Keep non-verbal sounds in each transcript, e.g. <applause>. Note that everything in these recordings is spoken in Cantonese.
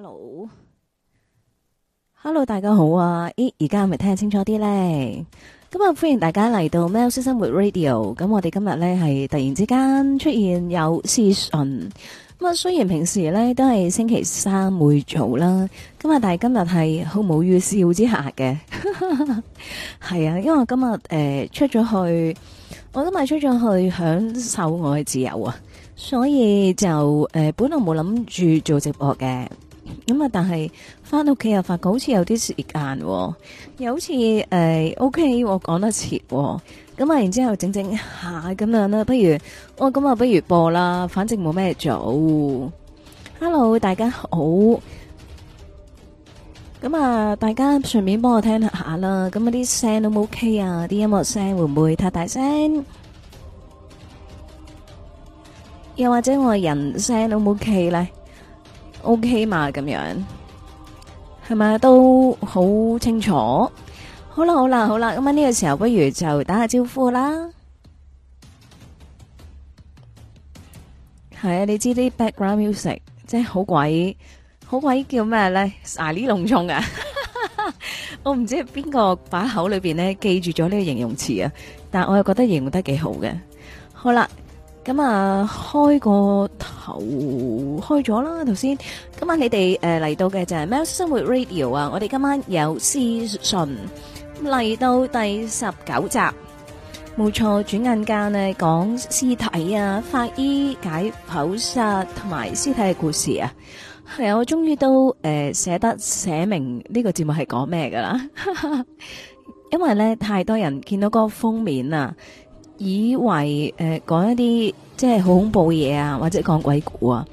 hello，hello，Hello，大家好啊！咦，而家係咪聽清楚啲呢？咁啊，歡迎大家嚟到《喵式生活 Radio》。咁我哋今日呢，係突然之間出現有屍訊咁啊。雖然平時呢都係星期三會做啦，咁啊，但係今日係好冇預兆之下嘅，係 <laughs> 啊。因為我今日誒、呃、出咗去，我今日出咗去享受我嘅自由啊，所以就誒、呃、本來冇諗住做直播嘅。咁啊！但係翻屋企又發覺好似有啲時間，哦，又好似誒，OK，我講得切。咁啊，然之後整整下咁樣啦。不如我咁啊，哦、不如播啦，反正冇咩做。Hello，大家好。咁啊，大家順便幫我聽聽下啦。咁啲聲都冇 OK 啊？啲音樂聲會唔會太大聲？又或者我人聲都冇 OK 咧？O K 嘛，咁、okay，樣係咪都好清楚？好啦，好啦，好啦，咁啊呢個時候不如就打下招呼啦。係 <music> 啊，你知啲 background music 即係好鬼好鬼叫咩咧？華、啊、麗隆重啊！ <laughs> 我唔知係邊個把口裏邊咧記住咗呢個形容詞啊，但我又覺得形容得幾好嘅。好啦。咁啊、嗯，開個頭，開咗啦，頭先。今晚你哋誒嚟到嘅就係《喵式生活 Radio》啊,我哋今晚有屍訊嚟到第十九集，冇錯。轉眼間呢，講屍體啊，法醫解剖殺同埋屍體嘅故事啊，係啊，我終於都誒寫、呃、得寫明呢個節目係講咩噶啦， <laughs> 因為咧太多人見到個封面啊。以為誒、呃、講一啲即係好恐怖嘢啊，或者講鬼故啊，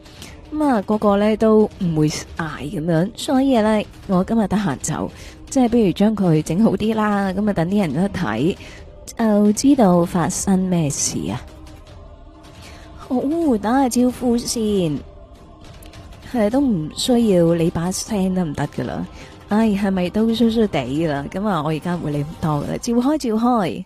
咁、那、啊，個個咧都唔會嗌咁樣。所以咧，我今日得閒就即係不如將佢整好啲啦。咁啊等啲人一睇，就知道發生咩事啊！好、哦，打下招呼先，係都唔需要你把聲得唔得噶啦？哎，係咪都衰衰哋啦？咁啊，我而家唔會理咁多㗎啦，照開照開。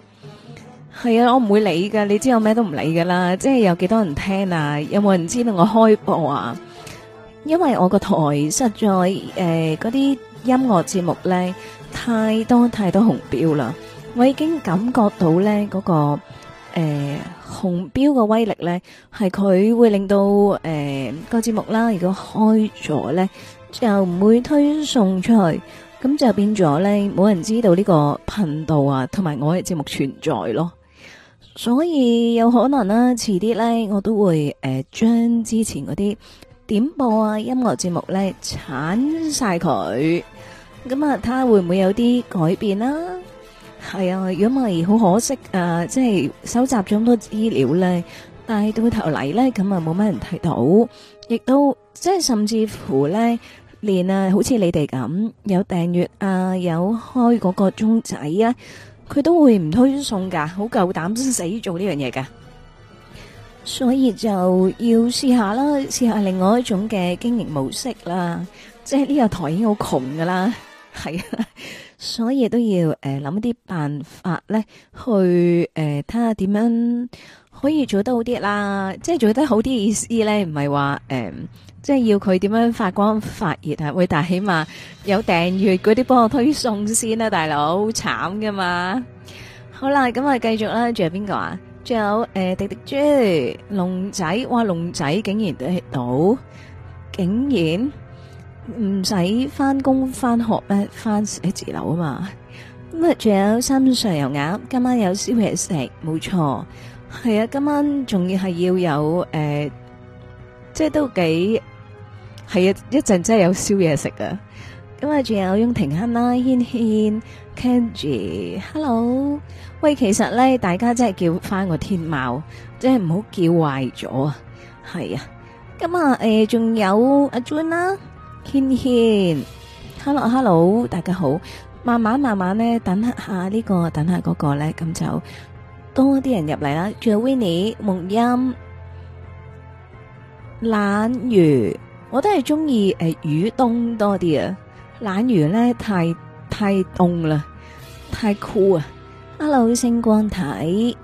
係啊，我唔會理噶，你知我咩都唔理噶啦。即係有幾多人聽啊？有冇人知道我開播啊？因為我個台實在誒，嗰啲音樂節目咧太多太多紅標啦，我已經感覺到咧嗰個誒紅標嘅威力咧，係佢會令到誒個節目啦，如果開咗咧就唔會推送出去，咁就變咗咧冇人知道呢個頻道啊，同埋我嘅節目存在咯。所以有可能啦、啊，遲啲咧，我都會誒、呃、將之前嗰啲點播啊、音樂節目咧鏟晒佢。咁啊，睇下會唔會有啲改變啦？係啊，如果唔係，好可惜啊，即係收集咗咁多資料咧，但係到頭嚟咧，咁啊冇乜人睇到，亦都即係甚至乎咧，連啊，好似你哋咁有訂閱啊，有開嗰個鐘仔啊。佢都會唔推送噶，好夠膽死做呢樣嘢噶，所以就要試下啦，試下另外一種嘅經營模式啦，即係呢個台已經好窮噶啦，係啊，所以都要誒諗啲辦法咧去誒睇下點樣可以做得好啲啦，即係做得好啲意思咧，唔係話誒。呃即係要佢點樣發光發熱啊？喂，但起碼有訂閱嗰啲幫我推送先啦、啊，大佬慘噶嘛！好啦，咁啊繼續啦，仲有邊個啊？仲有誒、呃、滴滴豬龍仔，哇龍仔竟然都喺度竟然唔使翻工翻學咩翻寫字樓啊嘛！咁、嗯、啊，仲有三上油鴨，今晚有宵夜食，冇錯，係啊，今晚仲要係要有誒、呃，即係都幾。係一一陣真係有宵夜食噶，咁啊，仲有雍婷啦、軒軒、Candy、Hello，喂，其實咧，大家真係叫翻個天喵，真係唔好叫壞咗啊！係啊，咁啊，誒，仲有阿 Jun 啦、軒軒、Hello Hello，大家好，慢慢慢慢咧，等下呢個，等下嗰個咧，咁就多啲人入嚟啦。仲有 Winnie，木音、懶魚我都係中意誒雨冬多啲啊，懶雨咧太太凍啦，太酷啊！Hello 星光體，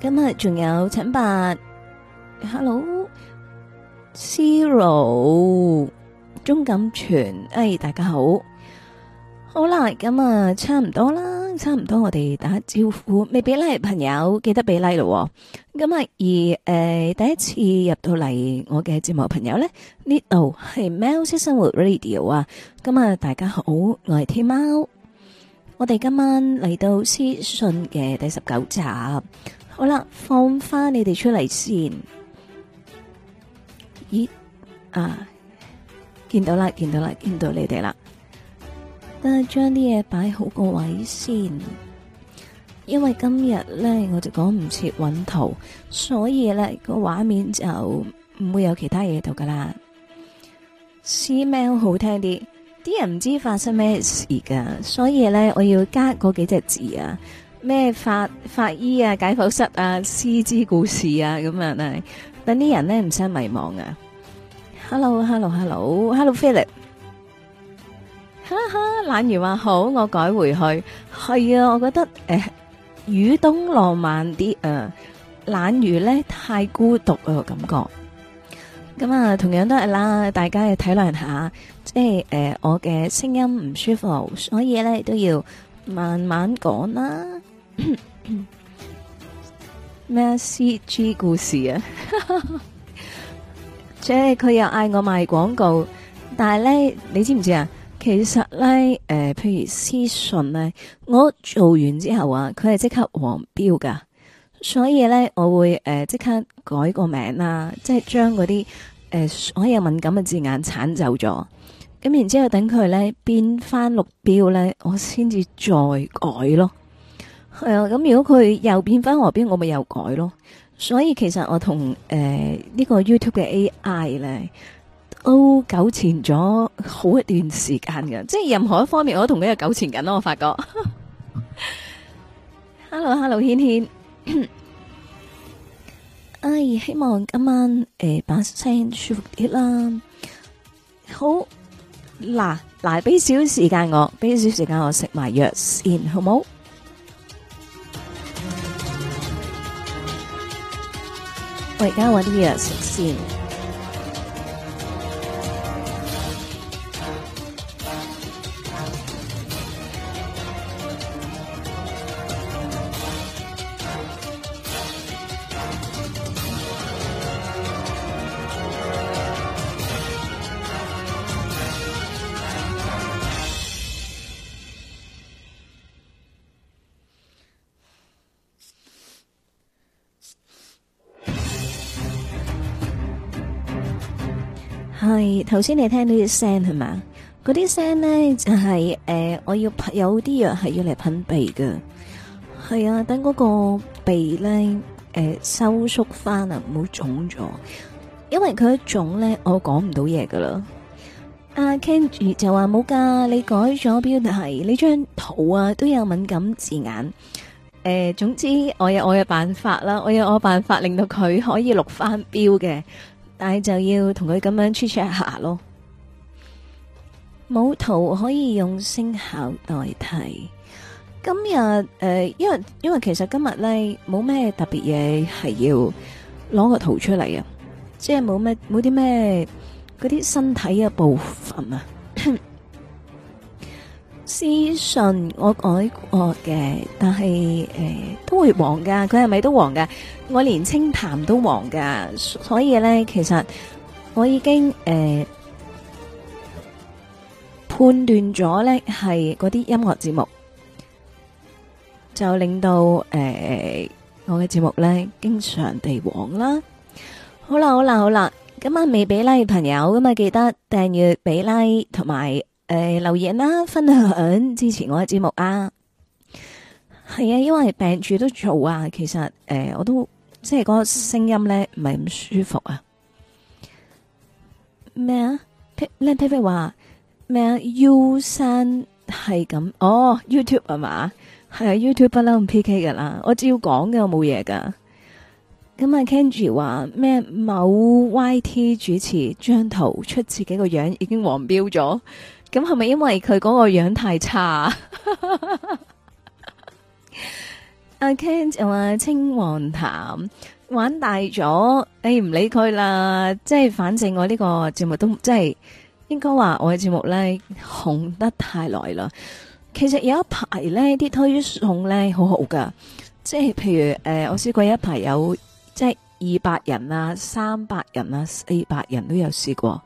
今日仲有陳伯，Hello Ciro，鍾錦全，誒、哎、大家好，好啦，咁啊差唔多啦。差唔多，我哋打招呼，未俾禮、like, 朋友記得俾禮咯。咁啊，而誒、呃，第一次入到嚟我嘅節目朋友咧，呢度係喵式生活 radio 啊。咁啊，大家好，我係天喵。我哋今晚嚟到屍訊嘅第十九集，好啦，放翻你哋出嚟先。咦啊，見到啦，見到啦，見到你哋啦。等將啲嘢擺好個位先，因為今日咧我就講唔切揾圖，所以咧個畫面就唔會有其他嘢度噶啦。c m a i l 好聽啲，啲人唔知發生咩事噶，所以咧我要加嗰幾隻字啊，咩法法醫啊，解剖室啊，屍之故事啊，咁樣啊，等啲人咧唔使迷茫啊。Hello，hello，hello，hello，Philip。懶魚話好，我改回去，係啊，我覺得誒、呃，雨冬浪漫啲啊，懶魚咧太孤獨嘅感覺。咁啊，同樣都係啦，大家要體諒下，即係誒、呃，我嘅聲音唔舒服，所以咧都要慢慢講啦。咩 <coughs> CG 故事啊？ <laughs> 即係佢又嗌我賣廣告，但係咧，你知唔知啊？其實咧，誒、呃，譬如屍訊咧，我做完之後啊，佢係即刻黃標噶，所以咧我會誒即刻改個名啦，即係將嗰啲誒所有敏感嘅字眼鏟走咗，咁然之後等佢咧變翻綠標咧，我先至再改咯。係、嗯、啊，咁如果佢又變翻黃標，我咪又改咯。所以其實我同誒、呃這個、呢個 YouTube 嘅 AI 咧。都糾纏咗好一段時間嘅，即係任何一方面我都同佢有糾纏緊咯。我發覺，Hello，Hello，軒軒，哎，希望今晚誒把聲舒服啲啦。好，嗱，嗱，俾少時間我，俾少時間我食埋藥先，好冇？我而家搵啲藥食先。係頭先你聽到啲聲係嘛？嗰啲聲咧就係、是、誒、呃，我要有啲藥係要嚟噴鼻嘅，係啊，等嗰個鼻咧誒、呃、收縮翻啊，唔好腫咗，因為佢腫咧，我講唔到嘢噶啦。阿、啊、Ken 就就話冇噶，你改咗標題，你張圖啊都有敏感字眼。誒、呃，總之我有我嘅辦法啦，我有我嘅辦法令到佢可以錄翻標嘅。但係就要同佢咁樣 check 一下咯，冇圖可以用聲效代替。今日誒、呃，因為因為其實今日咧冇咩特別嘢係要攞個圖出嚟啊，即係冇咩冇啲咩嗰啲身體嘅部分啊。 <coughs> 私信我改過嘅，但係誒、呃、都會黃噶，佢係咪都黃噶？我連清談都黃噶，所以咧其實我已經誒、呃、判斷咗咧係嗰啲音樂節目，就令到誒、呃、我嘅節目咧經常地黃啦。好啦，好啦，好啦，今晚未俾拉嘅朋友咁啊，記得訂閱俾拉同埋。誒、呃，留言啦，分享支持我嘅節目啊，係啊，因為病住都做啊，其實誒、呃，我都即係個聲音咧，唔係咁舒服啊。咩、like 哦、啊？聽 p 咩話？咩啊？U 三係咁？哦，YouTube 係嘛？係啊，YouTube 不嬲唔 PK 噶啦，我照要講嘅，我冇嘢噶。咁啊，Kenji 話咩？某 YT 主持張圖出自己個樣已經黃標咗。咁係咪因為佢嗰個樣太差？阿 <laughs> Ken 又話青黃淡玩大咗，你、哎、唔理佢啦。即係反正我呢個節目都即係應該話我嘅節目咧紅得太耐啦。其實有一排呢啲推送咧好好噶，即係譬如誒、呃，我試過有一排有即係二百人啊、三百人啊、四百人都有試過。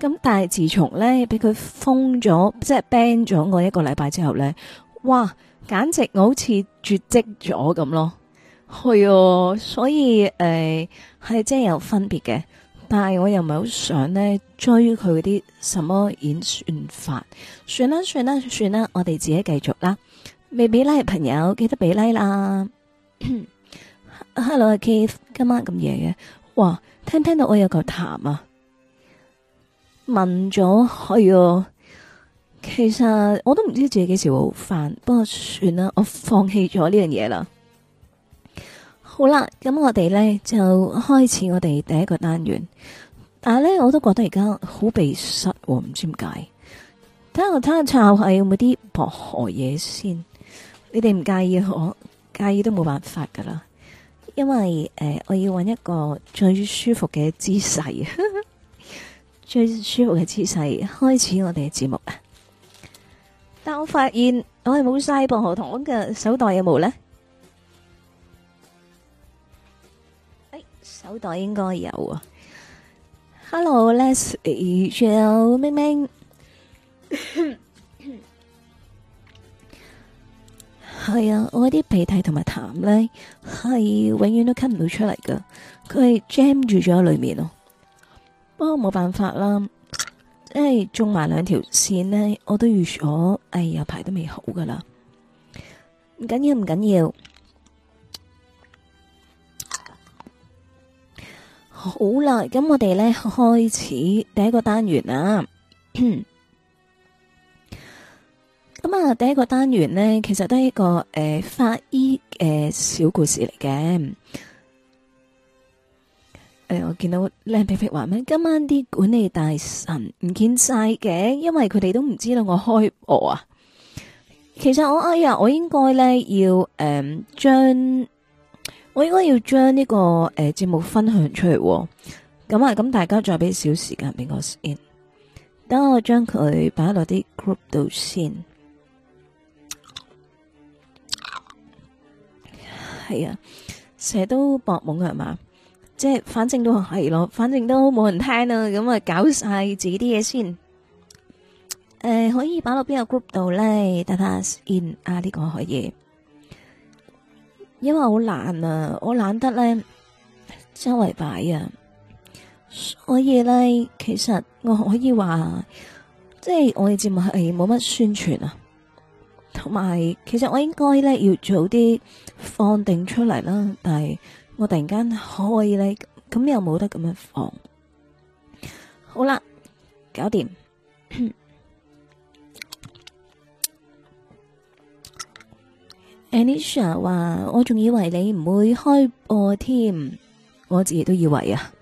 咁但係自從咧俾佢封咗，即係 ban 咗我一個禮拜之後咧，哇，簡直我好似絕跡咗咁咯，係哦，所以誒係、呃、真係有分別嘅，但係我又唔係好想咧追佢嗰啲什麼演算法，算啦算啦算啦，我哋自己繼續啦，未俾拉嘅朋友記得俾拉啦。Hello，Kath，今晚咁夜嘅，哇，聽唔聽到我有個痰啊！問咗係哦，其實我都唔知自己幾時會煩。不過算啦，我放棄咗呢樣嘢啦。好啦，咁我哋呢，就開始我哋第一個單元。但係呢，我都覺得而家好鼻塞，看看我唔知點解。睇下睇下抄下有冇啲薄荷嘢先。你哋唔介意我介意都冇辦法噶啦，因為誒、呃，我要揾一個最舒服嘅姿勢。 <laughs> 最舒服嘅姿勢，開始我哋嘅節目喇！但我發現我係冇晒薄荷糖嘅，手袋有冇呢？誒、哎，手袋應該有啊！Hello，Les，仲有明明係 <coughs> <coughs> 啊！我啲鼻涕同埋痰咧，係永遠都吸唔到出嚟噶，佢係 jam 住咗喺裏面咯。哦，冇辦法啦，因為種埋兩條線呢，我都預咗，哎呀排都未好噶啦，唔緊要唔緊要，好啦，咁我哋呢開始第一個單元啦，咁 <coughs> 啊第一個單元呢，其實都係一個誒法醫嘅小故事嚟嘅。誒、哎，我見到靚皮皮話咩？今晚啲管理大臣唔見晒嘅，因為佢哋都唔知道我開播啊。其實我呀、哎，我應該咧要誒，將、嗯、我應該要將呢、這個誒節、呃、目分享出嚟。咁啊，咁、啊、大家再俾少時間俾我先，等我將佢擺落啲 group 度先。係啊，成日都搏懵係嘛？即係反正都係咯，反正都冇人聽啦，咁啊搞晒自己啲嘢先。誒、呃，可以擺到邊個 group 度咧？大家 in 啊，呢個可以。因為好懶啊，我懶得咧周圍擺啊，所以咧其實我可以話，即係我哋節目係冇乜宣傳啊，同埋其實我應該咧要早啲放定出嚟啦，但係。我突然間開咧，咁又冇得咁樣放。好啦，搞掂。 <coughs> Anisha 話：我仲以為你唔會開播添，我自己都以為啊。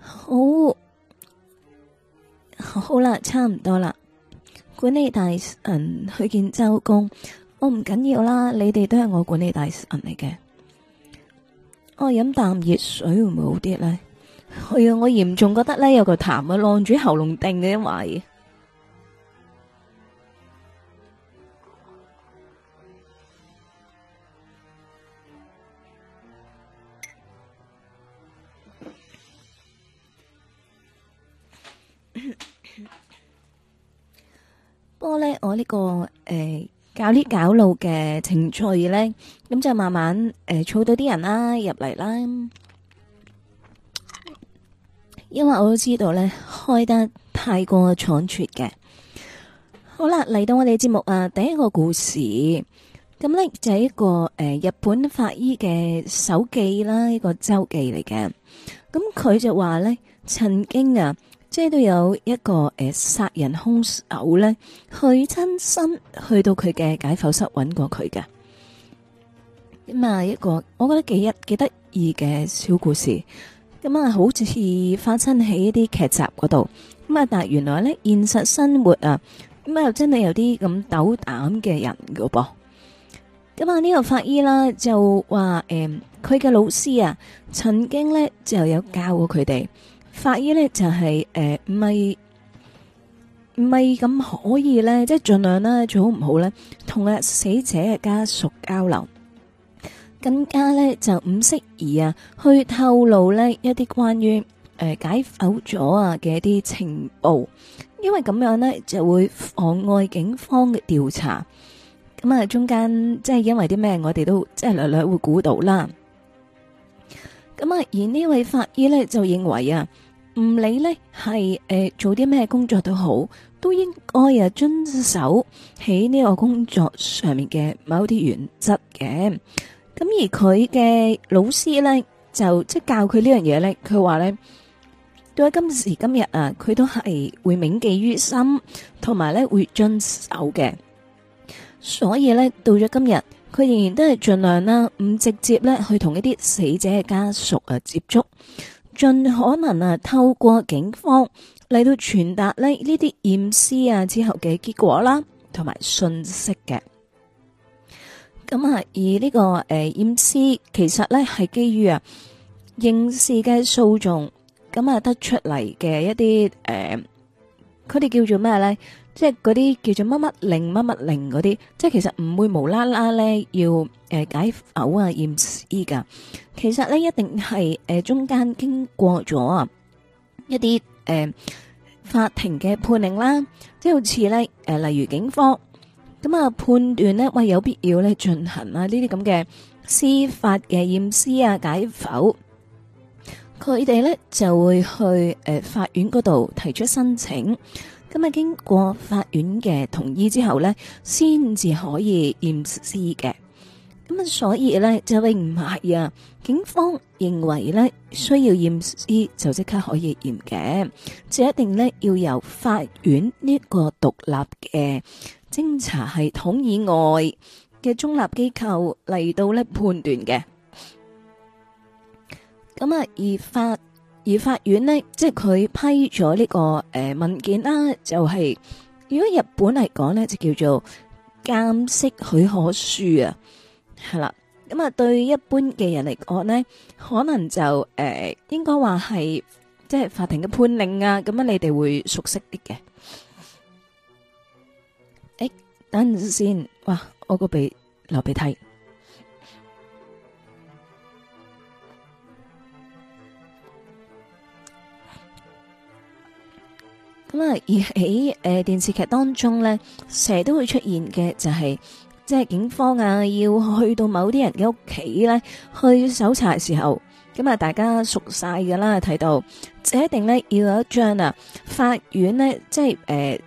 好，好啦，差唔多啦。管理大臣去見周公，我唔緊要啦。你哋都係我管理大臣嚟嘅。我飲啖熱水會唔會好啲咧？我嚴重覺得咧有個痰啊，浪住喉嚨定嘅因為，不過咧我呢、這個誒。欸搞啲搞路嘅情趣咧，咁就慢慢誒，儲、到啲人啦入嚟啦，因為我都知道咧，開得太過倉促嘅。好啦，嚟到我哋節目啊，第一個故事，咁咧就係、一個誒、呃，日本法醫嘅手記啦，一個周記嚟嘅。咁佢就話咧，曾經啊。即係都有一個誒殺、欸、人兇手咧，去親身去到佢嘅解剖室揾過佢嘅。咁啊一個，我覺得幾一幾得意嘅小故事咁啊、嗯，好似發生喺一啲劇集嗰度咁啊，但係原來咧現實生活啊咁啊、嗯，又真係有啲咁斗膽嘅人噶噃。咁啊呢個法醫啦就話誒，佢、欸、嘅老師啊，曾經咧就有教過佢哋。法醫呢就係誒，唔係，唔係咁可以呢？即係盡量呢，最好唔好呢？同啊死者嘅家屬交流，更加呢，就唔適宜啊去透露呢一啲關於誒解剖咗啊嘅一啲情報，因為咁樣呢就會妨礙警方嘅調查。咁啊中間即係因為啲咩，我哋都即係略略會估到啦。咁啊而呢位法醫呢，就認為啊，唔理呢係誒做啲咩工作都好，都應該啊遵守喺呢個工作上面嘅某啲原則嘅。咁而佢嘅老師呢，就即係教佢呢樣嘢呢。佢話呢，到咗今時今日啊，佢都係會銘記於心，同埋呢會遵守嘅。所以呢，到咗今日，佢仍然都係盡量啦，唔直接呢去同一啲死者嘅家屬啊接觸。盡可能啊，透過警方嚟到傳達咧呢啲驗屍啊之後嘅結果啦，同埋信息嘅。咁啊，而呢、這個誒、呃、驗屍其實咧係基於啊刑事嘅訴訟，咁啊得出嚟嘅一啲誒，佢哋叫做咩咧？即係嗰啲叫做乜乜令乜乜令嗰啲，即係其實唔會無啦啦咧要誒解剖啊驗屍噶。其實咧一定係誒中間經過咗啊一啲誒法庭嘅判令啦，即係好似咧誒例如警方咁啊判斷咧喂有必要咧進行啊呢啲咁嘅司法嘅驗屍啊解剖，佢哋咧就會去誒法院嗰度提出申請。咁啊，經過法院嘅同意之後呢先至可以驗屍嘅。咁啊，所以呢，就並唔係啊。警方認為呢需要驗屍就即刻可以驗嘅，就一定呢要由法院呢個獨立嘅偵查系統以外嘅中立機構嚟到呢判斷嘅。咁啊，而法。而法院呢，即係佢批咗呢、這個誒、呃、文件啦、啊，就係、是、如果日本嚟講呢，就叫做鑑識許可書啊，係啦。咁啊，對，對一般嘅人嚟講呢，可能就誒、呃，應該話係即係法庭嘅判令啊。咁樣你哋會熟悉啲嘅。誒，等陣先，哇，我個鼻流鼻涕。咁啊，而喺誒、呃、電視劇當中咧，成日都會出現嘅，就係、是，即係警方啊，要去到某啲人嘅屋企咧去搜查嘅時候，咁啊大家熟晒噶啦，睇到一定咧要有一張啊，法院咧即係誒、呃、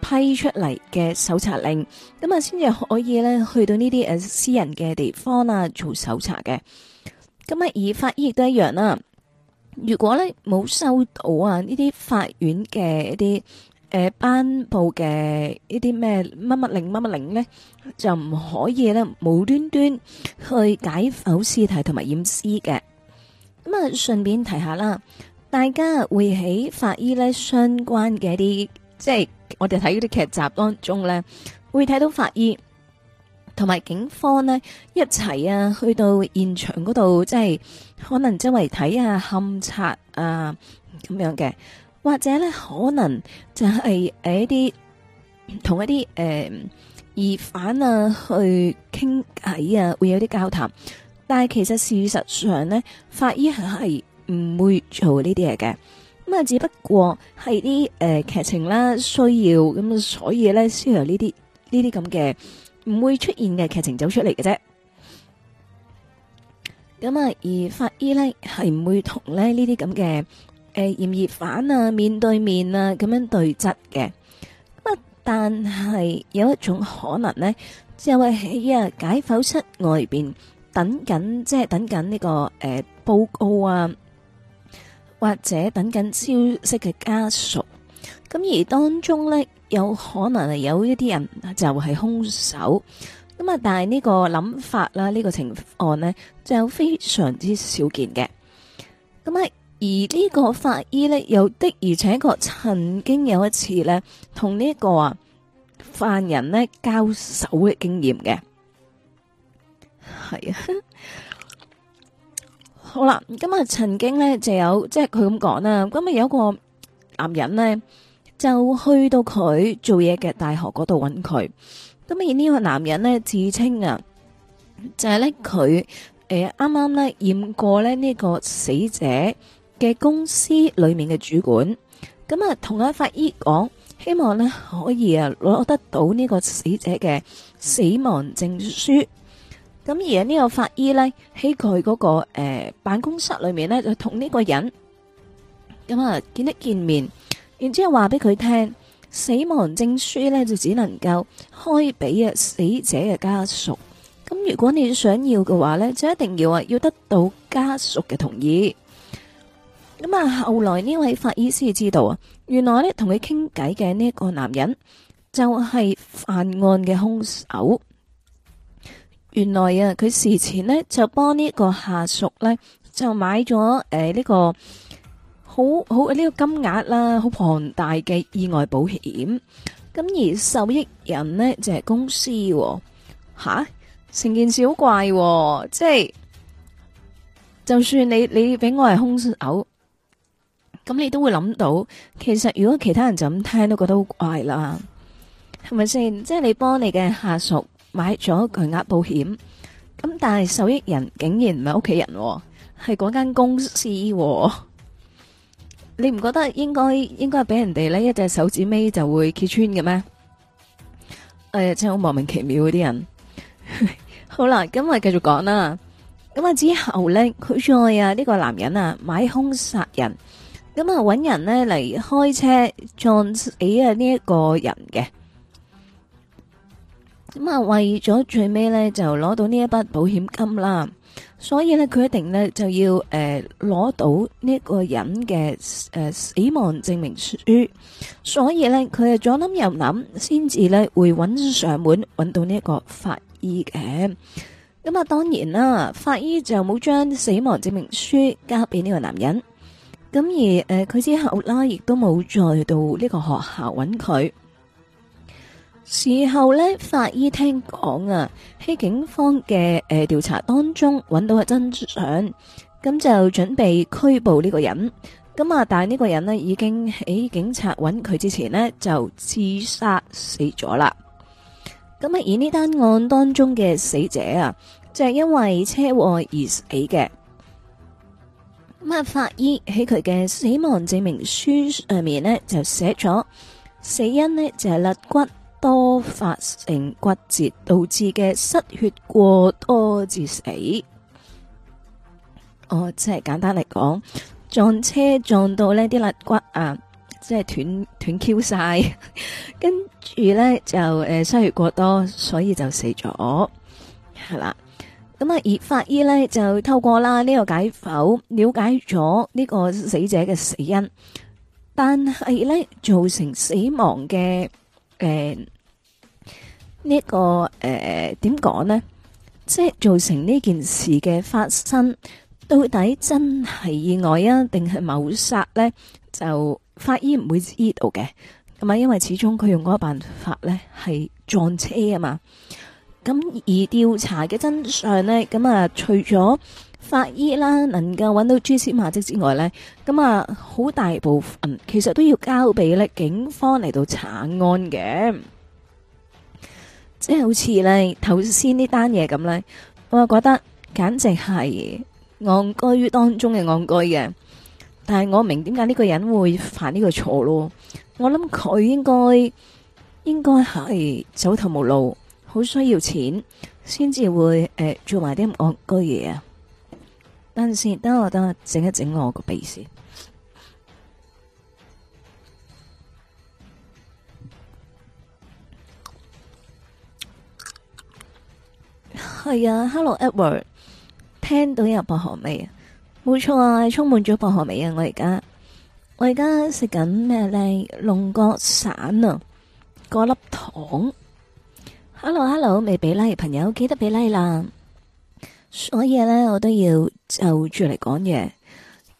批出嚟嘅搜查令，咁啊先至可以咧去到呢啲誒私人嘅地方啊做搜查嘅。咁啊，以法醫亦都一樣啦。如果咧冇收到啊呢啲法院嘅一啲誒頒布嘅一啲咩乜乜令乜乜令咧，就唔可以咧冇端端去解剖屍體同埋驗屍嘅。咁啊，順便提下啦，大家會喺法醫咧相關嘅一啲，即係我哋睇嗰啲劇集當中咧，會睇到法醫。同埋警方咧一齊啊，去到現場嗰度，即係可能周圍睇呀、勘察啊咁樣嘅，或者咧可能就係誒一啲同一啲誒、呃、疑犯啊去傾偈啊，會有啲交談。但係其實事實上咧，法醫係唔會做呢啲嘢嘅。咁啊，只不過係啲誒劇情啦需要咁，所以咧先有呢啲呢啲咁嘅。這唔會出現嘅劇情走出嚟嘅啫。咁啊，而法醫呢係唔會同呢呢啲咁嘅誒嫌疑犯啊面對面啊咁樣對質嘅。咁，但係有一種可能呢，就係喺解剖室外邊等緊，即係等緊呢個誒報告啊，或者等緊消息嘅家屬。咁而當中呢。有可能係有一啲人就係凶手，咁啊，但係呢個諗法啦，呢個情況呢，就有非常之少見嘅。咁啊，而呢個法醫呢，又的而且確曾經有一次呢，同呢一個啊犯人呢交手嘅經驗嘅，係啊。 <laughs> 好啦，咁啊，曾經呢，就有即係佢咁講啦，咁啊有一個男人呢。就去到佢做嘢嘅大學嗰度揾佢，咁而呢個男人呢，自稱啊，就係呢，佢誒啱啱呢驗過呢呢個死者嘅公司裏面嘅主管，咁啊同阿法醫講，希望呢可以啊攞得到呢個死者嘅死亡證書。咁而呢個法醫呢，喺佢嗰個誒辦公室裏面呢，就同呢個人咁啊見一見面。然之後話俾佢聽，死亡證書呢就只能夠開俾啊死者嘅家屬。咁如果你想要嘅話呢，就一定要啊要得到家屬嘅同意。咁啊，後來呢位法醫師知道啊，原來呢同佢傾偈嘅呢個男人就係犯案嘅兇手。原來啊，佢事前呢就幫呢個下屬呢就買咗誒呢個。好好呢、這個金額啦、啊，好龐大嘅意外保險。咁而受益人呢，就係、是、公司吓、啊，成件事好怪、啊。即係就算你你俾我係兇手，咁你都會諗到。其實如果其他人就咁聽都覺得好怪啦、啊，係咪先？即、就、係、是、你幫你嘅下屬買咗巨額保險，咁但係受益人竟然唔係屋企人、啊，係嗰間公司、啊。你唔覺得應該應該俾人哋呢一隻手指尾就會揭穿嘅咩？哎、呀真係好莫名其妙嗰、啊、啲人。 <laughs> 好啦，咁啊繼續講啦。咁啊之後呢，佢再啊呢個男人啊買凶殺人，咁啊揾人呢嚟開車撞死啊呢一個人嘅。咁啊為咗最尾呢就攞到呢一筆保險金啦。所以咧，佢一定呢就要誒攞、呃、到呢個人嘅誒、呃、死亡證明書。所以呢，佢係左諗右諗，先至呢會揾上門，揾到呢一個法醫嘅。咁啊，當然啦，法醫就冇將死亡證明書交俾呢個男人。咁而誒，佢、呃、之後啦，亦都冇再到呢個學校揾佢。事後呢，法醫聽講啊，喺警方嘅誒、呃、調查當中揾到嘅真相，咁就準備拘捕呢個人。咁啊，但係呢個人呢，已經喺警察揾佢之前呢，就自殺死咗啦。咁啊，而呢單案當中嘅死者啊，就係、是、因為車禍而死嘅。咁啊，法醫喺佢嘅死亡證明書上面呢，就寫咗死因呢，就係、是、肋骨。多發性骨折導致嘅失血過多致死。哦，即係簡單嚟講，撞車撞到呢啲肋骨啊，即係斷斷 Q 晒，跟住呢就誒、呃、失血過多，所以就死咗係啦。咁啊，而法醫呢，就透過啦呢個解剖，了解咗呢個死者嘅死因，但係呢，造成死亡嘅。誒，呃這個呃、怎呢個誒點講呢？即係造成呢件事嘅發生，到底真係意外啊，定係謀殺呢？就法醫唔會知道嘅。咁啊，因為始終佢用嗰個辦法呢係撞車啊嘛。咁而調查嘅真相呢，咁、嗯、啊，除咗。法醫啦，能夠揾到蛛絲馬跡之外呢，咁啊，好大部分其實都要交俾咧警方嚟到查案嘅，即係好似咧頭先呢單嘢咁呢，我覺得簡直係戇居當中嘅戇居嘅。但係我唔明點解呢個人會犯呢個錯咯？我諗佢應該應該係走投無路，好需要錢先至會誒、呃、做埋啲戇居嘢啊。等陣先，等我等我整一整我個鼻先。係 <coughs> <coughs> 啊，Hello Edward，聽到有薄荷味沒錯啊，冇錯啊，充滿咗薄荷味啊！我而家我而家食緊咩咧？龍角散啊，嗰粒糖。Hello Hello，未俾 like，朋友記得俾 like 啦。所以咧，我都要就住嚟講嘢，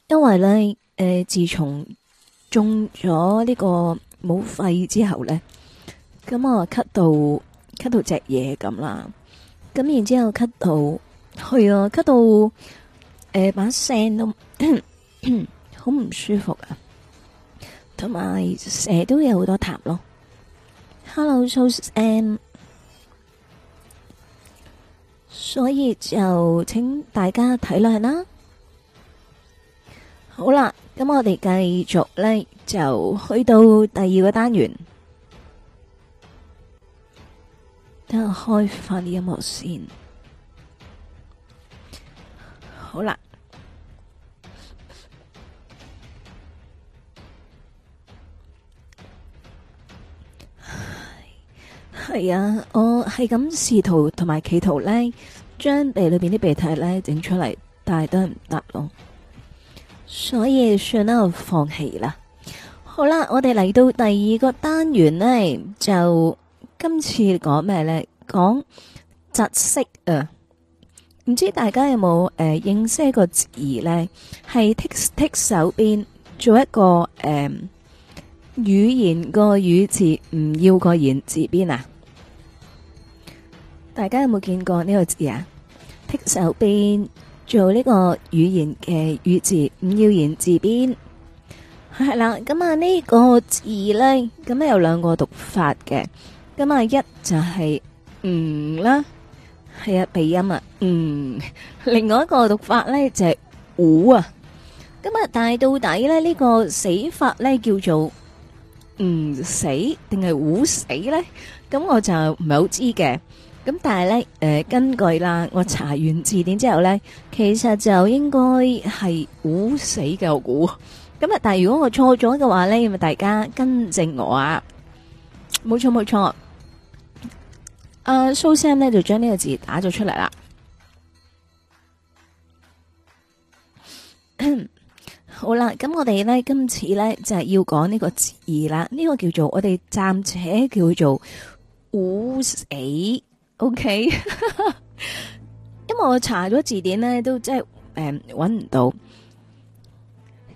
因為咧，誒、呃，自從中咗呢個武肺之後咧，咁我，咳到咳到隻嘢咁啦，咁然之後咳到，係、呃、啊，咳到，誒，把聲都好唔舒服啊，同埋成日都有好多痰咯。Hello，粗聲。所以就請大家體諒啦。好啦，咁我哋繼續咧，就去到第二個單元。等我開翻啲音樂先。好啦。係啊，我係咁試圖同埋企圖呢，將鼻裏邊啲鼻涕呢整出嚟，但係都係唔得咯，所以算啦，我放棄啦。好啦，我哋嚟到第二個單元呢，就今次講咩呢？講窒息啊！唔、呃、知道大家有冇誒、呃、認識一個字呢？係剔剔手邊做一個誒、呃、語言個語字唔、呃、要個言字邊啊！大家有冇見過呢個字啊？剔手邊做呢個語言嘅語字，唔要言字邊係啦。咁啊，呢個字咧，咁咧有兩個讀法嘅。咁啊，一就係唔啦，係啊鼻音啊，唔。另外一個讀法咧就係糊啊。咁啊，但係到底咧呢個死法咧叫做唔死定係糊死咧？咁我就唔係好知嘅。咁但係咧，誒、呃，根據啦，我查完字典之後咧，其實就應該係捂死嘅捂。咁啊，但係如果我錯咗嘅話咧，要大家跟正我啊？冇錯冇錯。阿蘇生呢就將呢個字打咗出嚟啦。 <coughs> 好啦，咁我哋咧今次咧就係、是、要講呢個字啦。呢、這個叫做我哋暫且叫做捂死。O Okay . K， <laughs> 因為我查咗字典咧，都即係誒揾唔到，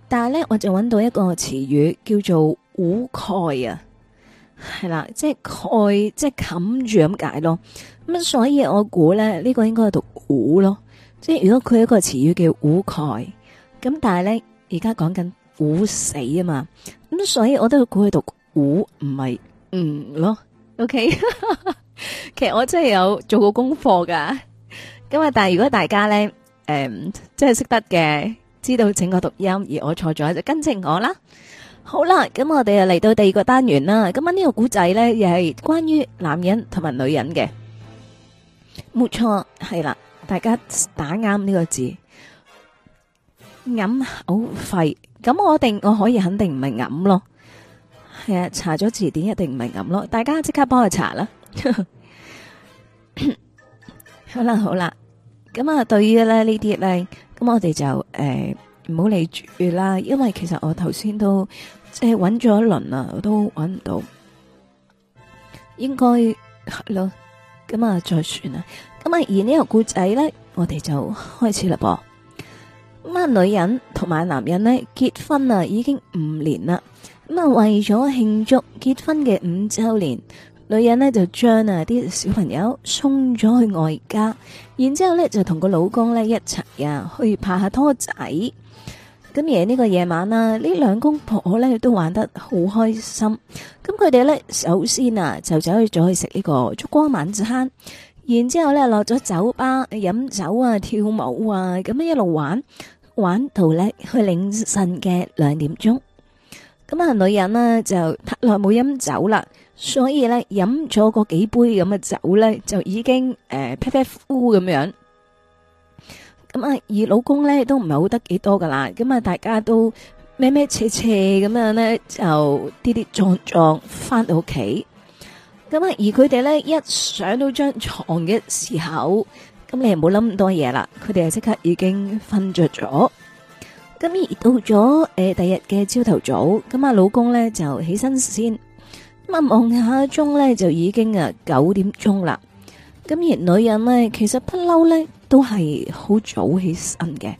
但係咧我就揾到一個詞語叫做捂蓋啊，係啦，即係蓋即係冚住咁解咯。咁所以我估咧呢個應該係讀捂咯，即係如果佢一個詞語叫捂蓋，咁但係咧而家講緊捂死啊嘛，咁所以我都估佢讀捂唔係嗯」咯。O K。其實我真係有做過功課噶，咁啊，但係如果大家呢，誒、嗯，即係識得嘅，知道整個讀音，而我錯咗，就跟正我啦。好啦，咁我哋又嚟到第二個單元啦。今晚呢個古仔呢，又係關於男人同埋女人嘅，冇錯，係啦。大家打啱呢個字，揞口費。咁、哦、我定我可以肯定唔係揞咯，係啊，查咗字典一定唔係揞咯。大家即刻幫佢查啦。 <laughs> <coughs> 好啦好啦，咁啊，對於咧呢啲咧，咁我哋就誒唔好理住啦，因為其實我頭先都即係揾咗一輪啊，我都揾唔到，應該係咯，咁啊再算啦。咁啊，而呢個故仔咧，我哋就開始啦噃。咁啊，女人同埋男人呢，結婚啊已經五年啦，咁啊為咗慶祝結婚嘅五周年。女人呢就將啊啲小朋友送咗去外家，然之後呢就同個老公呢一齊啊去拍下拖仔。咁而、啊、呢個夜晚啦，呢兩公婆咧都玩得好開心。咁佢哋呢首先啊就走去咗去食呢個燭光晚餐，然之後呢落咗酒吧飲酒啊跳舞啊，咁一路玩玩到呢去凌晨嘅兩點鐘。咁啊女人呢就太耐冇飲酒啦。所以咧，飲咗嗰幾杯咁嘅酒咧，就已經誒、呃，撇撇呼咁樣。咁啊，而老公咧都唔係好得幾多噶啦。咁啊，大家都咩咩斜斜咁樣咧，就跌跌撞撞翻到屋企。咁啊，而佢哋咧一上到張床嘅時候，咁你唔好諗咁多嘢啦。佢哋係即刻已經瞓着咗。咁而到咗誒，第日嘅朝頭早，咁啊，老公咧就起身先。咁啊，望下鐘咧，就已經啊九點鐘啦。咁而女人動動呢，其實不嬲呢，都係好早起身嘅。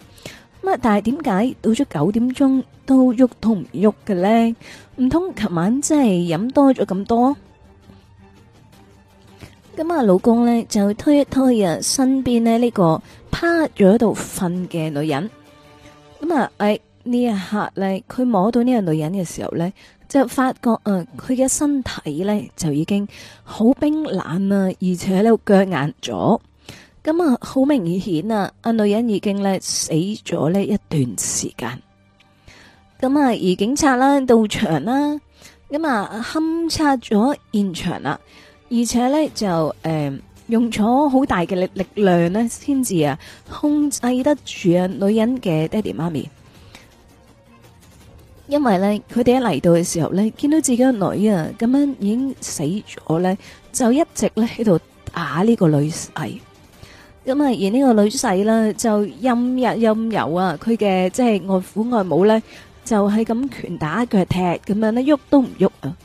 咁啊，但係點解到咗九點鐘都喐都唔喐嘅咧？唔通琴晚真係飲多咗咁多？咁啊，老公呢，就推一推啊，身邊呢，呢個趴咗喺度瞓嘅女人。咁啊，誒、哎、呢一刻咧，佢摸到呢個女人嘅時候咧。就發覺誒、啊，佢嘅身體咧就已經好冰冷啦，而且咧腳硬咗，咁啊好明顯啊，阿女人已經咧死咗呢一段時間。咁啊，而警察啦到場啦，咁啊勘察咗現場啦，而且咧就誒、呃、用咗好大嘅力力量呢，先至啊控制得住啊女人嘅爹哋媽咪。因為呢，佢哋一嚟到嘅時候呢，見到自己個女啊咁樣已經死咗呢，就一直呢喺度打呢個女婿。咁、嗯、啊，而呢個女婿啦，就任日任由啊，佢嘅即係外父外母呢，就係咁拳打腳踢咁樣呢喐都唔喐啊！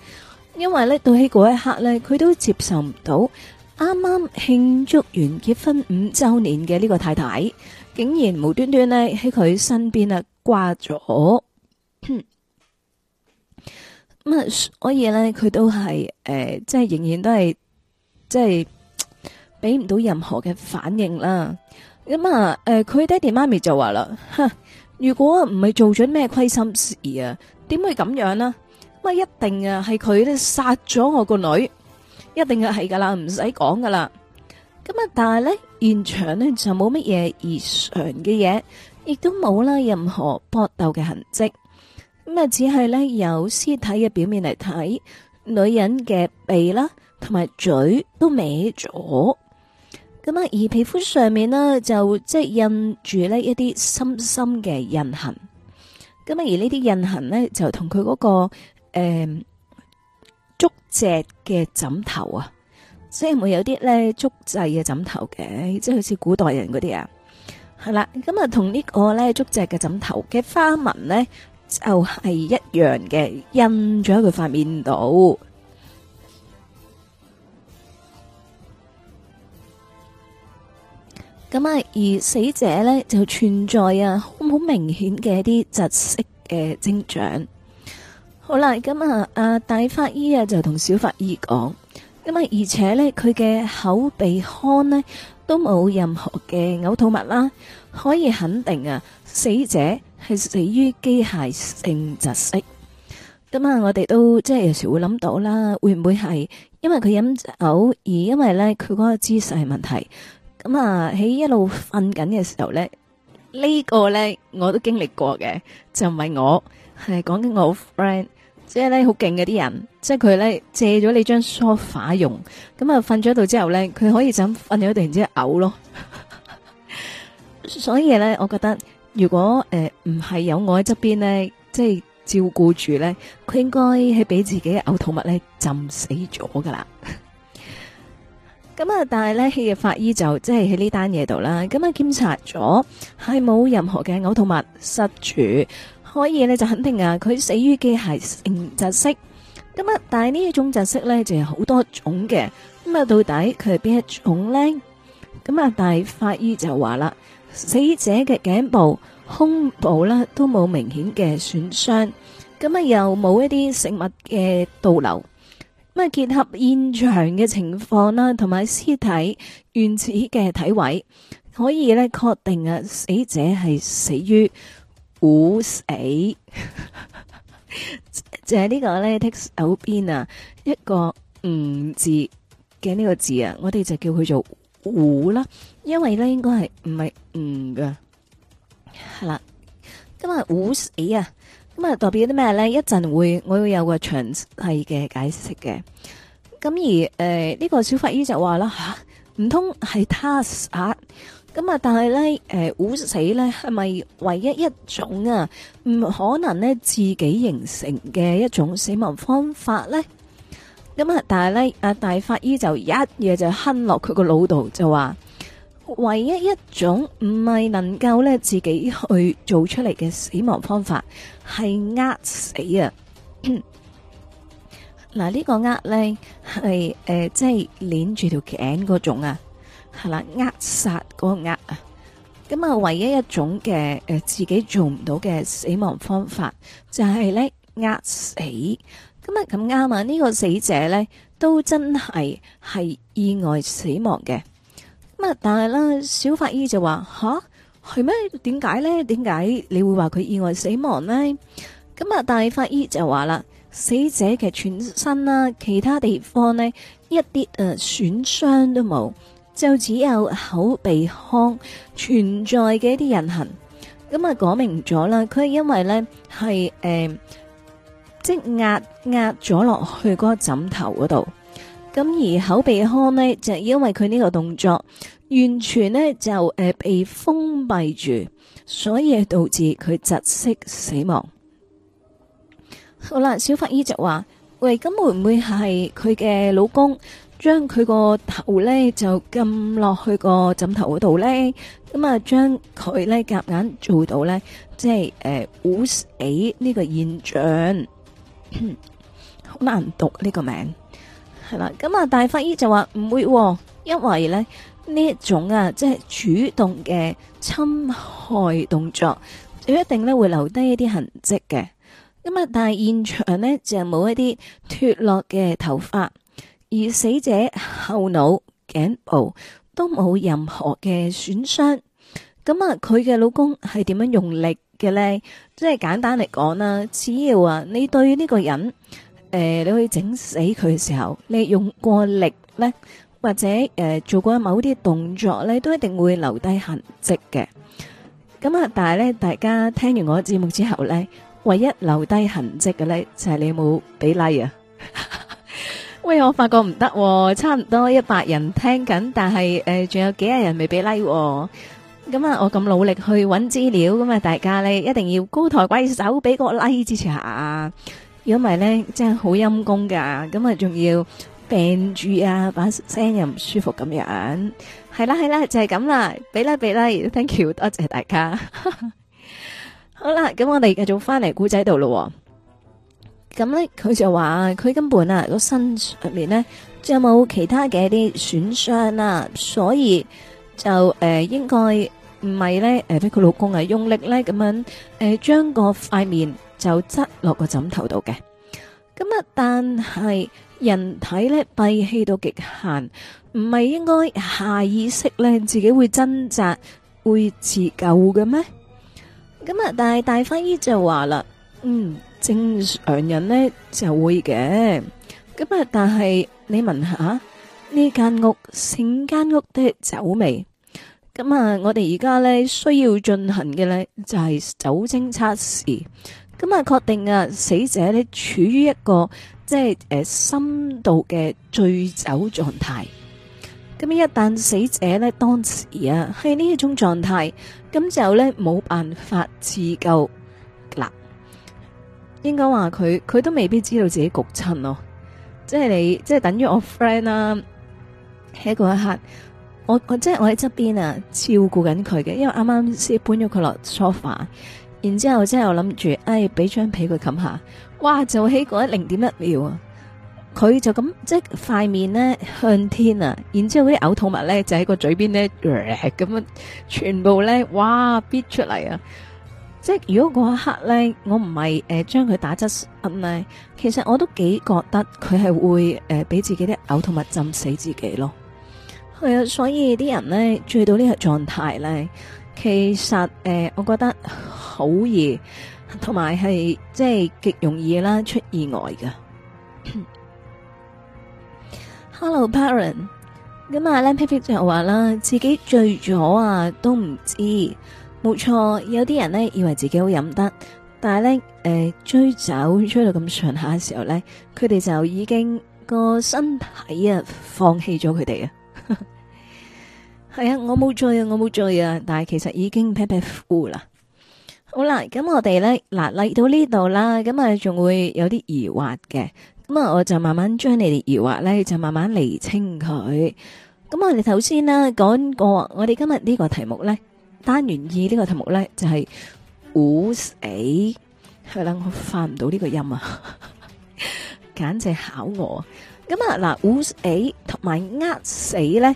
因為呢，到喺嗰一刻呢，佢都接受唔到啱啱慶祝完結婚五周年嘅呢個太太，竟然無端端呢喺佢身邊啊掛咗。咁啊、嗯，所以咧，佢都係誒、呃，即係仍然都係，即係俾唔到任何嘅反應啦。咁、嗯、啊，誒、呃，佢爹哋媽咪就話啦，如果唔係做咗咩虧心事啊，點會咁樣呢？咁、嗯、啊，一定啊，係佢咧殺咗我個女，一定係係噶啦，唔使講噶啦。咁、嗯、啊，但係咧，現場咧就冇乜嘢異常嘅嘢，亦都冇啦任何搏鬥嘅痕跡。咁啊，只係咧由屍體嘅表面嚟睇，女人嘅鼻啦，同埋嘴都歪咗。咁啊，而皮膚上面呢，就即係印住呢一啲深深嘅印痕。咁啊，而呢啲印痕呢、那個，就同佢嗰個誒竹席嘅枕頭啊，即係會有啲咧竹製嘅枕頭嘅，即係好似古代人嗰啲啊，係啦。咁啊，同呢個咧竹席嘅枕頭嘅花紋呢，就係一樣嘅印咗喺佢塊面度，咁啊，而死者呢，就存在啊好，好明顯嘅一啲窒息嘅徵象。好啦，咁啊啊大法醫啊就同小法醫講，咁啊而且呢，佢嘅口鼻腔呢，都冇任何嘅嘔吐物啦，可以肯定啊死者。係死於機械性窒息。咁啊、哎，我哋都即係有時會諗到啦，會唔會係因為佢飲酒，而因為咧佢嗰個姿勢係問題。咁啊，喺一路瞓緊嘅時候咧，這個、呢個咧我都經歷過嘅，就唔係我係講緊我 friend，即係咧好勁嘅啲人，即係佢咧借咗你張梳化用，咁啊瞓咗度之後咧，佢可以就瞓咗突然之間嘔咯。 <laughs> 所以咧，我覺得。如果誒唔係有我喺側邊呢，即係照顧住呢，佢應該係俾自己嘅嘔吐物浸死咗噶啦。咁 <laughs> 啊，但係呢，戲嘅法醫就即係喺呢單嘢度啦。咁啊，檢查咗係冇任何嘅嘔吐物塞住，可以呢就肯定啊，佢死於機械性窒息。咁啊，但係呢一種窒息呢，就係、是、好多種嘅。咁啊，到底佢係邊一種呢？咁啊，但係法醫就話啦。死者嘅頸部、胸部咧都冇明顯嘅損傷，咁啊又冇一啲食物嘅倒流，咁啊結合現場嘅情況啦，同埋屍體原始嘅體位，可以咧確定啊死者係死於捂死， <laughs> 就係呢個咧剔手邊啊一個唔、嗯、字嘅呢個字啊，我哋就叫佢做捂啦。虎因為咧，應該係唔係唔嘅係啦。今日捂死啊，咁啊代表啲咩咧？一陣會我會有個詳細嘅解釋嘅。咁而誒呢、呃這個小法醫就話啦吓，唔通係他殺啊？咁啊，但係咧誒捂死咧係咪唯一一種啊？唔可能咧自己形成嘅一種死亡方法咧？咁啊，但係咧阿大法醫就一嘢就吞落佢個腦度就話。唯一一種唔係能夠咧自己去做出嚟嘅死亡方法係扼死、 <coughs> 這個扼、啊！嗱，呢個扼咧係誒，即係捏住條頸嗰種啊，係啦，扼殺個扼啊！咁啊，唯一一種嘅誒、呃、自己做唔到嘅死亡方法就係咧扼死。咁啊，咁啱啊！呢個死者咧都真係係意外死亡嘅。咁啊，但係啦，小法醫就話吓，係咩？點解咧？點解你會話佢意外死亡呢？」咁啊，大法醫就話啦，死者嘅全身啦，其他地方呢，一啲誒損傷都冇，就只有口鼻腔存在嘅一啲印痕。咁、嗯、啊，講明咗啦，佢係因為咧係誒，即係、呃就是、壓壓咗落去嗰枕頭嗰度。咁而口鼻腔呢，就因為佢呢個動作完全呢，就誒、呃、被封閉住，所以導致佢窒息死亡。好啦，小法醫就話：喂，金會唔會係佢嘅老公將佢個頭呢？就撳落去個枕頭嗰度呢？咁啊，將佢呢夾硬做到呢？即係誒捂死呢個現象，好 <coughs> 難讀呢個名。係啦，咁啊，大法醫就話唔會喎，因為咧呢一種啊，即係主動嘅侵害動作，就一定咧會留低一啲痕跡嘅。咁啊，但係現場呢，就冇一啲脫落嘅頭髮，而死者後腦頸部都冇任何嘅損傷。咁啊，佢嘅老公係點樣用力嘅呢？即係簡單嚟講啦，只要啊，你對呢個人。誒、呃，你去整死佢嘅時候，你用過力呢，或者誒、呃、做過某啲動作呢，都一定會留低痕迹嘅。咁啊，但係呢，大家聽完我節目之後呢，唯一留低痕迹嘅呢，就係、是、你有冇俾 like 啊！ <laughs> 喂，我發覺唔得、啊，差唔多一百人聽緊，但係誒，仲、呃、有幾廿人未俾 like。咁啊，我咁努力去揾資料，咁啊，大家呢，一定要高抬貴手，俾個 like 支持下。如果唔係咧，真係好陰功噶，咁啊仲要病住啊，把聲又唔舒服咁樣，係啦係啦，就係咁啦，俾啦俾啦，Thank you，多謝大家。好啦，咁我哋繼續翻嚟古仔度咯。咁咧佢就話佢根本啊個身上面咧，有冇其他嘅啲損傷啊？所以就誒應該唔係咧誒，俾佢老公啊用力咧咁樣誒，將個塊面。就側落個枕頭度嘅，咁啊！但係人體呢，閉氣到極限，唔係應該下意識呢，自己會掙扎會自救嘅咩？咁啊！但係大法醫就話啦，嗯，正常人呢就會嘅。咁啊！但係你聞下呢間屋，成間屋的酒味。咁啊！我哋而家呢，需要進行嘅呢，就係酒精測試。咁啊，確定啊，死者咧處於一個即係誒、啊、深度嘅醉酒狀態。咁一旦死者咧當時啊喺呢一種狀態，咁就咧冇辦法自救。嗱，應該話佢佢都未必知道自己焗親咯，即係你即係等於我 friend 啦、啊。喺、那、嗰、個、一刻，我我即係我喺側邊啊照顧緊佢嘅，因為啱啱先搬咗佢落 sofa。然之後，即係諗住，哎，俾張被佢冚下，哇！就喺嗰零點一秒啊，佢就咁即係塊面咧向天啊，然之後啲嘔吐物咧就喺個嘴邊咧咁樣，全部咧哇逼出嚟啊！即係如果嗰一刻咧，我唔係誒將佢打側唔係，其實我都幾覺得佢係會誒俾、呃、自己啲嘔吐物浸死自己咯。係、嗯、啊、嗯嗯，所以啲人咧醉到呢個狀態咧。其實誒、呃，我覺得好易，同埋係即係極容易啦，出意外㗎。 <coughs> Hello，Parent，咁啊 Landpik，嗯、呃、就話啦，自己醉咗啊都唔知。冇錯，有啲人呢以為自己好飲得，但係咧誒，追酒追到咁上下嘅時候咧，佢哋就已經個身體啊放棄咗佢哋啊。係啊，我冇醉啊，我冇醉啊，但係其實已經撇撇褲啦。好啦，咁我哋咧嗱，嚟到呢度啦，咁啊仲會有啲疑惑嘅，咁啊我就慢慢將你哋疑惑咧就慢慢釐清佢。咁我哋頭先啦講過，我哋今日呢個題目咧，單元二呢個題目咧就係、是、捂死，係啦，我發唔到呢個音啊呵呵，簡直考我。咁啊嗱，捂死同埋扼死咧。呢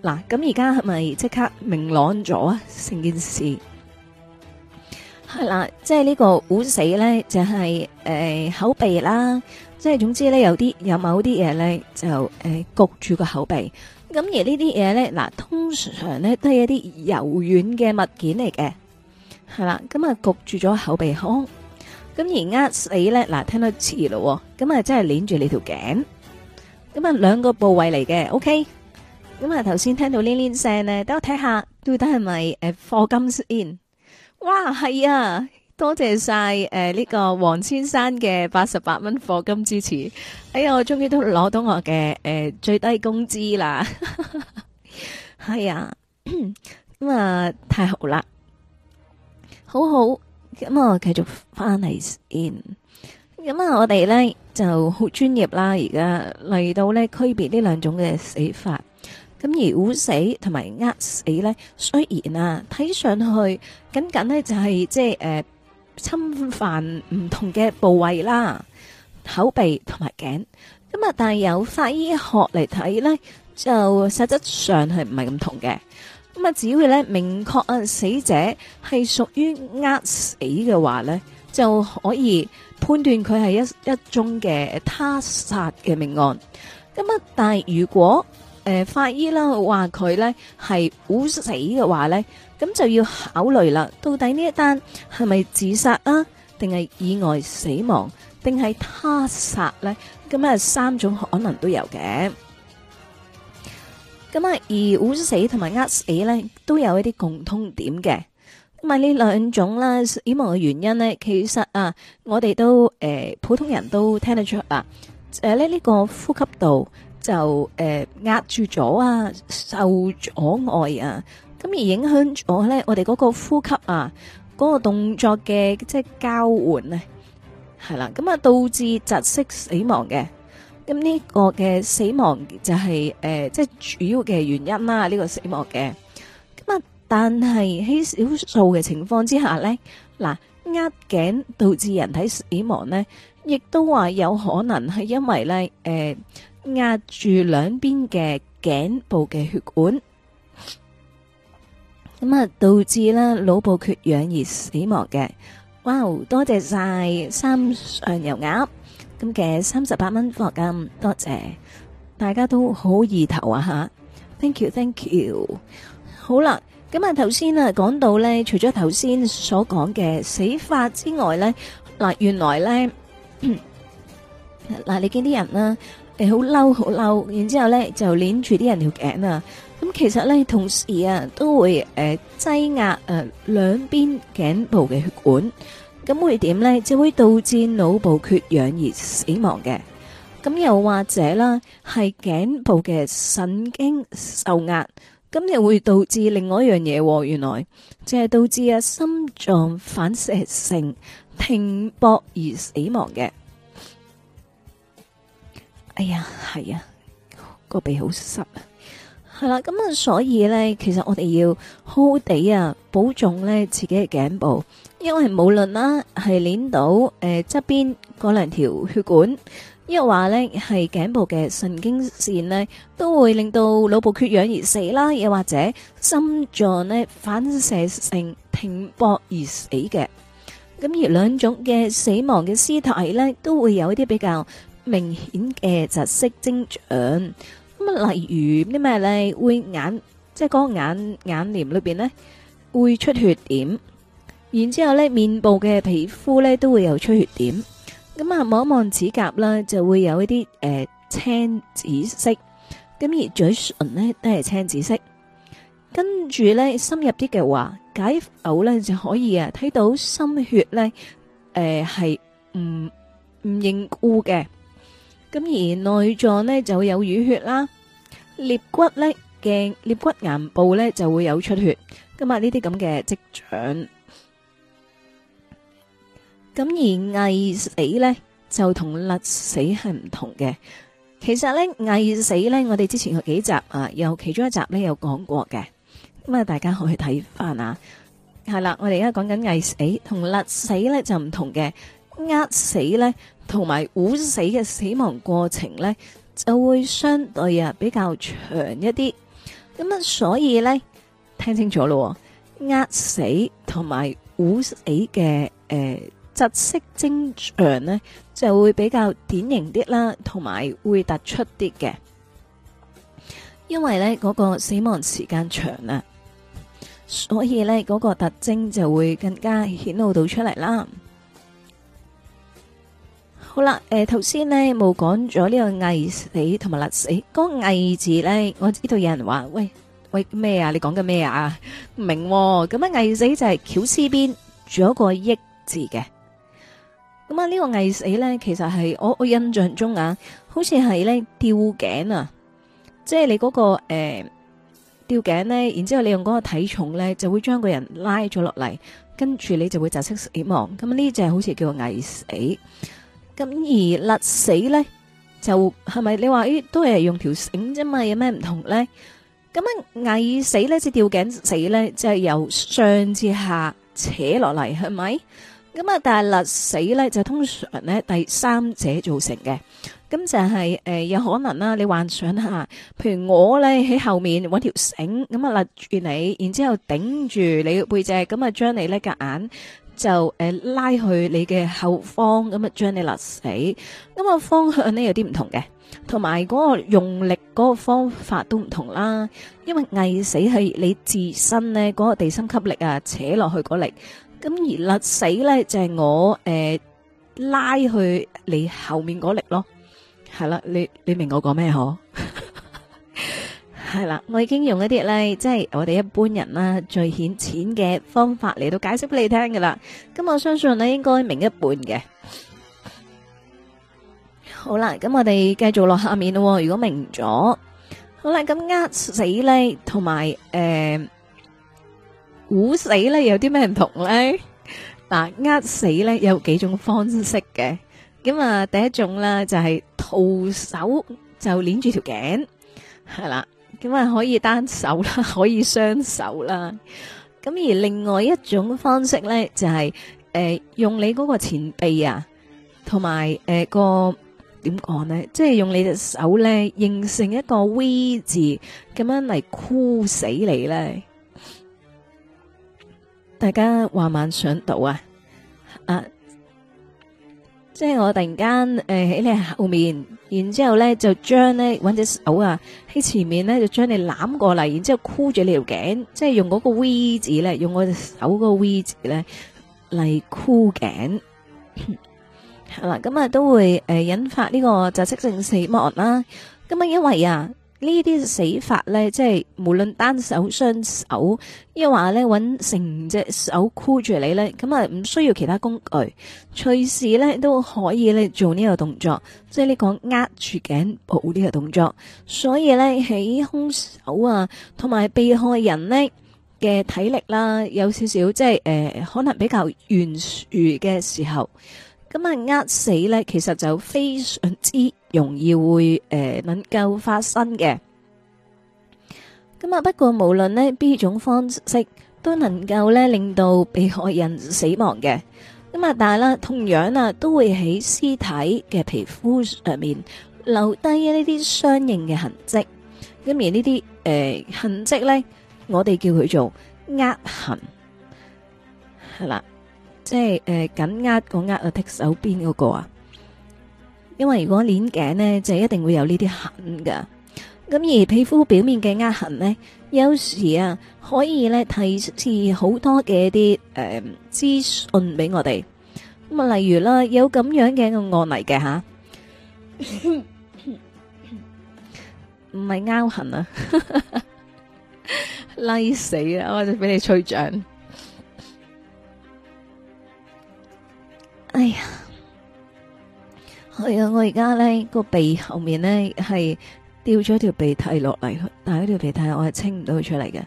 嗱，咁而家係咪即刻明朗咗啊？成件事係啦，即係呢個捂死咧，就係、是、誒、呃、口鼻啦，即係總之咧有啲有某啲嘢咧就誒焗、呃、住個口鼻，咁而這些東西呢啲嘢咧嗱，通常咧都係一啲柔軟嘅物件嚟嘅，係啦，咁啊焗住咗口鼻腔，咁而呃死咧嗱、啊，聽到詞嘞、哦，咁啊真係捏住你條頸，咁啊兩個部位嚟嘅，O K。OK? 咁啊，頭先聽到呢啲聲咧，等我睇下，到底係咪誒課金 in？哇，係啊！多謝晒誒呢個黃先生嘅八十八蚊課金支持。哎呀，我終於都攞到我嘅誒、呃、最低工資啦！係 <laughs> 啊，咁啊、呃、太好啦，好好。咁、呃、我繼續翻嚟 in。咁、呃、啊，我哋咧就好專業啦。而家嚟到咧區別呢兩種嘅死法。咁而捂死同埋扼死咧，雖然啊，睇上去僅僅呢，就係即係誒侵犯唔同嘅部位啦，口鼻同埋頸咁啊。但係有法醫學嚟睇咧，就實質上係唔係咁同嘅咁啊。只要咧明確啊，死者係屬於扼死嘅話咧，就可以判斷佢係一一宗嘅他殺嘅命案。咁啊，但係如果，誒、呃，法醫啦，話佢咧係捂死嘅話咧，咁就要考慮啦，到底呢一單係咪自殺啊，定係意外死亡，定係他殺咧？咁啊，三種可能都有嘅。咁啊，而捂死同埋扼死咧，都有一啲共通點嘅。咁啊，呢兩種啦，死亡嘅原因咧，其實啊，我哋都誒、呃，普通人都聽得出啦。誒、呃，咧、這、呢個呼吸道。就誒壓住咗啊，受阻礙啊，咁而影響咗咧，我哋嗰個呼吸啊，嗰個動作嘅即係交換咧，係啦，咁啊，導致窒息死亡嘅。咁呢個嘅死亡就係誒即係主要嘅原因啦，呢個死亡嘅。咁啊，但係喺少數嘅情況之下咧，嗱壓頸導致人體死亡咧，亦都話有可能係因為咧誒。壓住兩邊嘅頸部嘅血管，咁啊導致咧腦部缺氧而死亡嘅。哇，多謝晒三上油鴨，咁嘅三十八蚊課金，多謝大家都好意頭啊吓，thank you，thank you。好啦，咁啊頭先啊講到咧，除咗頭先所講嘅死法之外咧，嗱原來咧嗱你見啲人啦。誒，好嬲，好嬲，然之後呢就捻住啲人條頸啊，咁其實呢同時啊都會誒擠壓誒兩邊頸部嘅血管，咁會點呢？就會導致腦部缺氧而死亡嘅。咁又或者啦，係頸部嘅神經受壓，咁又會導致另外一樣嘢，原來就係導致啊心臟反射性停搏而死亡嘅。哎呀，係啊，個鼻好濕啊，係啦，咁啊，所以呢，其實我哋要好好地啊，保重呢自己嘅頸部，因為無論啦係捏到誒側邊嗰兩條血管，亦話呢係頸部嘅神經線呢，都會令到腦部缺氧而死啦，又或者心臟呢，反射性停搏而死嘅，咁而兩種嘅死亡嘅屍體呢，都會有一啲比較。明顯嘅窒息徵象，咁啊，例如呢咩咧，會眼即係嗰個眼眼簾裏邊咧會出血點，然之後咧面部嘅皮膚咧都會有出血點，咁啊望一望指甲咧就會有一啲誒、呃、青紫色，咁而嘴唇咧都係青紫色，跟住咧深入啲嘅話解剖咧就可以啊睇到心血咧誒係唔唔凝固嘅。呃咁而內臟呢，就會有淤血啦，肋骨咧嘅肋骨癌部呢，就會有出血，咁啊呢啲咁嘅跡象。咁而捂死呢，就同勒死係唔同嘅，其實呢，捂死呢，我哋之前有幾集啊，有其中一集呢，有講過嘅，咁啊大家可以睇返啊，係啦，我哋而家講緊捂死同勒死呢，就唔同嘅，扼死呢。同埋捂死嘅死亡過程呢，就會相對啊比較長一啲。咁啊，所以呢，聽清楚咯，壓死同埋捂死嘅誒窒息徵象呢，就會比較典型啲啦，同埋會突出啲嘅。因為呢，嗰個死亡時間長啊，所以呢，嗰個特徵就會更加顯露到出嚟啦。好啦，誒、呃，頭先呢冇講咗呢個縊死同埋勒死。嗰個縊字呢，我呢度有人話喂喂咩啊？你講緊咩啊？ <laughs> 唔明咁啊、哦？縊死就係絞絲邊仲有個益字嘅。咁啊、這個，呢個縊死呢，其實係我我印象中啊，好似係呢吊頸啊，即係你嗰、那個誒、呃、吊頸呢，然之後你用嗰個體重呢，就會將個人拉咗落嚟，跟住你就會窒息死亡。咁呢只好似叫做縊死。咁而勒死咧，就係咪你話啲、哎、都係用條繩啫嘛？有咩唔同咧？咁啊，縊死咧，即、就、掉、是、吊頸死咧，就係、是、由上至下扯落嚟，係咪？咁啊，但係勒死咧，就通常咧，第三者造成嘅。咁就係、是、誒、呃，有可能啦、啊，你幻想下，譬如我咧喺後面搵條繩，咁啊勒住你，然之後頂住你嘅背脊，咁啊將你咧嘅眼。就誒拉去你嘅後方，咁啊將你勒死。咁啊方向咧有啲唔同嘅，同埋嗰個用力嗰個方法都唔同啦。因為縊死係你自身咧嗰個地心吸力啊扯落去嗰力，咁而勒死咧就係我誒拉去你後面嗰力咯。係啦，你你明我講咩嗬？係啦，我已經用一啲咧，即係我哋一般人啦最顯淺嘅方法嚟到解釋俾你聽噶啦。咁我相信咧應該明一半嘅。 <laughs> 好啦，咁我哋繼續落下面咯。如果明咗，好啦，咁扼死咧，同埋誒，捂死咧，有啲咩唔同咧？嗱， <laughs> 扼死咧有幾種方式嘅。咁啊，第一種啦就係、是、徒手就鏈住條頸，係啦。咁啊，可以單手啦，可以雙手啦。咁而另外一種方式咧，就係、是、誒、呃、用你嗰個前臂啊，同埋誒個點講咧，即係、就是、用你隻手咧，形成一個 V 字咁樣嚟箍死你咧。大家慢慢想到啊！即係我突然間誒喺你後面，然之後咧就將咧揾，隻手啊喺前面咧就將你攬過嚟，然之後箍住你條頸，即係用嗰個 V 字咧，用我隻手個 V 字咧嚟箍頸，係嘛，咁 <coughs> 啊、嗯嗯、都會誒、呃、引發呢個窒息性死亡啦。咁、嗯、啊因為啊。呢啲死法呢，即係無論單手雙手，為話呢揾成隻手箍住你呢，咁啊唔需要其他工具，隨時呢都可以呢做呢個動作，即係呢個握住頸抱呢個動作。所以呢，喺凶手啊同埋被害人呢嘅體力啦、啊，有少少即係誒、呃，可能比較懸殊嘅時候。咁啊，扼死呢，其實就非常之容易會誒、呃、能夠發生嘅。咁啊，不過無論呢邊種方式都能夠咧令到被害人死亡嘅。咁啊，但係啦，同樣啊都會喺屍體嘅皮膚上面留低呢啲相應嘅痕跡。咁而呢啲誒痕跡呢，我哋叫佢做扼痕，係啦。即係誒，緊握個握啊，隻手邊嗰個啊，因為如果鏈頸咧，就一定會有呢啲痕噶。咁而皮膚表面嘅壓痕咧，有時啊，可以咧提示好多嘅一啲誒資訊俾我哋。咁啊，例如啦，有咁樣嘅個案例嘅吓，唔係凹痕啊，拉死啦，我就俾你吹脹。哎呀，係啊！我而家呢個鼻後面呢係掉咗條鼻涕落嚟，但係嗰條鼻涕我係清唔到佢出嚟嘅。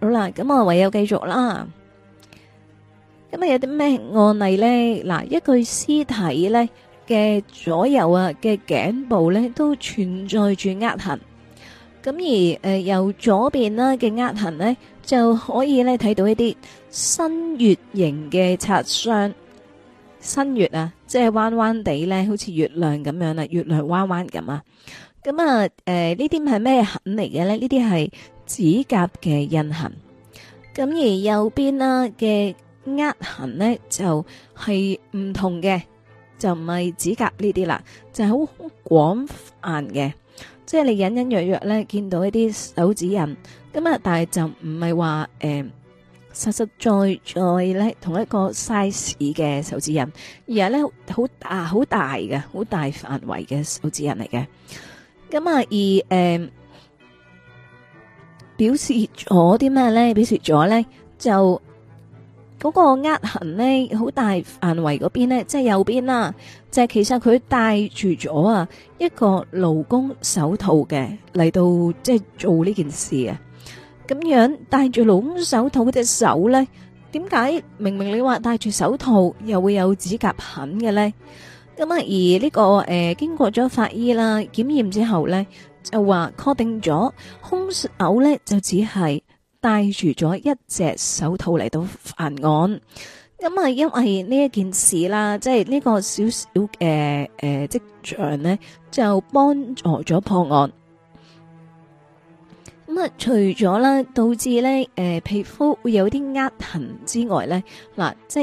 好啦，咁我唯有繼續啦。咁啊，有啲咩案例呢？嗱，一具屍體呢嘅左右啊嘅頸部呢都存在住壓痕，咁而誒由左邊啦嘅壓痕呢就可以呢睇到一啲新月形嘅擦傷。新月啊，即係彎彎地咧，好似月亮咁樣啦，月亮彎彎咁啊。咁啊，誒、呃，呢啲係咩痕嚟嘅咧？呢啲係指甲嘅印痕。咁而右邊啦嘅扼痕咧，就係唔同嘅，就唔係指甲呢啲啦，就係好廣泛嘅，即係你隱隱約約咧見到一啲手指印。咁啊，但係就唔係話誒。呃實實在在咧，同一個 size 嘅手指印，而係咧好大好大嘅，好大範圍嘅手指印嚟嘅。咁啊，而誒表示咗啲咩咧？表示咗咧，就嗰個扼痕咧，好大範圍嗰邊咧，即係右邊啦，就係其實佢戴住咗啊一個勞工手套嘅嚟到，即係做呢件事啊。咁樣戴住勞工手套嗰隻手咧，點解明明你話戴住手套又會有指甲痕嘅咧？咁啊，而呢個誒，經過咗法醫啦檢驗之後咧，就話確定咗凶手咧就只係戴住咗一隻手套嚟到犯案。咁啊，因為呢一件事啦，即係呢個小小嘅誒跡象咧，就幫助咗破案。咁啊，除咗咧導致咧誒皮膚會有啲壓痕之外咧，嗱，即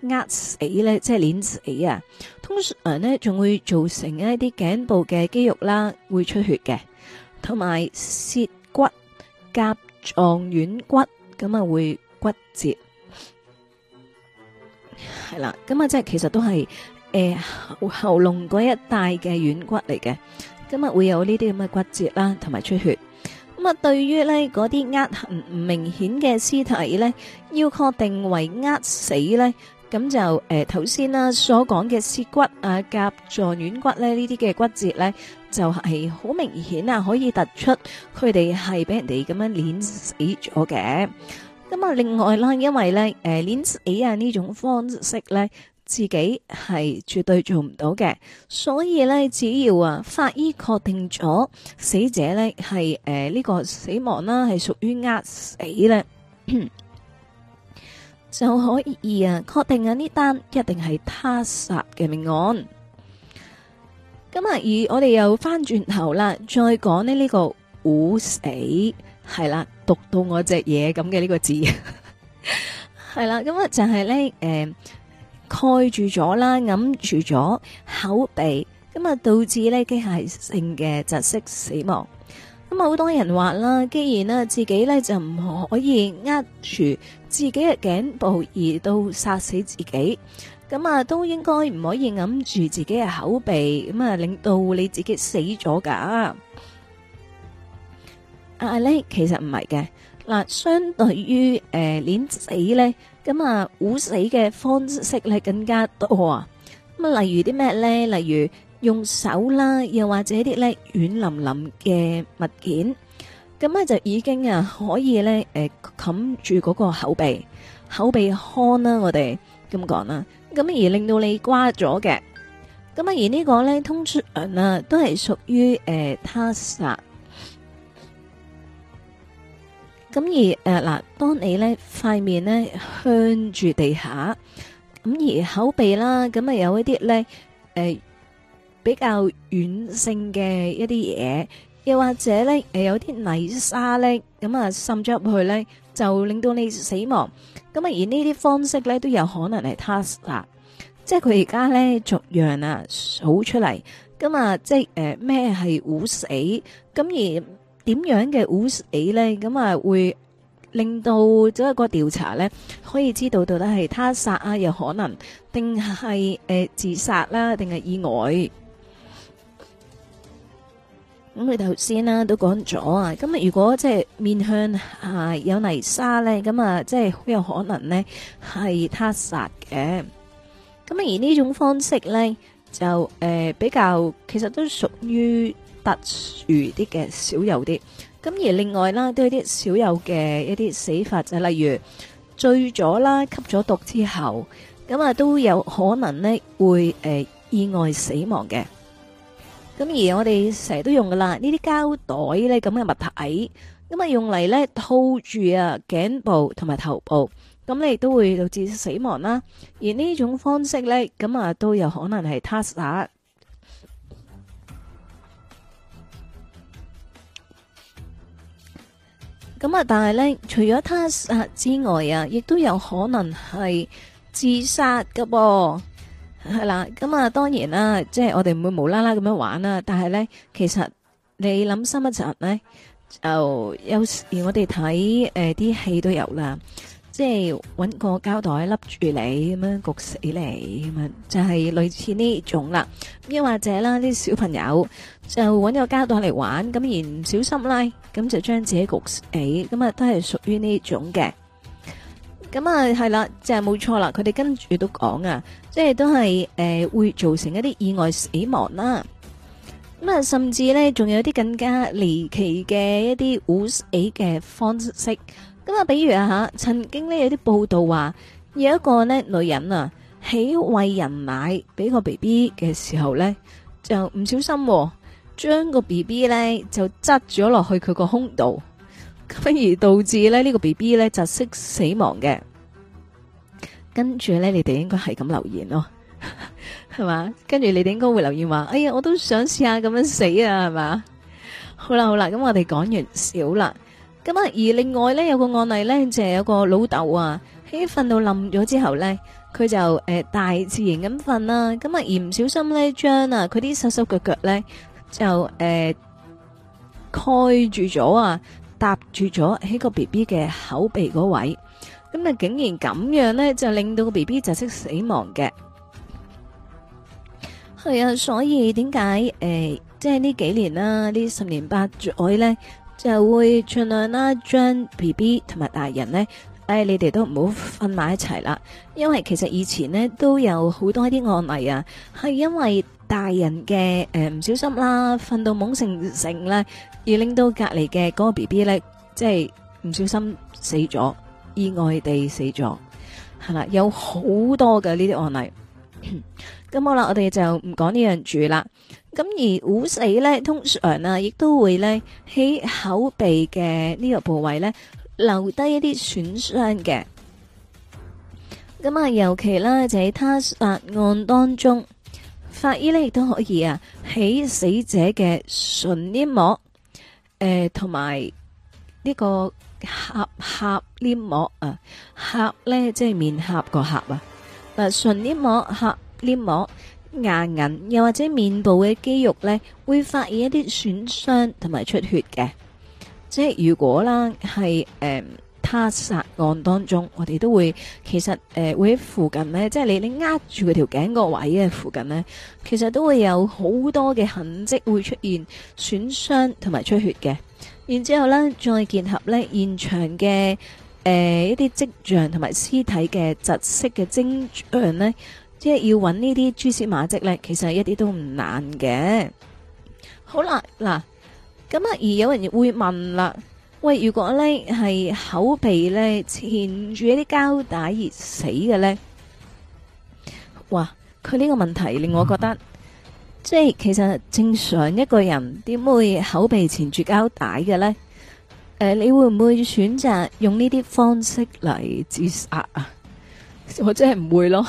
係壓死咧，即係碾死啊。通常咧仲會造成一啲頸部嘅肌肉啦會出血嘅，同埋舌骨、甲狀軟骨咁啊會骨折，係啦。咁啊，即係其實都係誒喉嚨嗰一帶嘅軟骨嚟嘅，咁啊會有呢啲咁嘅骨折啦，同埋出血。咁啊，對於咧嗰啲壓痕唔明顯嘅屍體咧，要確定為壓死咧，咁就誒頭先啦所講嘅屍骨啊、甲狀軟骨咧呢啲嘅骨折咧，就係好明顯啊，可以突出佢哋係俾人哋咁樣碾死咗嘅。咁啊，另外啦，因為咧誒碾死啊呢種方式咧。自己係絕對做唔到嘅，所以呢，只要啊法醫確定咗死者呢係誒呢個死亡啦，係屬於呃死咧， <coughs> 就可以啊確定啊呢單一,一定係他殺嘅命案。咁、嗯、啊，而我哋又翻轉頭啦，再講咧呢、這個捂死係啦，讀到我隻嘢咁嘅呢個字係 <laughs> 啦，咁、嗯、啊就係、是、呢。誒、呃。蓋住咗啦，揞住咗口鼻，咁啊導致呢機械性嘅窒息死亡。咁啊，好多人話啦，既然呢自己呢就唔可以扼住自己嘅頸部而到殺死自己，咁啊都應該唔可以揞住自己嘅口鼻，咁啊令到你自己死咗噶。阿阿麗，其實唔係嘅，嗱，相對於誒，扼、呃、死呢。咁啊，捂死嘅方式咧更加多啊！咁、嗯、啊，例如啲咩咧？例如用手啦，又或者啲咧軟腍腍嘅物件，咁咧就已經啊可以咧誒冚住嗰個口鼻，口鼻腔啦、啊，我哋咁講啦，咁、嗯、而令到你瓜咗嘅，咁、嗯、啊而個呢個咧，通出嗯啊都係屬於誒他殺。呃咁而誒嗱，當你咧塊面咧向住地下，咁而口鼻啦，咁啊有一啲咧誒比較軟性嘅一啲嘢，又或者咧誒有啲泥沙咧，咁啊滲咗入去咧，就令到你死亡。咁啊而呢啲方式咧都有可能係他殺，即係佢而家咧逐樣啊數出嚟。咁啊即係誒咩係捂死？咁而。點樣嘅捂死咧，咁啊會令到做一個調查咧，可以知道到底係他殺啊，有可能定係誒自殺啦、啊，定係意外。咁你頭先啦都講咗啊，咁啊如果即係面向下有泥沙咧，咁啊即係好有可能呢係他殺嘅。咁而呢種方式咧就誒、呃、比較，其實都屬於。特殊啲嘅少有啲。咁而另外啦，都有啲少有嘅一啲死法，就例如醉咗啦，吸咗毒之後，咁啊都有可能呢會誒、呃、意外死亡嘅。咁而我哋成日都用噶啦，呢啲膠袋呢咁嘅物體，咁啊用嚟，呢套住啊頸部同埋頭部，咁你都會導致死亡啦。而呢種方式呢，咁啊都有可能係他殺。咁啊！但係咧，除咗他殺之外啊，亦都有可能係自殺㗎噃，係啦。咁啊，當然啦，即係我哋唔會無啦啦咁樣玩啦。但係咧，啊啊，其實你諗深一層咧，就有時我哋睇啲戲都有啦。即係搵個膠袋笠住你咁樣焗死你咁啊，就係類似呢種啦。咁又或者啦，啲小朋友就搵個膠袋嚟玩，咁而唔小心拉，咁就將自己焗死，咁啊都係屬於呢種嘅。咁啊係啦，就係冇錯啦。佢哋跟住都講啊，即係都係誒會造成一啲意外死亡啦。咁啊，甚至呢，仲有啲更加離奇嘅一啲捂死嘅方式。咁啊，比如啊吓，曾經呢，有啲報道話，有一個咧女人啊，喺餵人奶俾個 B B 嘅時候呢，就唔小心將個 B B 呢就執咗落去佢個胸度，反而導致咧呢個 B B 呢窒息死亡嘅。跟住呢，你哋應該係咁留言咯，係嘛？跟住你哋應該會留言話，哎呀，我都想試下咁樣死啊，係嘛？好啦，好啦，咁我哋講完少啦。咁啊！而另外咧，有個案例咧，就係、是、有個老豆啊，喺瞓到冧咗之後咧，佢就誒、呃、大自然咁瞓啦。咁啊，而唔小心咧，將啊佢啲手手腳腳咧就誒、呃、蓋住咗啊，搭住咗喺個 B B 嘅口鼻嗰位。咁啊，竟然咁樣咧，就令到個 B B 窒息死亡嘅。係啊，所以點解誒，即係呢幾年啦，呢十年八載咧？就會盡量啦，將 B B 同埋大人咧，誒、哎，你哋都唔好瞓埋一齊啦。因為其實以前咧都有好多啲案例啊，係因為大人嘅誒唔小心啦，瞓到懵盛盛咧，而令到隔籬嘅嗰個 B B 呢，即係唔小心死咗，意外地死咗，係啦，有好多嘅呢啲案例。 <laughs> 咁好啦，我哋就唔講呢樣住啦。咁而捂死咧，通常啊，亦都會咧喺口鼻嘅呢個部位咧留低一啲損傷嘅。咁啊，尤其啦，就喺他殺案當中，法醫咧亦都可以啊喺死者嘅唇黏膜誒同埋呢個合合黏膜啊合咧即係面合個合啊嗱唇黏膜合。盒黏膜、牙齦，又或者面部嘅肌肉呢，會發現一啲損傷同埋出血嘅。即係如果啦，係誒他殺案當中，我哋都會，其實誒、呃、會喺附近呢，即係你你壓住佢條頸個位嘅附近呢，其實都會有好多嘅痕跡會出現損傷同埋出血嘅。然之後呢，再結合呢現場嘅誒、呃、一啲跡象同埋屍體嘅窒息嘅徵象呢。即係要搵呢啲蛛絲馬跡咧，其實一啲都唔難嘅。好啦，嗱咁啊，而有人會問啦，喂，如果咧係口鼻咧纏住一啲膠帶而死嘅咧，哇，佢呢個問題令我覺得，嗯、即係其實正常一個人點會口鼻纏住膠帶嘅咧？誒、呃，你會唔會選擇用呢啲方式嚟自殺啊？我真係唔會咯。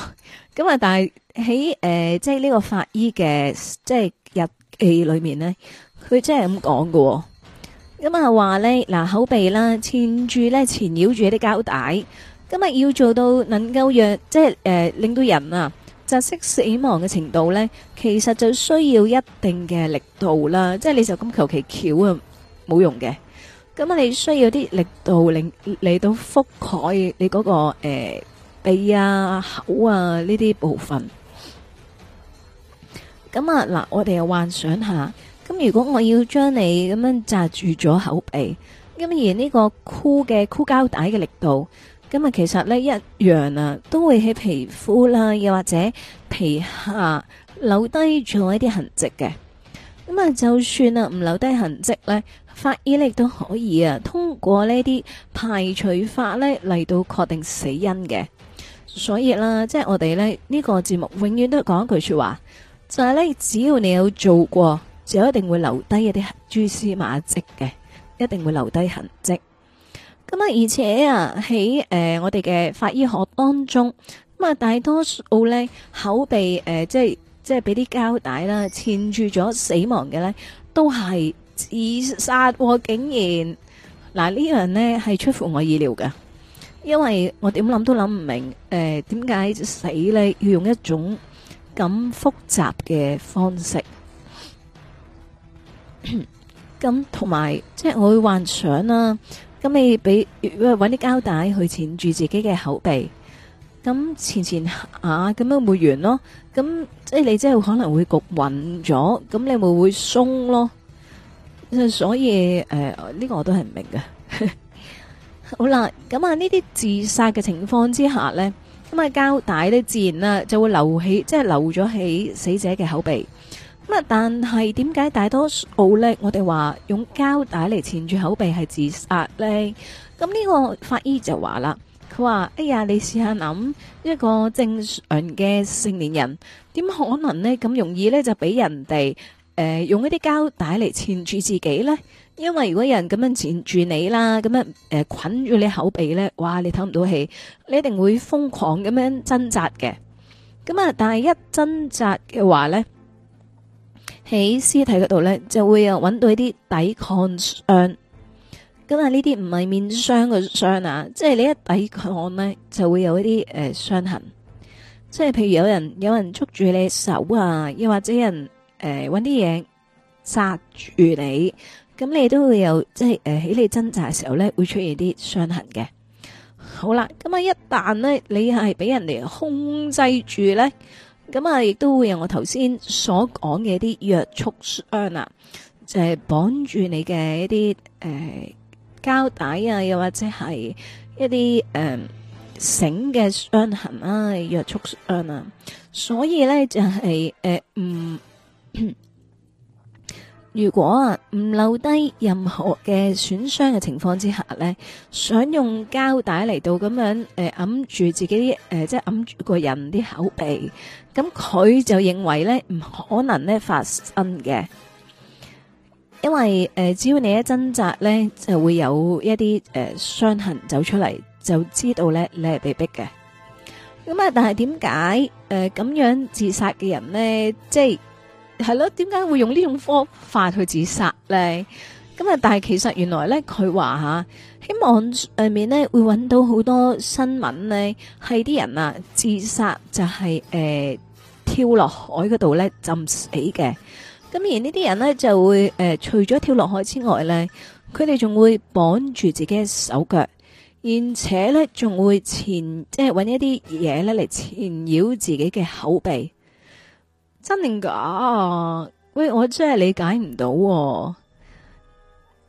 咁啊、嗯！但係喺誒，即係呢個法醫嘅即係日記裏面呢，佢真係咁講喎。咁啊話呢，嗱口鼻啦，纏住咧，纏繞住一啲膠帶。咁、嗯、啊要做到能夠讓即係誒、呃、令到人啊窒息死亡嘅程度呢，其實就需要一定嘅力度啦。即係你就咁求其撬啊，冇用嘅。咁、嗯、啊，你需要啲力度令嚟到覆蓋你嗰、那個、呃鼻啊口啊呢啲部分，咁啊嗱，我哋又幻想下，咁如果我要將你咁樣紮住咗口鼻，咁而呢個箍嘅箍膠帶嘅力度，咁啊其實呢一樣啊，都會喺皮膚啦，又或者皮下留低咗一啲痕迹嘅。咁啊，就算啊唔留低痕迹呢，法醫呢都可以啊，通過呢啲排除法呢，嚟到確定死因嘅。所以啦，即係我哋咧呢、這個節目永遠都講一句說話，就係、是、咧只要你有做過，就一定會留低一啲蛛絲馬跡嘅，一定會留低痕跡。咁啊，而且啊，喺誒、呃、我哋嘅法醫學當中，咁啊大多數呢口鼻誒、呃、即係即係俾啲膠帶啦纏、呃、住咗死亡嘅呢，都係自殺或竟然嗱呢樣呢係出乎我意料嘅。因為我點諗都諗唔明，誒、呃，點解死咧要用一種咁複雜嘅方式？咁同埋，即係我會幻想啦。咁你俾搵啲膠帶去纏住自己嘅口鼻，咁纏纏下，咁、啊、樣會，會完咯。咁即係你即係可能會焗暈咗，咁你咪會鬆咯。呃、所以誒，呢、呃，這個我都係唔明嘅。 <laughs> 好啦，咁啊呢啲自殺嘅情況之下呢，咁、嗯、啊膠帶呢自然啦、啊、就會留起，即係留咗起死者嘅口鼻。咁、嗯、啊，但係點解大多數呢？我哋話用膠帶嚟纏住口鼻係自殺呢？咁、嗯、呢、這個法醫就話啦，佢話：哎呀，你試下諗一個正常嘅成年人，點可能呢？咁容易呢，就俾人哋誒、呃、用一啲膠帶嚟纏住自己呢？」因為如果有人咁樣纏住你啦，咁樣誒捆住你口鼻咧，哇！你唞唔到氣，你一定會瘋狂咁樣掙扎嘅。咁啊，但係一掙扎嘅話咧，喺屍體嗰度咧就會有搵到一啲抵抗傷。咁啊，呢啲唔係面傷嘅傷啊，即係你一抵抗咧就會有一啲誒傷痕。即係譬如有人有人捉住你手啊，又或者有人誒搵啲嘢紮住你。咁你都會有即係誒喺你掙扎嘅時候咧，會出現啲傷痕嘅。好啦，咁啊一旦呢，你係俾人哋控制住咧，咁啊亦都會有我頭先所講嘅啲約束傷啊，就係、是、綁住你嘅一啲誒膠帶啊，又或者係一啲誒繩嘅傷痕呀、啊，約束傷啊。所以咧就係誒唔。呃嗯如果啊唔留低任何嘅損傷嘅情況之下呢，想用膠帶嚟到咁樣誒揞、呃、住自己誒、呃，即係揞住個人啲口鼻，咁佢就認為呢唔可能呢發生嘅，因為誒、呃、只要你一掙扎呢就會有一啲誒傷痕走出嚟，就知道呢你係被逼嘅。咁啊，但係點解誒咁樣自殺嘅人呢？即係？係咯，點解會用呢種方法去自殺呢？咁啊，但係其實原來呢，佢話吓，喺網上面呢會揾到好多新聞呢，係啲人啊自殺就係、是、誒、呃、跳落海嗰度呢浸死嘅。咁而呢啲人呢，就會誒、呃、除咗跳落海之外呢，佢哋仲會綁住自己嘅手腳，而且呢，仲會纏，即係揾一啲嘢呢嚟纏繞自己嘅口鼻。真定假？喂，我真係理解唔到啊。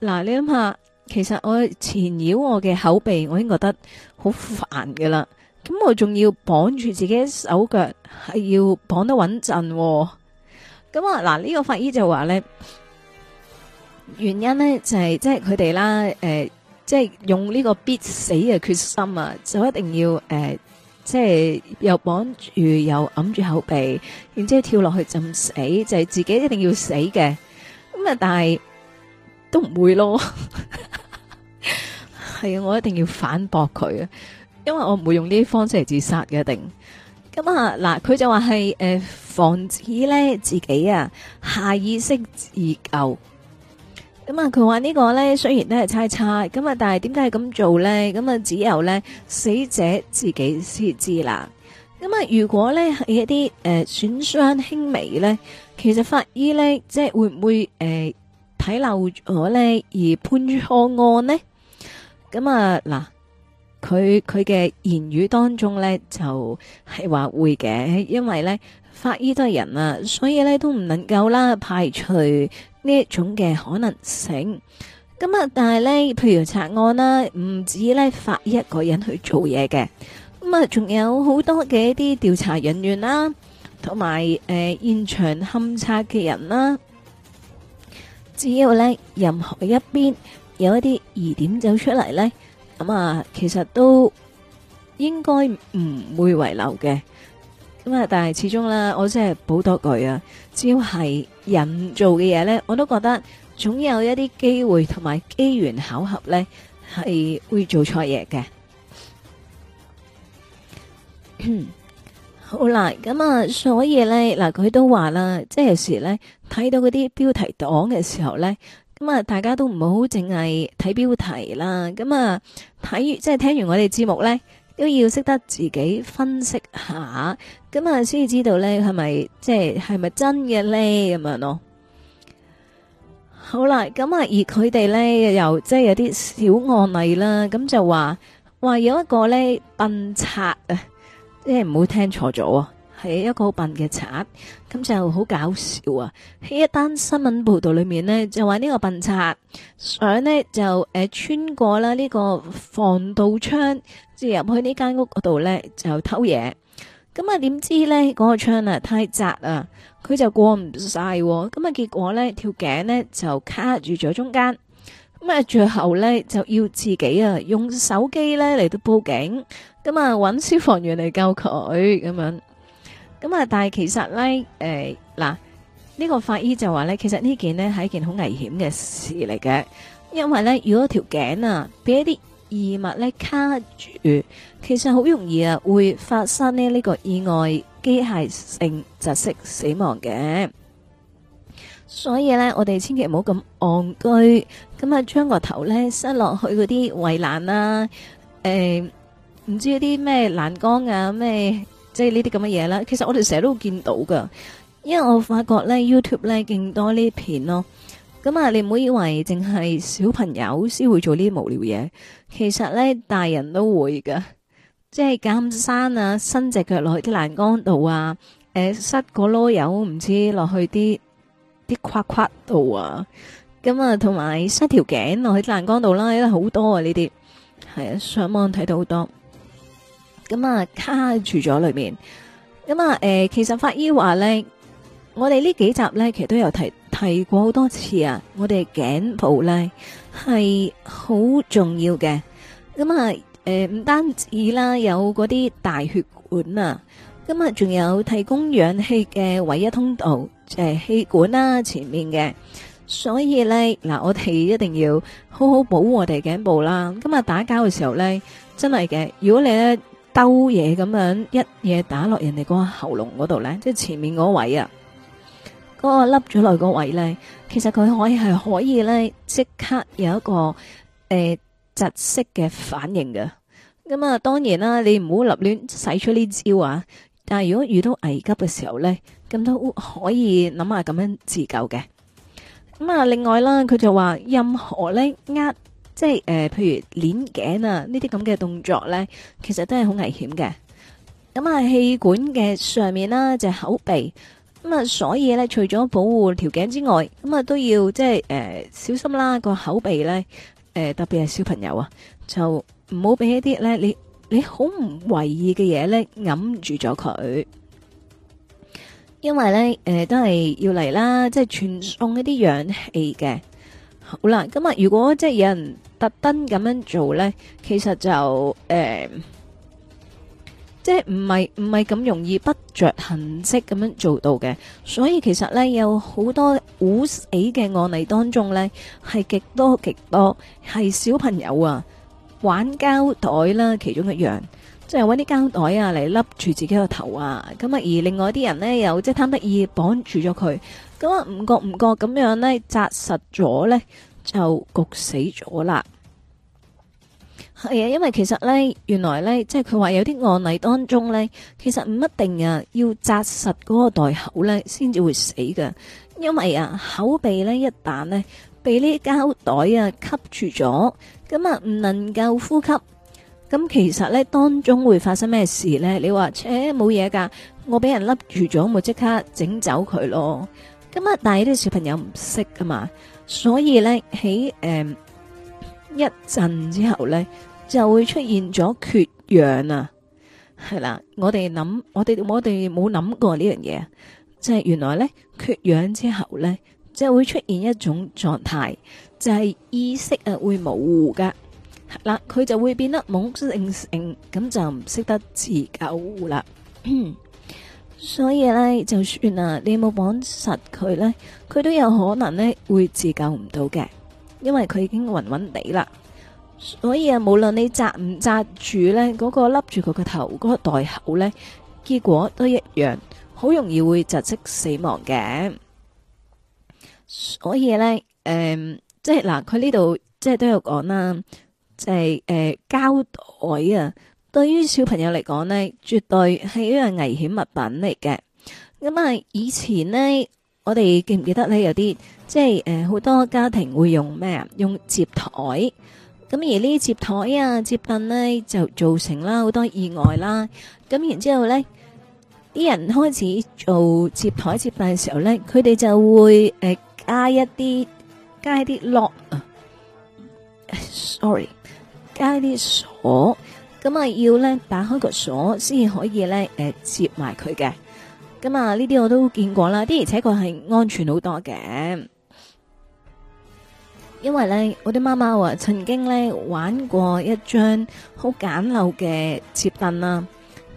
嗱、啊，你諗下，其實我纏繞我嘅口鼻，我已經覺得好煩噶啦。咁我仲要綁住自己手腳，係要綁得穩陣。咁啊，嗱、啊、呢、啊，這個法醫就話咧，原因咧就係、是、即係佢哋啦，誒、呃，即係用呢個必死嘅決心啊，就一定要誒。呃即係又綁住又揞住口鼻，然之後跳落去浸死，就係、是、自己一定要死嘅。咁啊，但係都唔會咯。係 <laughs> 啊，我一定要反駁佢啊，因為我唔會用呢啲方式嚟自殺嘅，一定。咁、嗯、啊，嗱，佢就話係誒防止咧自己啊下意識自救。咁啊，佢話呢個咧雖然都係猜猜咁啊，但係點解係咁做咧？咁啊，只有咧死者自己先知啦。咁、嗯、啊，如果咧係一啲誒損傷輕微咧，其實法醫咧即係會唔會誒睇、呃、漏咗咧而判錯案呢？咁、嗯、啊嗱，佢佢嘅言語當中咧就係話會嘅，因為咧法醫都係人啊，所以咧都唔能夠啦排除。呢一種嘅可能性，咁啊，但係呢，譬如查案啦，唔止呢發一個人去做嘢嘅，咁啊，仲有好多嘅一啲調查人員啦，同埋誒現場勘查嘅人啦，只要呢任何一邊有一啲疑點走出嚟呢，咁啊，其實都應該唔會遺漏嘅。咁啊！但係始終啦，我真係補多句啊！只要係人做嘅嘢呢，我都覺得總有一啲機會同埋機緣巧合呢係會做錯嘢嘅。 <coughs> 好啦，咁啊，所以呢，嗱，佢都話啦，即係有時呢睇到嗰啲標題黨嘅時候呢，咁啊，大家都唔好淨係睇標題啦，咁啊，睇完即係聽完我哋節目呢。都要識得自己分析下，咁啊，先至知道咧，係咪即係，係咪真嘅咧？咁樣咯。好啦，咁啊，而佢哋咧又即係有啲小案例啦，咁就話話有一個咧笨賊啊，即係唔好聽錯咗。係一個好笨嘅賊，咁就好搞笑啊！喺一單新聞報道裏面呢，就話呢個笨賊想呢，就誒穿過啦呢個防盜窗，即入去呢間屋嗰度呢，就偷嘢。咁、嗯、啊，點知呢，嗰、那個窗啊太窄啊，佢就過唔晒。咁、嗯、啊，結果呢，條頸呢就卡住咗中間。咁、嗯、啊，最後呢，就要自己啊用手機呢嚟到報警，咁啊搵消防員嚟救佢咁樣。咁啊！但係其實咧，誒，嗱，呢個法醫就話咧，其實呢件咧係一件好危險嘅事嚟嘅，因為咧，如果條頸啊俾一啲異物咧卡住，其實好容易啊會發生咧呢個意外機械性窒息死亡嘅。所以咧，我哋千祈唔好咁戇居，咁啊，將個頭咧塞落去嗰啲圍欄啊，誒，唔知啲咩欄杆啊，咩？即係呢啲咁嘅嘢啦，其實我哋成日都見到噶，因為我發覺咧 YouTube 咧勁多呢啲片咯。咁、嗯、啊，你唔好以為淨係小朋友先會做呢啲無聊嘢，其實咧大人都會噶，即係夾山啊，伸隻腳落去啲欄杆度啊，誒、呃、塞個籮柚，唔知落去啲啲框框度啊。咁、嗯、啊，同埋塞條頸落去欄杆度啦，好多啊呢啲，係啊、嗯，上網睇到好多。咁啊、嗯、卡住咗裏面，咁啊誒，其實法醫話咧，我哋呢幾集咧其實都有提提過好多次啊，我哋頸部咧係好重要嘅，咁啊誒唔單止啦，有嗰啲大血管啊，咁、嗯、啊，仲有提供氧氣嘅唯一通道，誒、就係氣管啦、啊、前面嘅，所以咧嗱，我哋一定要好好保護我哋頸部啦。咁、嗯、啊，打交嘅時候咧，真係嘅，如果你咧。兜嘢咁樣一嘢打落人哋個喉嚨嗰度呢，即係前面嗰位啊，嗰、嗰個凹咗落嗰位呢，其實佢可以係可以呢，即刻有一個欸、窒息嘅反應嘅。咁啊，當然啦，你唔好立亂使出呢招啊。但係如果遇到危急嘅時候呢，咁都可以諗下咁樣自救嘅。咁啊，另外啦，佢就話任何呢。呃即係誒、呃，譬如攣頸啊，呢啲咁嘅動作咧，其實都係好危險嘅。咁、嗯、啊，氣管嘅上面啦、啊，就係、是、口鼻。咁、嗯、啊，所以咧，除咗保護條頸之外，咁、嗯、啊都要即係誒、呃、小心啦。個口鼻咧、呃，特別係小朋友啊，就唔好俾一啲咧，你你好唔留意嘅嘢咧，揞住咗佢。因為咧、呃，都係要嚟啦，即係傳送一啲氧氣嘅。好啦，咁啊，如果即係有人特登咁樣做呢，其實就誒，即係唔係唔係咁容易不着痕跡咁樣做到嘅，所以其實呢，有好多捂死嘅案例當中呢，係極多極多，係小朋友啊玩膠袋啦，其中一樣，即係搵啲膠袋啊嚟笠住自己個頭啊，咁啊，而另外啲人呢，又即係貪得意綁住咗佢。咁唔、嗯、覺唔覺咁樣呢，紮實咗呢，就焗死咗啦。係啊，因為其實呢，原來呢，即係佢話有啲案例當中呢，其實唔一定啊，要紮實嗰個袋口呢先至會死噶。因為啊，口鼻呢一旦呢，被呢膠袋啊吸住咗，咁啊唔能夠呼吸。咁其實呢，當中會發生咩事呢？你話，扯冇嘢噶，我俾人笠住咗，我咪即刻整走佢咯。咁啊，但係啲小朋友唔識噶嘛，所以咧喺誒一陣之後咧，就會出現咗缺氧啊，係啦。我哋諗，我哋我哋冇諗過呢樣嘢，即係原來咧缺氧之後咧，即係會出現一種狀態，就係意識啊會模糊噶，嗱佢就會變得懵性性，咁就唔識得自救啦。 <coughs> 所以咧，就算啊，你冇綁實佢咧，佢都有可能咧會自救唔到嘅，因為佢已經暈暈地啦。所以啊，無論你紮唔紮住咧，嗰個笠住佢個頭嗰個袋口咧，結果都一樣，好容易會窒息死亡嘅。所以咧，誒、嗯，即係嗱，佢呢度即係都有講啦，即係誒膠袋啊。對於小朋友嚟講呢，絕對係一樣危險物品嚟嘅。咁啊，以前呢，我哋記唔記得咧有啲，即係誒，好、呃、多家庭會用咩啊？用接台。咁而呢啲接台啊接凳呢，就造成啦好多意外啦。咁然之後咧，啲人開始做接台接凳嘅時候呢，佢哋就會誒、呃、加一啲加啲 lock 啊。sorry，加啲鎖。咁啊，要咧打開個鎖先可以咧，誒，接埋佢嘅。咁啊，呢啲我都見過啦，的而且佢係安全好多嘅。因為咧，我啲貓貓啊，曾經咧玩過一張好簡陋嘅摺凳啊。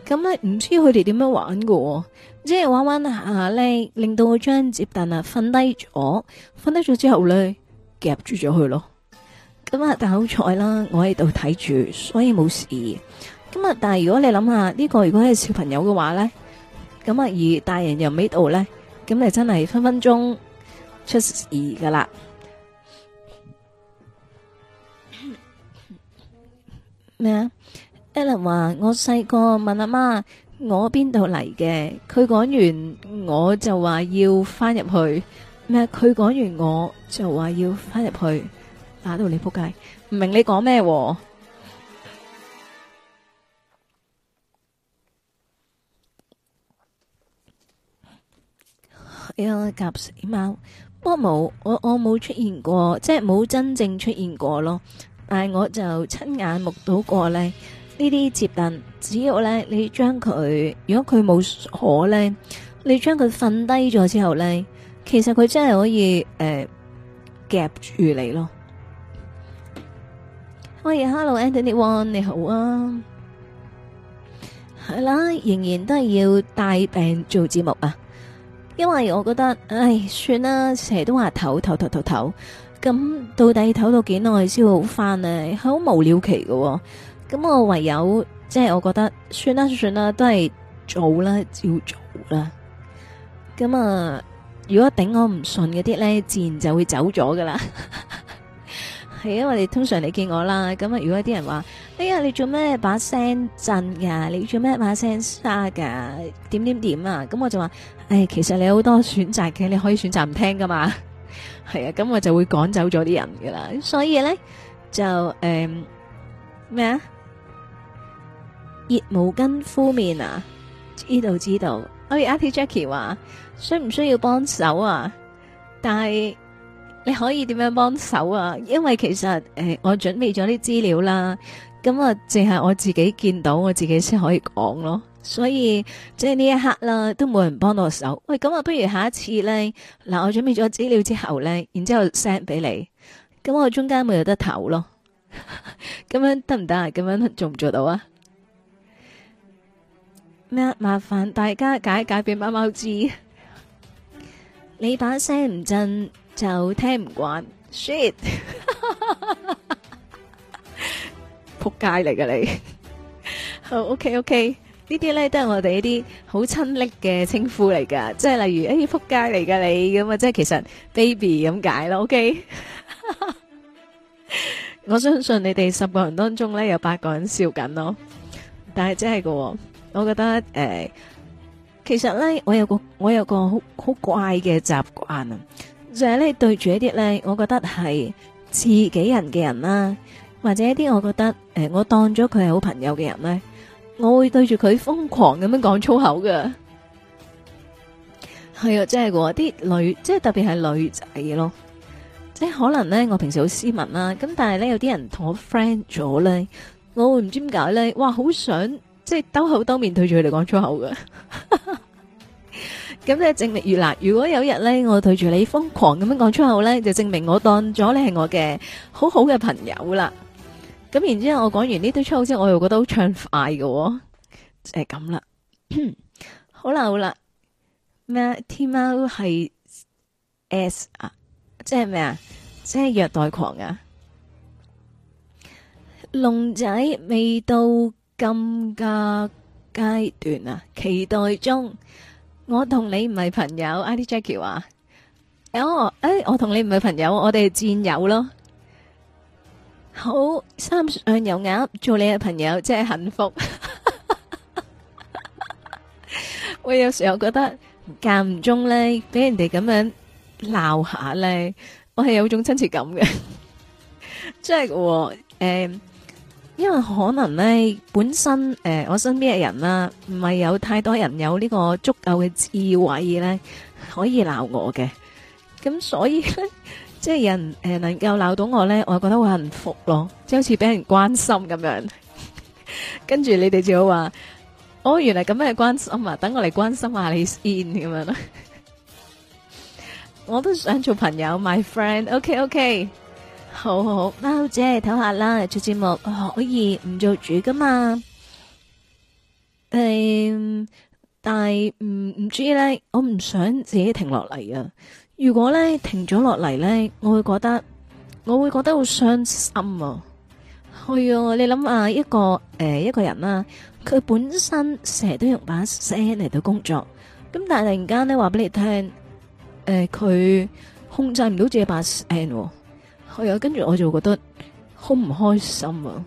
咁咧，唔知佢哋點樣玩嘅，即係玩玩下下咧，令到嗰張摺凳啊瞓低咗，瞓低咗之後咧夾住咗佢咯。咁啊，但好彩啦，我喺度睇住，所以冇事。咁啊，但係如果你諗下呢個，如果係小朋友嘅話咧，咁啊，而大人又未到咧，咁你真係分分鐘出事噶啦。咩啊？Alan 話我細個問阿媽我邊度嚟嘅，佢講完我就話要翻入去。咩？佢講完我就話要翻入去。打到你撲街，唔明你講咩？哦，要夾、哎、死貓，不過冇我，我冇出現過，即係冇真正出現過咯。但係我就親眼目睹過咧。呢啲摺凳，只要咧你將佢，如果佢冇可咧，你將佢瞓低咗之後咧，其實佢真係可以誒夾、呃、住你咯。喂，Hello Anthony One 你好啊，係啦，仍然都係要帶病做節目啊，因為我覺得，唉，算啦，成日都話唞唞唞唞唞，咁到底唞到幾耐先會好翻呢？好無聊期嘅、啊，咁我唯有即係、就是、我覺得算啦算啦，都係做啦照做啦，咁啊，如果頂我唔順嗰啲呢，自然就會走咗噶啦。 <laughs> 係啊，我哋通常你見我啦。咁啊，如果有啲人話 <noise> 哎呀，你做咩把聲震噶？你做咩把聲沙噶？點點點啊？咁我就話，誒、哎，其實你有好多選擇嘅，你可以選擇唔聽噶嘛。係 <laughs> 啊，咁我就會趕走咗啲人噶啦。所以咧就誒咩啊？熱毛巾敷面啊？知道知道。我、哎、哋阿 T <noise> Jackie 話，需唔需要幫手啊？但係。你可以點樣幫手啊？因為其實誒、哎，我準備咗啲資料啦，咁啊，淨係我自己見到，我自己先可以講咯。所以即係呢一刻啦，都冇人幫到手。喂，咁啊，不如下一次咧，嗱，我準備咗資料之後咧，然之後 send 俾你，咁我中間咪有得投咯。咁 <laughs> 樣得唔得啊？咁樣做唔做到啊？咩啊？麻煩大家解解俾貓貓知道。 <laughs> 你把聲唔震，就聽唔慣，shit，扑街嚟噶你。好，OK，OK，呢啲咧都係我哋一啲好親昵嘅稱呼嚟噶，即係例如誒扑街嚟噶你咁啊，即係其實 baby 咁解咯。OK，我相信你哋十個人當中咧有八個人笑緊咯，但係真係噶，我覺得誒，其實咧我有個我有個好好怪嘅習慣啊。就係咧對住一啲咧，我覺得係自己人嘅人啦，或者一啲我覺得誒，我當咗佢係好朋友嘅人咧，我會對住佢瘋狂咁樣講粗口嘅。係啊，即係話啲女，即係特別係女仔咯。即係可能咧，我平時好斯文啦，咁但係咧有啲人同我 friend 咗咧，我會唔知點解咧，哇，好想即係兜口兜面對住佢哋講粗口嘅。 <laughs> 咁咧證明如，嗱，如果有日咧，我對住你瘋狂咁樣講出口咧，就證明我當咗你係我嘅好好嘅朋友啦。咁然之後，我講完呢堆出口之後，我又覺得好暢快嘅，哦，就係咁啦。好啦好啦，咩？天貓係 S 啊，即係咩啊？即係虐待狂啊？龍仔未到咁嘅階段啊，期待中。我同你唔係朋友，阿 D Jackie 話，誒、oh, 哎，我同你唔係朋友，我哋戰友咯。好，三上有鴨，做你嘅朋友真係幸福。 <laughs> <laughs> 我有時候覺得間唔中咧，俾人哋咁樣鬧下咧，我係有種親切感嘅，即係喎。誒、嗯。因為可能咧，本身誒，我身邊嘅人啦，唔係有太多人有呢個足夠嘅智慧咧，可以鬧我嘅。咁所以咧，即係有人誒，能夠鬧到我咧，我覺得好幸福咯，即係好似俾人關心咁樣。跟住你哋就會話，哦，原來咁樣係關心啊，等我嚟關心下你先咁樣咯。我都想做朋友，my friend，ok，ok。好好好，貓姐唞下啦。做節目可以唔做主噶嘛？誒，但係唔唔知咧，我唔想自己停落嚟啊。如果咧停咗落嚟咧，我會覺得我會覺得好傷心啊。係啊，你諗下，一個誒一個人啦，佢本身成日都用把聲嚟到工作，咁但係突然間咧話俾你聽，誒，佢控制唔到自己把聲。係啊，跟住我就覺得好唔開心啊，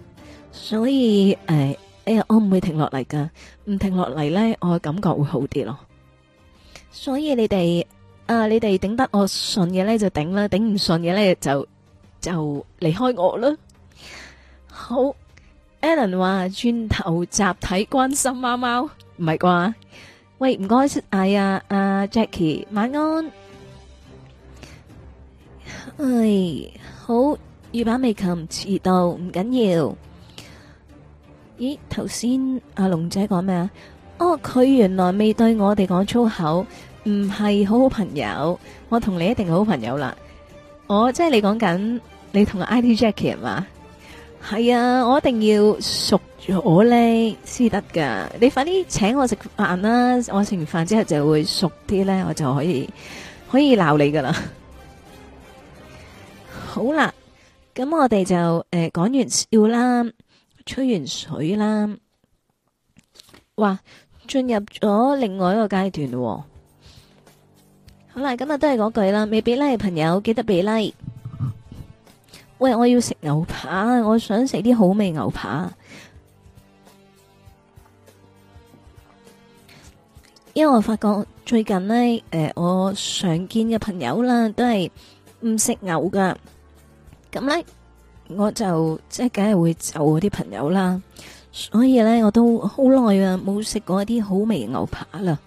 所以誒，哎呀，我唔會停落嚟噶，唔停落嚟咧，我感覺會好啲咯。所以你哋啊，你哋頂得我順嘅咧就頂啦，頂唔順嘅咧就就離開我啦。好，Alan 話轉頭集體關心貓貓，唔係啩？喂，唔該，哎呀，阿 Jackie 晚安。係好，預版未琴遲到唔緊要。咦，頭先阿龍仔講咩啊？哦，佢原來未對我哋講粗口，唔係好好朋友。我同你一定係好朋友啦。我即係你講緊，你同 ID Jackie 係嘛？係啊，我一定要熟咗我咧先得噶。你快啲請我食飯啦！我食完飯之後就會熟啲咧，我就可以可以鬧你噶啦。好啦，咁我哋就誒講、呃、完笑啦，吹完水啦，哇，進入咗另外一個階段喎。好啦，今日都係嗰句啦，未俾 like 嘅朋友記得俾禮、like。喂，我要食牛扒，我想食啲好味牛扒。因為我發覺最近呢，誒、呃，我常見嘅朋友啦，都係唔食牛噶。咁咧，我就即係梗係會就我啲朋友啦，所以咧我都好耐啊冇食過一啲好味牛扒啦。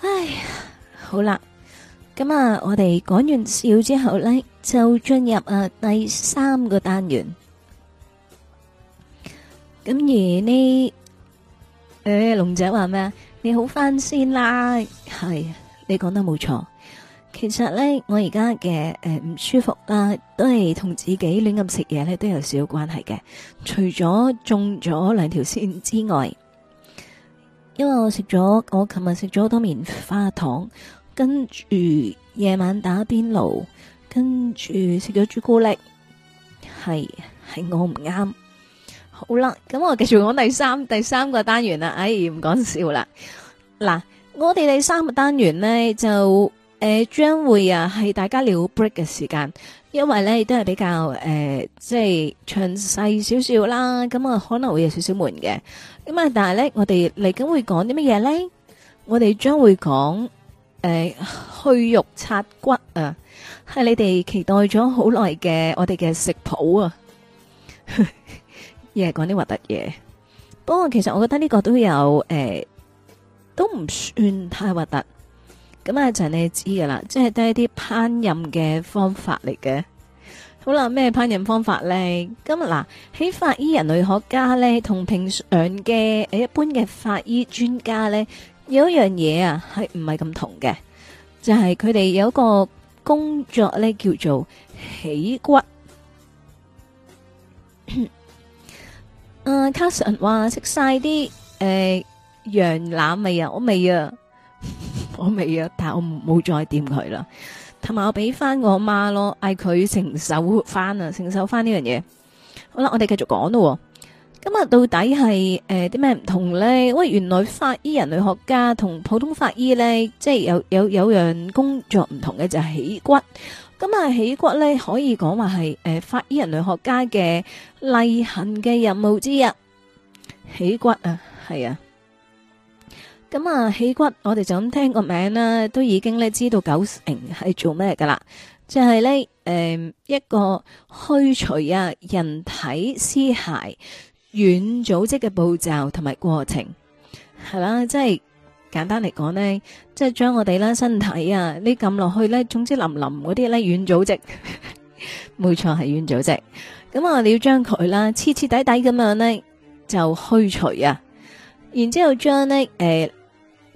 唉，好啦，咁啊，我哋講完笑之後咧，就進入啊第三個單元。咁而呢，誒，龍仔話咩啊？你好返先啦，係你講得冇錯。其實咧，我而家嘅誒唔舒服啦，都係同自己亂咁食嘢咧都有少少關係嘅。除咗中咗兩條線之外，因為我食咗，我琴日食咗好多棉花糖，跟住夜晚打邊爐，跟住食咗朱古力，係，係我唔啱。好啦，咁我繼續講第三第三個單元啦。哎，唔講笑啦。嗱，我哋第三個單元呢，就。誒，將會啊係大家了 break 嘅時間，因為咧亦都係比較誒、呃，即係詳細少少啦，咁啊可能會有少少悶嘅，咁啊但係咧我哋嚟緊會講啲乜嘢咧？我哋將會講誒、呃、去肉拆骨啊，係你哋期待咗好耐嘅我哋嘅食譜啊，又係講啲核突嘢，不過其實我覺得呢個都有誒、呃，都唔算太核突。咁啊，就係你知噶啦，即係都係啲烹飪嘅方法嚟嘅。好啦，咩烹飪方法咧？今日嗱，喺法醫人類學家咧，同平常嘅誒一般嘅法醫專家咧，有一樣嘢啊，係唔係咁同嘅？就係佢哋有一個工作咧，叫做起骨。卡神話食晒啲誒羊腩味啊，好味啊！我未啊，但係我冇再掂佢啦。同埋我俾翻我阿媽咯，嗌佢承受翻啊，承受翻呢樣嘢。好啦，我哋繼續講咯。咁啊，到底係誒啲咩唔同咧？喂，原來法醫人類學家同普通法醫咧，即係有有有樣工作唔同嘅，就係、是、起骨。咁啊，起骨咧可以講話係誒法醫人類學家嘅例行嘅任務之一。起骨啊，係啊。咁啊，起骨我哋就咁聽個名啦，都已經咧知道九成係做咩噶啦，就係咧誒，一個虛除啊，人體屍骸軟組織嘅步驟同埋過程，係啦，即係簡單嚟講呢，即係將我哋啦身體啊，你撳落去咧，總之腍腍嗰啲咧軟組織，冇錯係軟組織，咁啊，你要將佢啦徹徹底底咁樣呢就虛除啊，然之後將呢誒。呃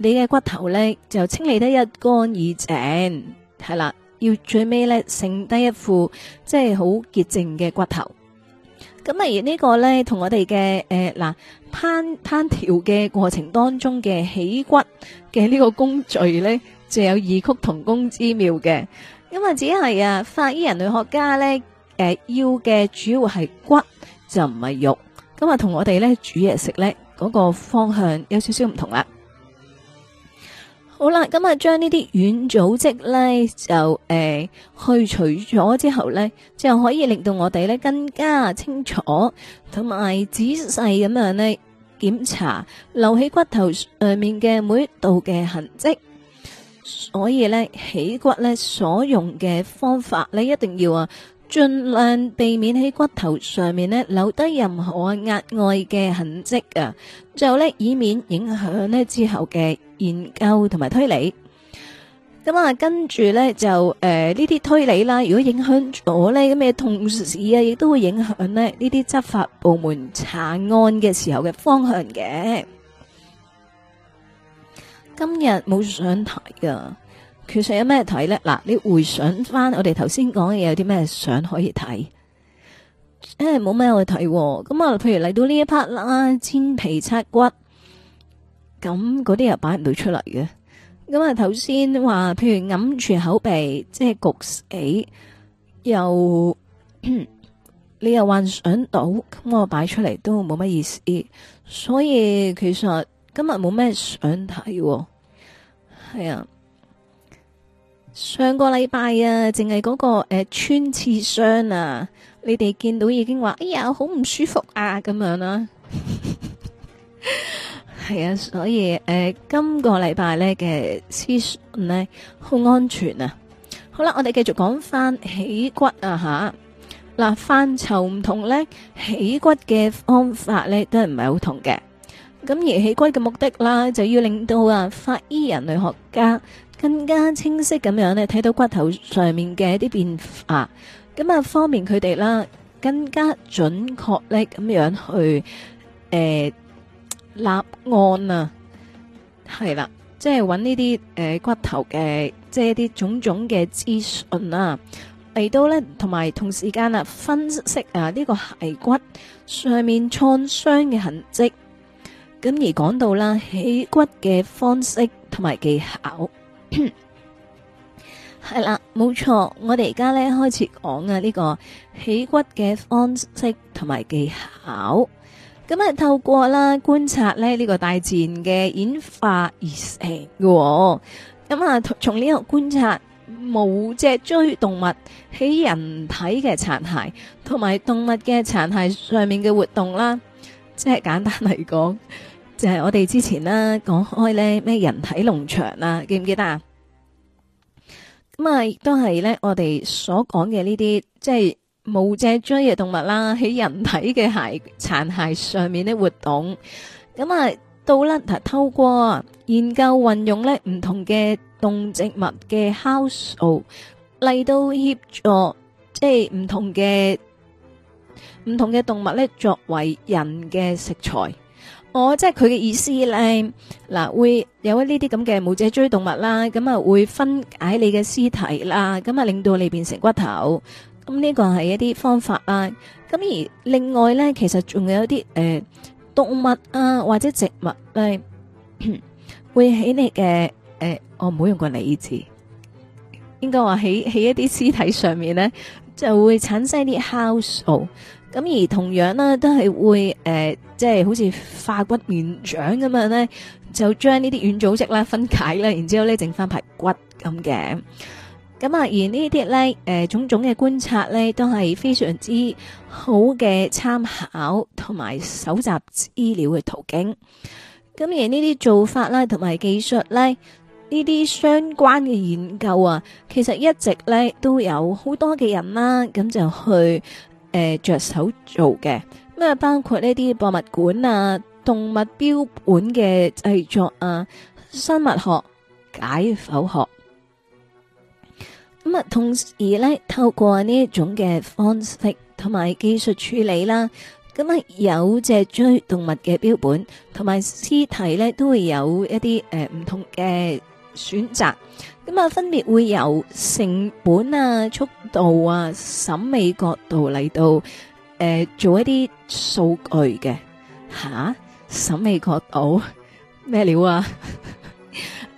你嘅骨頭咧就清理得一乾二淨。係啦，要最尾咧剩低一副即係好潔淨嘅骨頭。咁啊，而呢個咧同我哋嘅誒嗱，烹烹調嘅過程當中嘅起骨嘅呢個工序咧，就有異曲同工之妙嘅。咁、嗯、為只係啊，法醫人類學家咧誒、呃、要嘅主要係骨就唔係肉。咁、嗯、啊，同我哋咧煮嘢食咧嗰、那個方向有少少唔同啦。好啦，咁啊，將呢啲軟組織咧就誒、呃、去除咗之後咧，就可以令到我哋咧更加清楚同埋仔細咁樣咧檢查留喺骨頭上面嘅每一度嘅痕跡。所以咧起骨咧所用嘅方法呢，一定要啊盡量避免喺骨頭上面咧留低任何額外嘅痕跡啊，就咧以免影響呢之後嘅。研究同埋推理，咁、嗯、啊，跟住呢，就誒呢啲推理啦，如果影響咗呢咁嘅同事啊，亦都會影響呢啲執法部門查案嘅時候嘅方向嘅。今日冇想睇㗎，其實有咩睇呢？嗱，你回想返我哋頭先講嘅嘢，有啲咩想可以睇？冇咩去睇，咁啊、嗯，譬如嚟到呢一 part 啦，煎皮拆骨。咁嗰啲又擺唔到出嚟嘅，咁啊頭先話，譬如揞住口鼻，即係焗死，又你又幻想到咁、嗯，我擺出嚟都冇乜意思，所以其實今日冇咩想睇。哦，係啊，上個禮拜啊，淨係嗰個誒、呃、穿刺傷啊，你哋見到已經話，哎呀好唔舒服啊咁樣啦、啊。 <laughs> 係啊，所以誒、呃，今個禮拜咧嘅屍訊咧好安全啊。好啦，我哋繼續講翻起骨啊吓。嗱，範疇唔同咧，起骨嘅方法咧都係唔係好同嘅。咁而起骨嘅目的啦，就要令到啊法醫人類學家更加清晰咁樣咧睇到骨頭上面嘅一啲變化。咁啊，方便佢哋啦，更加準確咧咁樣去誒。呃立案啊，係啦，即係揾呢啲誒骨頭嘅，即係啲種種嘅資訊啊，嚟到呢，同埋同時間啊，分析啊呢個骸骨上面創傷嘅痕跡，咁而講到啦起骨嘅方式同埋技巧，係啦，冇 <coughs> 錯，我哋而家呢開始講啊呢個起骨嘅方式同埋技巧。咁啊，透過啦觀察咧呢個大自然嘅演化而成嘅，咁啊從呢度觀察無脊椎動物喺人體嘅殘骸同埋動物嘅殘骸上面嘅活動啦，即係簡單嚟講，就係、是、我哋之前啦講開咧咩人體農場啦，記唔記得啊？咁啊，亦都係咧我哋所講嘅呢啲，即係。無脊椎嘅動物啦，喺人體嘅骸殘骸上面咧活動，咁啊倒甩，透過研究運用咧唔同嘅動植物嘅酵素嚟到協助，即係唔同嘅唔同嘅動物咧作為人嘅食材。我即係佢嘅意思咧，嗱會有一呢啲咁嘅無脊椎動物啦，咁啊會分解你嘅屍體啦，咁啊令到你變成骨頭。咁呢個係一啲方法啦。咁而另外咧，其實仲有啲誒、呃、動物啊或者植物咧，會喺你嘅誒、呃，我唔好用個你字，應該話喺喺一啲屍體上面咧，就會產生啲酵素，咁而同樣啦，都係會誒、呃，即係好似化骨綿掌咁樣咧，就將呢啲軟組織啦分解啦，然之後咧整翻排骨咁嘅。咁啊，而呢啲咧，誒、呃，種種嘅觀察咧，都係非常之好嘅參考同埋搜集資料嘅途徑。咁而呢啲做法啦，同埋技術咧，呢啲相關嘅研究啊，其實一直咧都有好多嘅人啦，咁就去誒、呃、着手做嘅。咁啊，包括呢啲博物館啊，動物標本嘅製作啊，生物學、解剖學。咁啊，同時咧，透過呢一種嘅方式同埋技術處理啦，咁啊，有脊椎動物嘅標本同埋屍體咧，都會有一啲誒唔同嘅選擇，咁啊，分別會由成本啊、速度啊、審美角度嚟到誒、呃、做一啲數據嘅吓，審美角度咩料啊？什麼了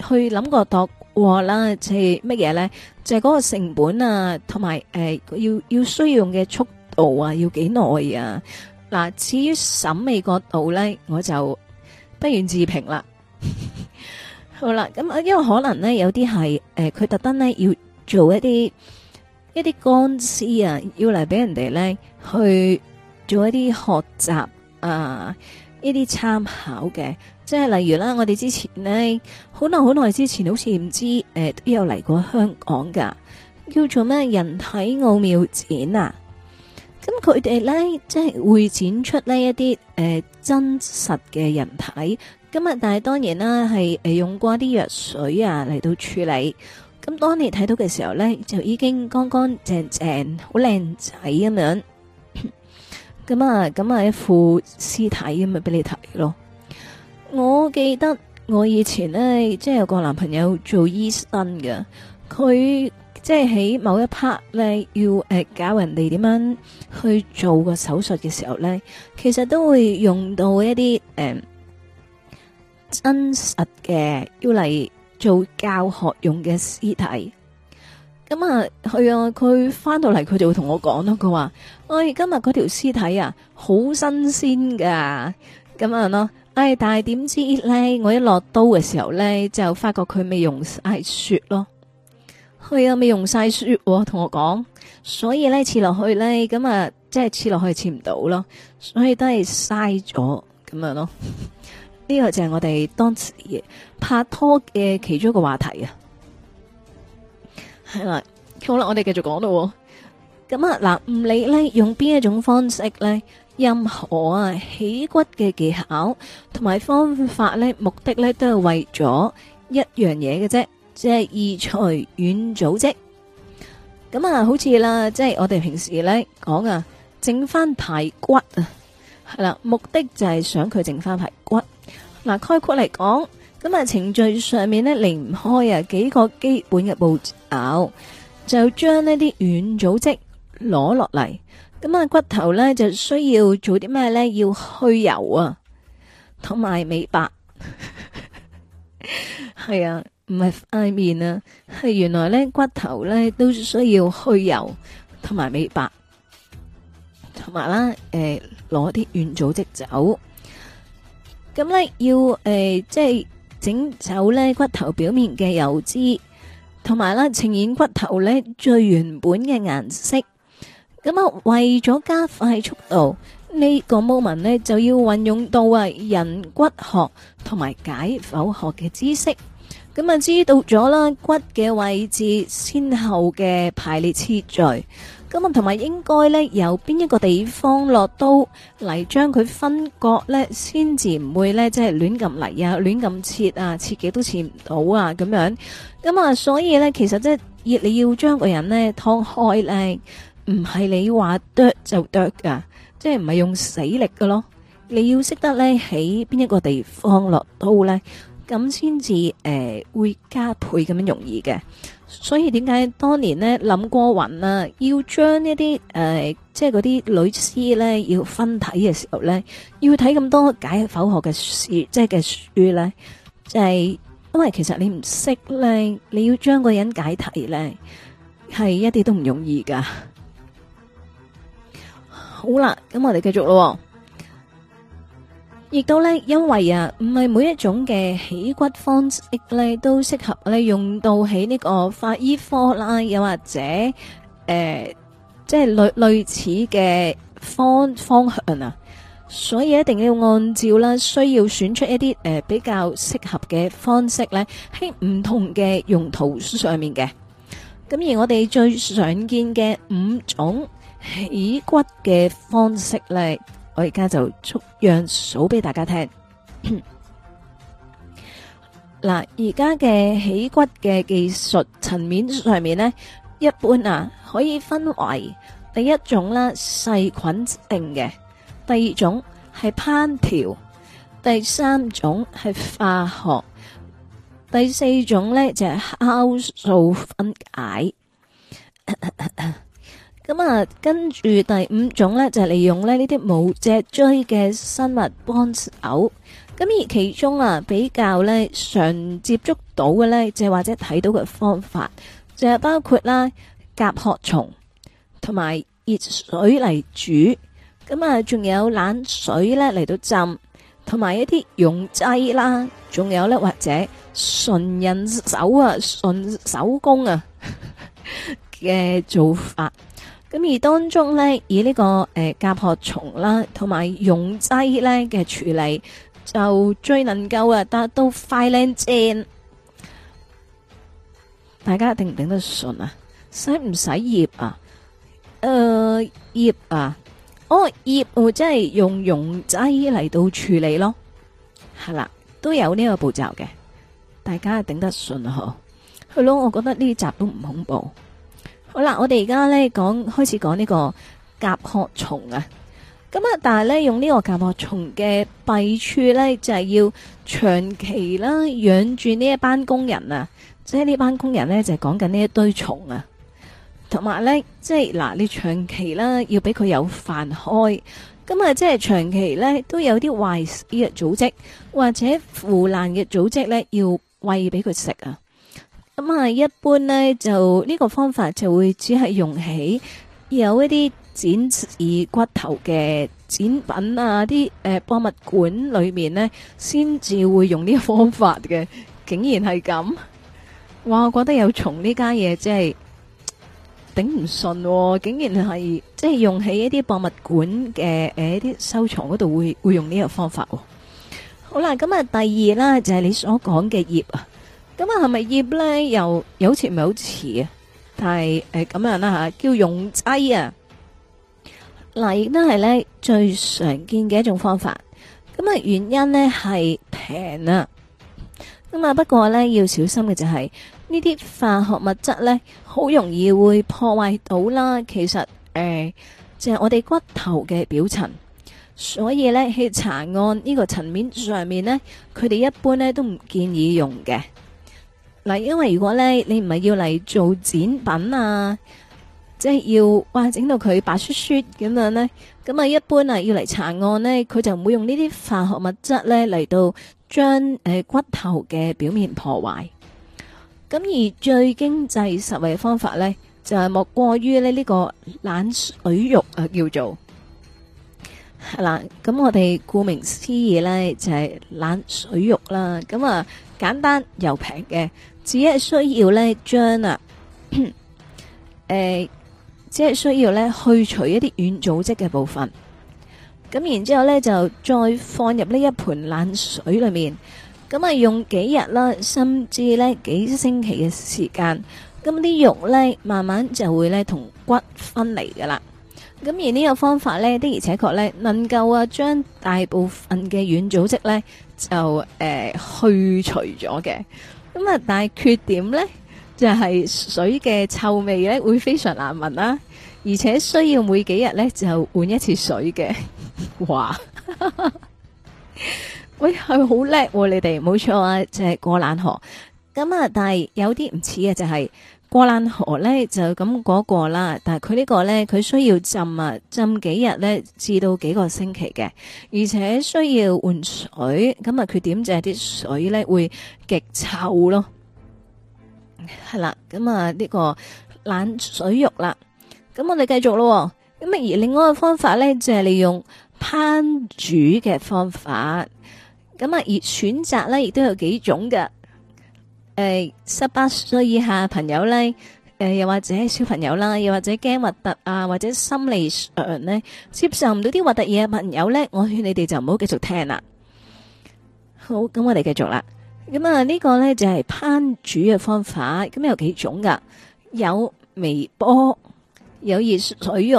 去諗個度或啦，即係乜嘢咧？就係、是、嗰、就是、個成本啊，同埋誒，要要需要用嘅速度啊，要幾耐啊？嗱、呃，至於審美角度咧，我就不願置評啦。 <laughs> 好啦，咁啊，因為可能咧，有啲係誒，佢特登咧要做一啲一啲乾屍啊，要嚟俾人哋咧去做一啲學習啊。呢啲參考嘅，即係例如啦，我哋之前呢，好耐好耐之前好，好似唔知誒都有嚟過香港噶，叫做咩人體奧妙展啊。咁佢哋咧，即係會展出呢一啲誒、呃、真實嘅人體。咁啊但係當然啦，係用過啲藥水啊嚟到處理。咁當你睇到嘅時候咧，就已經乾乾淨淨，好靚仔咁樣。咁啊，咁啊，一副屍體咁咪俾你睇咯。我記得我以前呢，即係有個男朋友做醫生嘅，佢即係喺某一 part 呢，要誒、啊、教人哋點樣去做個手術嘅時候呢，其實都會用到一啲誒、嗯、真實嘅要嚟做教學用嘅屍體。咁啊，佢啊，佢翻到嚟佢就會同我講咯，佢話：喂、哎，今日嗰條屍體啊，好新鮮噶，咁樣咯。哎，但係點知咧，我一落刀嘅時候咧，就發覺佢未用晒雪咯。佢啊未用晒雪、啊，同我講，所以咧切落去咧，咁啊即係切落去切唔到咯，所以都係嘥咗咁樣咯。呢 <laughs> 個就係我哋當時拍拖嘅其中一個話題啊。係啦，好啦，我哋繼續講咯。咁啊，嗱，唔理咧用邊一種方式咧，任何啊起骨嘅技巧同埋方法咧，目的咧都係為咗一樣嘢嘅啫，即係移除軟組織。咁啊，好似啦，即係我哋平時咧講啊，整翻排骨啊，係啦，目的就係想佢整翻排骨。嗱，概括嚟講。咁啊，程序上面咧離唔開啊，幾個基本嘅步驟就將呢啲軟組織攞落嚟。咁啊，骨頭咧就需要做啲咩咧？要去油啊，同埋美白。係 <laughs> 啊，唔係塊面啊，係原來咧骨頭咧都需要去油同埋美白，同埋啦，誒、呃，攞啲軟組織走。咁咧要誒、呃，即係。整走咧骨頭表面嘅油脂，同埋咧呈現骨頭咧最原本嘅顏色。咁啊，為咗加快速度，呢個 moment 咧就要運用到呀人骨學同埋解剖學嘅知識。咁啊，知道咗啦骨嘅位置先後嘅排列次序。咁啊，同埋應該咧，由邊一個地方落刀嚟將佢分割咧，先至唔會咧，即係亂咁嚟啊，亂咁切啊，切幾都切唔到啊，咁樣。咁啊，所以咧，其實即係你要將個人咧劏開咧，唔係你話剁就剁噶，即係唔係用死力㗎咯。你要識得咧，喺邊一個地方落刀咧，咁先至誒會加倍咁樣容易嘅。所以點解當年呢，諗過云啊，要將一啲誒、呃，即係嗰啲女屍呢，要分體嘅時候呢，要睇咁多解剖學嘅書，即係嘅書呢，就係、是、因為其實你唔識呢，你要將個人解體呢，係一啲都唔容易噶。好啦，咁我哋繼續咯。亦都咧，因為啊，唔係每一種嘅起骨方式咧，都適合咧用到喺呢個法醫科啦，又或者誒、呃，即係類類似嘅方方向啊，所以一定要按照啦，需要選出一啲誒、呃、比較適合嘅方式咧，喺唔同嘅用途上面嘅。咁而我哋最常見嘅五種起骨嘅方式咧。我而家就速樣數俾大家聽。嗱，而家嘅起骨嘅技術層面上面呢，一般啊可以分為第一種啦，細菌性嘅，第二種係烹調，第三種係化學，第四種呢，就係酵素分解。 <coughs> 咁啊，跟住第五種呢，就係利用咧呢啲冇脊椎嘅生物幫手。咁而其中啊，比較呢常接觸到嘅呢，即係或者睇到嘅方法，就係包括啦甲殼蟲同埋熱水嚟煮。咁啊，仲有冷水呢嚟到浸，同埋一啲溶劑啦，仲有呢，或者純人手啊，純手工啊嘅做法。咁而當中咧，以呢、這個誒、呃、甲殼蟲啦，同埋溶劑咧嘅處理，就最能夠啊達到快靚正。大家頂唔頂得順啊？使唔使醃啊？誒、呃，醃啊？哦，醃喎、啊、即係用溶劑嚟到處理咯。係啦，都有呢個步驟嘅。大家頂得順嗬？係咯，我覺得呢集都唔恐怖。好啦，我哋而家咧講開始講呢個甲殼蟲啊，咁啊，但係咧用呢個甲殼蟲嘅弊處咧，就係要長期啦養住呢一班工人啊，即係呢班工人咧就係講緊呢一堆蟲啊，同埋咧即係嗱，你長期啦要俾佢有飯開，咁啊即係長期咧都有啲壞嘅組織或者腐爛嘅組織咧要喂俾佢食啊。咁啊，一般呢，就呢、這個方法就會只係用起有一啲剪耳骨頭嘅展品啊，啲誒、呃、博物館裏面呢，先至會用呢個方法嘅。竟然係咁，哇！我覺得有蟲呢家嘢真係頂唔順、哦，竟然係即係用喺一啲博物館嘅誒啲收藏嗰度會會用呢個方法、哦。好啦，咁啊，第二啦就係、是、你所講嘅葉啊。咁啊，係咪葉呢？又又好似唔係好似啊？但係咁、呃、樣啦、啊、叫用劑啊，嗱亦都係呢，呢最常見嘅一種方法。咁啊，原因呢，係平啊。咁啊，不過呢，要小心嘅就係呢啲化學物質呢，好容易會破壞到啦。其實誒、呃，就係、是、我哋骨頭嘅表層，所以呢，去查案呢個層面上面呢，佢哋一般呢都唔建議用嘅。嗱，因為如果咧你唔係要嚟做展品啊，即係要哇整到佢白雪雪 u shu 咁樣咧，咁啊一般啊要嚟查案呢，佢就唔會用呢啲化學物質呢嚟到將誒骨頭嘅表面破壞。咁而最經濟實惠嘅方法呢，就係、是、莫過於咧呢、這個冷水肉啊叫做。嗱，咁我哋顧名思義呢，就係、是、冷水肉啦，咁啊簡單又平嘅。只係需要咧，將啊，誒、呃，只係需要咧去除一啲軟組織嘅部分，咁然之後咧就再放入呢一盆冷水裏面，咁啊用幾日啦，甚至咧幾星期嘅時間，咁啲肉咧慢慢就會咧同骨分離噶啦。咁而呢個方法咧的而且確咧能夠啊將大部分嘅軟組織咧就誒去除咗嘅。咁啊！但係缺點咧，就係、是、水嘅臭味咧，會非常難聞啦、啊。而且需要每幾日咧就換一次水嘅。哇！ <laughs> 喂，係好叻，你哋冇錯啊，就係、是、過冷河。咁啊，但係有啲唔似嘅就係、是。過冷河咧就咁嗰、那個啦，但係佢呢個咧佢需要浸啊，浸幾日咧至到幾個星期嘅，而且需要換水，咁啊缺點就係啲水咧會極臭咯，係啦，咁啊呢個冷水浴啦，咁我哋繼續咯，咁啊而另外一個方法咧就係、是、利用烹煮嘅方法，咁啊而選擇咧亦都有幾種嘅。誒，十八、呃、歲以下朋友咧，誒、呃，又或者小朋友啦，又或者驚核突啊，或者心理上咧接受唔到啲核突嘢，嘅朋友咧，我勸你哋就唔好繼續聽啦。好，咁我哋繼續啦。咁、嗯、啊，這個、呢個咧就係、是、烹煮嘅方法，咁、嗯、有幾種噶，有微波，有熱水浴，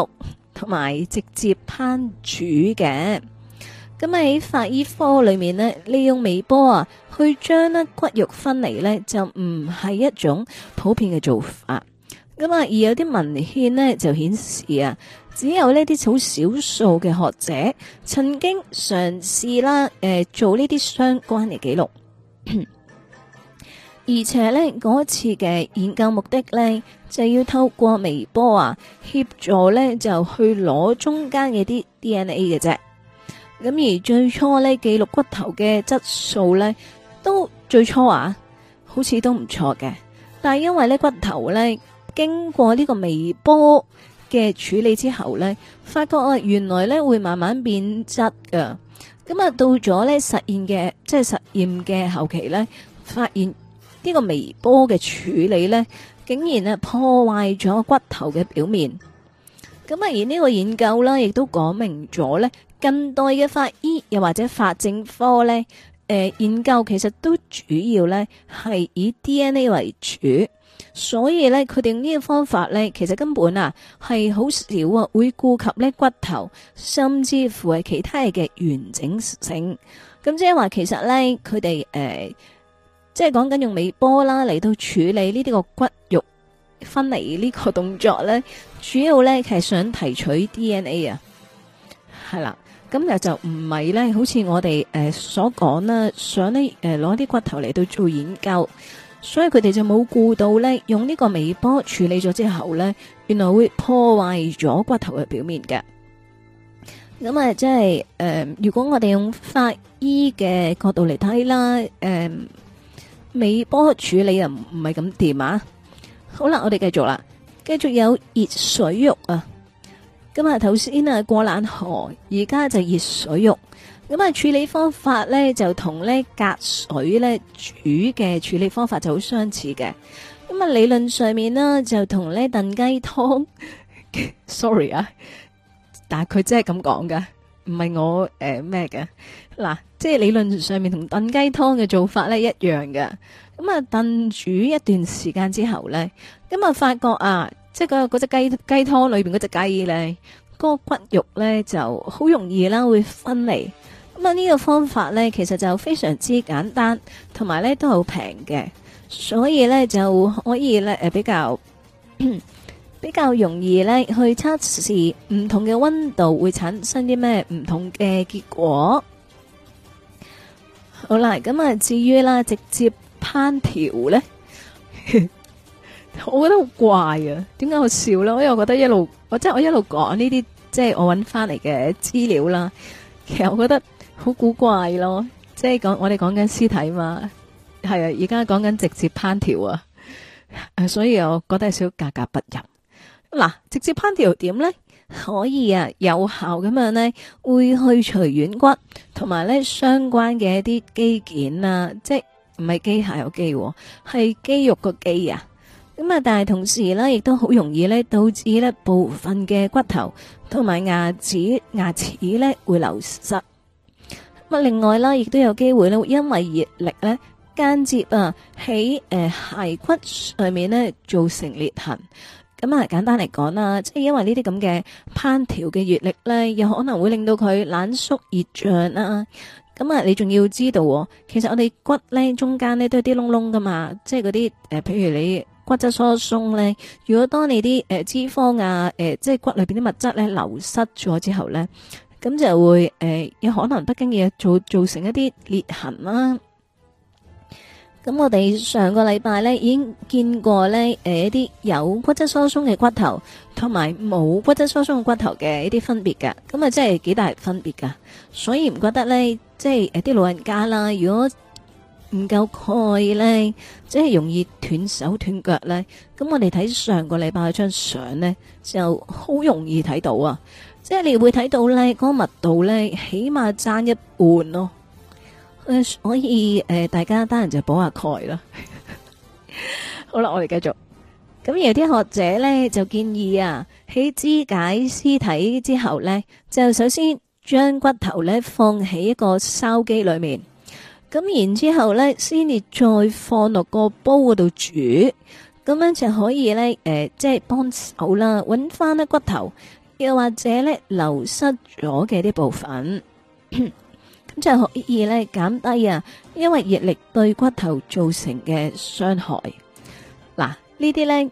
同埋直接烹煮嘅。咁喺法醫科裏面呢，利用微波啊，去將骨肉分離呢就唔係一種普遍嘅做法。咁啊，而有啲文獻呢就顯示啊，只有呢啲好少數嘅學者曾經嘗試啦，誒、呃，做呢啲相關嘅記錄。而且呢，嗰次嘅研究目的呢，就要透過微波啊，協助呢，就去攞中間嘅啲 DNA 嘅啫。咁而最初咧記錄骨頭嘅質素咧，都最初啊，好似都唔錯嘅。但係因為咧骨頭咧經過呢個微波嘅處理之後咧，發覺啊原來咧會慢慢變質噶。咁、嗯、啊到咗咧實驗嘅即係實驗嘅後期咧，發現呢個微波嘅處理咧，竟然啊破壞咗個骨頭嘅表面。咁、嗯、啊而呢個研究啦，亦都講明咗咧。近代嘅法醫又或者法證科咧，誒、呃、研究其實都主要咧係以 DNA 為主，所以咧佢哋用呢個方法咧，其實根本啊係好少啊會顧及咧骨頭，甚至乎係其他嘅完整性。咁、嗯、即係話，其實咧佢哋誒，即係講緊用微波啦嚟到處理呢啲個骨肉分離呢個動作咧，主要咧係想提取 DNA 啊，係啦。咁就就唔係咧，好似我哋誒所講啦，想呢誒攞啲骨頭嚟到做研究，所以佢哋就冇顧到咧，用呢個微波處理咗之後咧，原來會破壞咗骨頭嘅表面嘅。咁啊，即係誒、呃，如果我哋用法醫嘅角度嚟睇啦，誒、呃，微波處理又唔唔係咁掂啊。好啦，我哋繼續啦，繼續有熱水浴啊。咁啊，頭先啊過冷河，而家就熱水浴。咁啊，處理方法咧就同呢隔水咧煮嘅處理方法就好相似嘅。咁啊，理論上面咧就同呢燉雞湯。 <laughs> Sorry 啊，但係佢真係咁講噶，唔係我誒咩嘅。嗱、呃，即係理論上面同燉雞湯嘅做法咧一樣嘅。咁啊，燉煮一段時間之後咧，咁啊發覺啊。即係嗰隻雞，雞湯裏邊嗰隻雞咧，嗰個骨肉咧就好容易啦會分離。咁啊呢個方法咧，其實就非常之簡單，同埋咧都好平嘅，所以咧就可以咧誒比較比較容易咧去測試唔同嘅溫度會產生啲咩唔同嘅結果。好啦，咁啊至於啦直接烹調咧。 <laughs> 我覺得好怪啊！點解我笑呢？因為我覺得一路我即係我一路講呢啲，即係我搵翻嚟嘅資料啦。其實我覺得好古怪咯，即係講我哋講緊屍體嘛，係啊。而家講緊直接烹調啊，所以我覺得少格格不入嗱。直接烹調點咧可以啊，有效咁樣咧會去除軟骨同埋咧相關嘅一啲肌腱啊，即係唔係機械有肌、啊，係肌肉個肌啊。咁啊！但係同時咧，亦都好容易咧，導致咧部分嘅骨頭同埋牙齒、牙齒咧會流失。咁啊，另外啦，亦都有機會咧，因為熱力咧間接啊喺誒骸骨上面咧造成裂痕。咁啊，簡單嚟講啦，即係因為呢啲咁嘅烹調嘅熱力咧，有可能會令到佢冷縮熱脹啦。咁啊，你仲要知道、哦，其實我哋骨咧中間咧都有啲窿窿噶嘛，即係嗰啲誒，譬如你。骨質疏鬆咧，如果當你啲誒脂肪啊，誒即係骨裏邊啲物質咧流失咗之後咧，咁就會誒、呃、有可能不經意做造成一啲裂痕啦、啊。咁我哋上個禮拜咧已經見過咧，誒一啲有骨質疏鬆嘅骨頭同埋冇骨質疏鬆嘅骨頭嘅一啲分別噶，咁啊真係幾大分別噶，所以唔覺得咧，即係誒啲老人家啦，如果。唔夠鈣呢，即係容易斷手斷腳呢。咁我哋睇上個禮拜嗰張相呢，就好容易睇到啊！即係你會睇到呢嗰、那個、密度呢，起碼差一半咯、哦。所以誒、呃，大家當然就補下鈣啦。 <laughs> 好啦，我哋繼續。咁有啲學者呢，就建議啊，喺肢解屍體之後呢，就首先將骨頭呢放喺一個筲箕裏面。咁然之後咧，先至再放落個煲嗰度煮，咁樣就可以咧，誒，即係幫手啦，搵翻咧骨頭，又或者咧流失咗嘅啲部分，咁就可以咧減低啊，因為熱力對骨頭造成嘅傷害。嗱，呢啲咧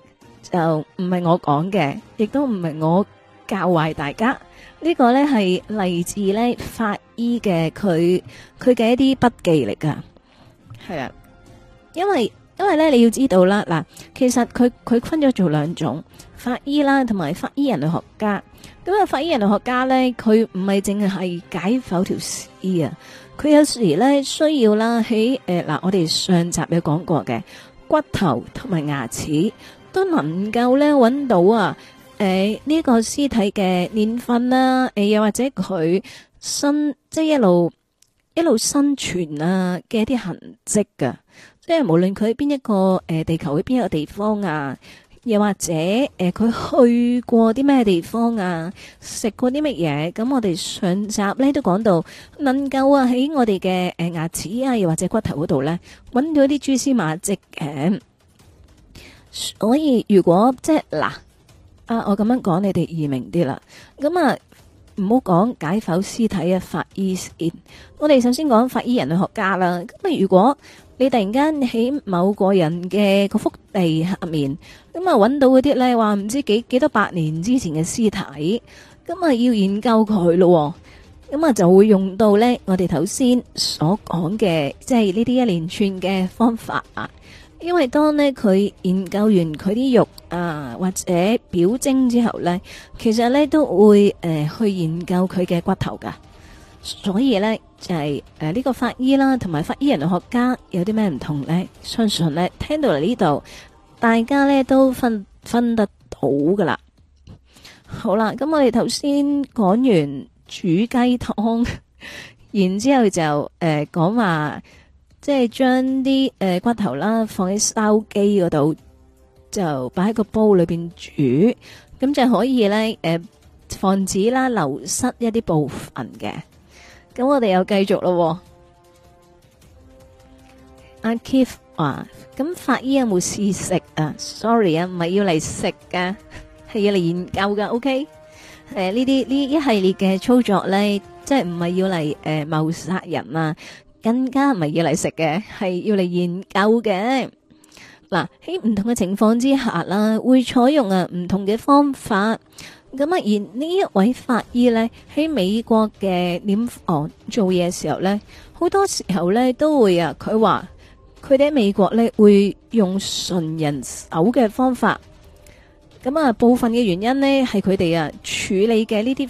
就唔係我講嘅，亦都唔係我教壞大家。呢個呢係嚟自呢法醫嘅佢佢嘅一啲筆記嚟㗎，係啊的，因為因為呢你要知道啦，嗱，其實佢佢分咗做兩種法醫啦，同埋法醫人類學家。咁啊，法醫人類學家呢，佢唔係淨係解剖條屍啊，佢有時呢需要啦喺誒嗱，我哋上集有講過嘅骨頭同埋牙齒都能夠呢揾到啊。誒，呢，哎這個屍體嘅年份啦，啊，誒、哎，又或者佢生即係一路一路生存啊嘅一啲痕跡噶、啊，即係無論佢喺邊一個誒、呃、地球嘅邊一個地方啊，又或者誒佢、呃、去過啲咩地方啊，食過啲乜嘢，咁我哋上集咧都講到，能夠啊喺我哋嘅誒牙齒啊，又或者骨頭嗰度咧，搵到啲蛛絲馬跡嘅，所以如果即係嗱。啊！我咁樣講，你哋易明啲啦。咁啊，唔好講解剖屍體啊，法醫。我哋首先講法醫人類學家啦。咁啊，如果你突然間喺某個人嘅個幅地下面，咁啊揾到嗰啲呢話唔知幾幾多百年之前嘅屍體，咁啊要研究佢咯。咁啊就會用到呢我哋頭先所講嘅，即係呢啲一連串嘅方法啊。因為當呢，佢研究完佢啲肉啊或者表徵之後呢，其實呢都會誒、呃、去研究佢嘅骨頭噶，所以呢，就係誒呢個法醫啦，同埋法醫人類學家有啲咩唔同呢？相信呢，聽到嚟呢度，大家呢都分分得到噶啦。好啦，咁、嗯、我哋頭先講完煮雞湯，然之後就誒講、呃、話。即係將啲誒骨頭啦放喺燒機嗰度，就擺喺個煲裏邊煮，咁就可以咧誒防止啦流失一啲部分嘅。咁我哋又繼續咯、哦。阿 Ike 話：咁法醫有冇試食啊？Sorry 啊，唔係要嚟食噶，係要嚟研究噶。OK，誒呢啲呢一系列嘅操作咧，即係唔係要嚟誒、呃、謀殺人啊。更加唔係要嚟食嘅，係要嚟研究嘅。嗱，喺唔同嘅情況之下啦，會採用啊唔同嘅方法。咁啊，而呢一位法醫呢，喺美國嘅殮房做嘢嘅時候呢，好多時候呢都會啊，佢話佢哋喺美國呢會用純人手嘅方法。咁啊，部分嘅原因呢係佢哋啊處理嘅呢啲。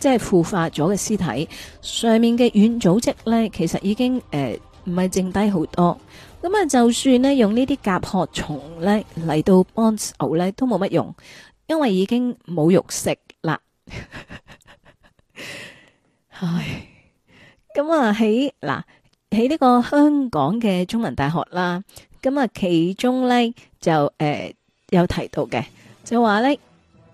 即係腐化咗嘅屍體，上面嘅軟組織咧，其實已經誒唔係剩低好多。咁啊，就算咧用這些殼蟲呢啲甲殼蟲咧嚟到幫手咧，都冇乜用，因為已經冇肉食啦、 <laughs> 啊、在啦。唉，咁啊喺嗱喺呢個香港嘅中文大學啦，咁啊其中咧就誒、呃、有提到嘅，就話咧。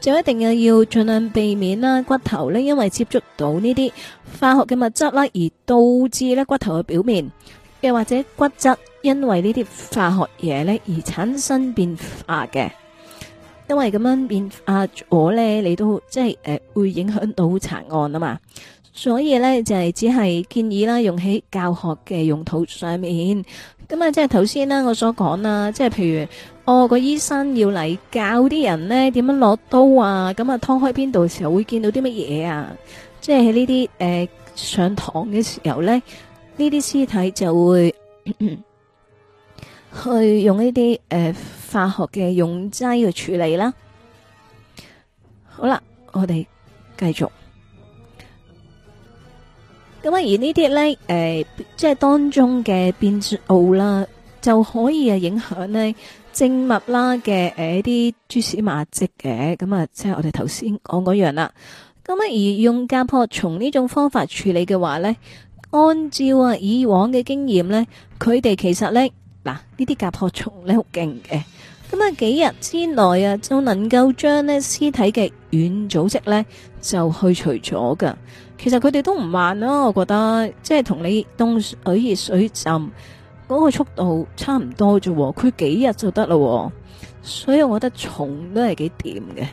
就一定要盡量避免啦，骨頭呢，因為接觸到呢啲化學嘅物質啦，而導致呢骨頭嘅表面，又或者骨質因為呢啲化學嘢呢而產生變化嘅，因為咁樣變化咗呢，你都即係誒會影響到查案啊嘛，所以呢，就係只係建議啦，用喺教學嘅用途上面。咁啊，即係頭先啦，我所講啦，即係譬如，哦、嗰個醫生要嚟教啲人咧，點樣攞刀啊？咁啊，劏開邊度時候會見到啲乜嘢啊？即係喺呢啲誒上堂嘅時候咧，呢啲屍體就會咳咳去用呢啲誒化學嘅溶劑去處理啦。好啦，我哋繼續。咁啊，而呢啲咧，誒、呃，即係當中嘅變奧啦，就可以啊影響呢精物啦嘅誒啲蛛絲馬迹嘅，咁啊，即係我哋頭先講嗰樣啦。咁啊，而用甲殼蟲呢種方法處理嘅話咧，按照啊以往嘅經驗咧，佢哋其實咧，嗱、啊，呢啲甲殼蟲咧好勁嘅，咁啊幾日之內啊就能夠將呢屍體嘅軟組織咧就去除咗㗎。其實佢哋都唔慢啦，我覺得即係同你凍水熱水浸嗰個速度差唔多啫，佢幾日就得喎。所以我覺得重都係幾掂嘅。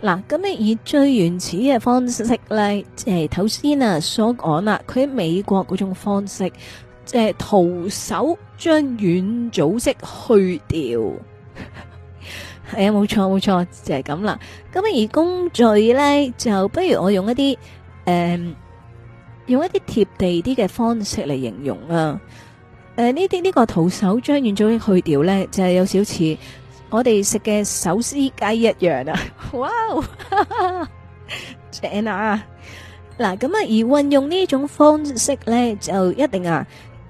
嗱、啊，咁你以最原始嘅方式咧，即係頭先啊所講啦，佢喺美國嗰種方式，即係徒手將軟組織去掉，係 <laughs> 啊，冇錯冇錯，就係咁啦。咁你而工序咧，就不如我用一啲。誒、嗯，用一啲貼地啲嘅方式嚟形容啊！誒、呃，呢啲呢個徒手將軟組織去掉呢，就係、是、有少似我哋食嘅手撕雞一樣啊！哇，正啊！嗱，咁啊，而運用呢種方式呢，就一定啊，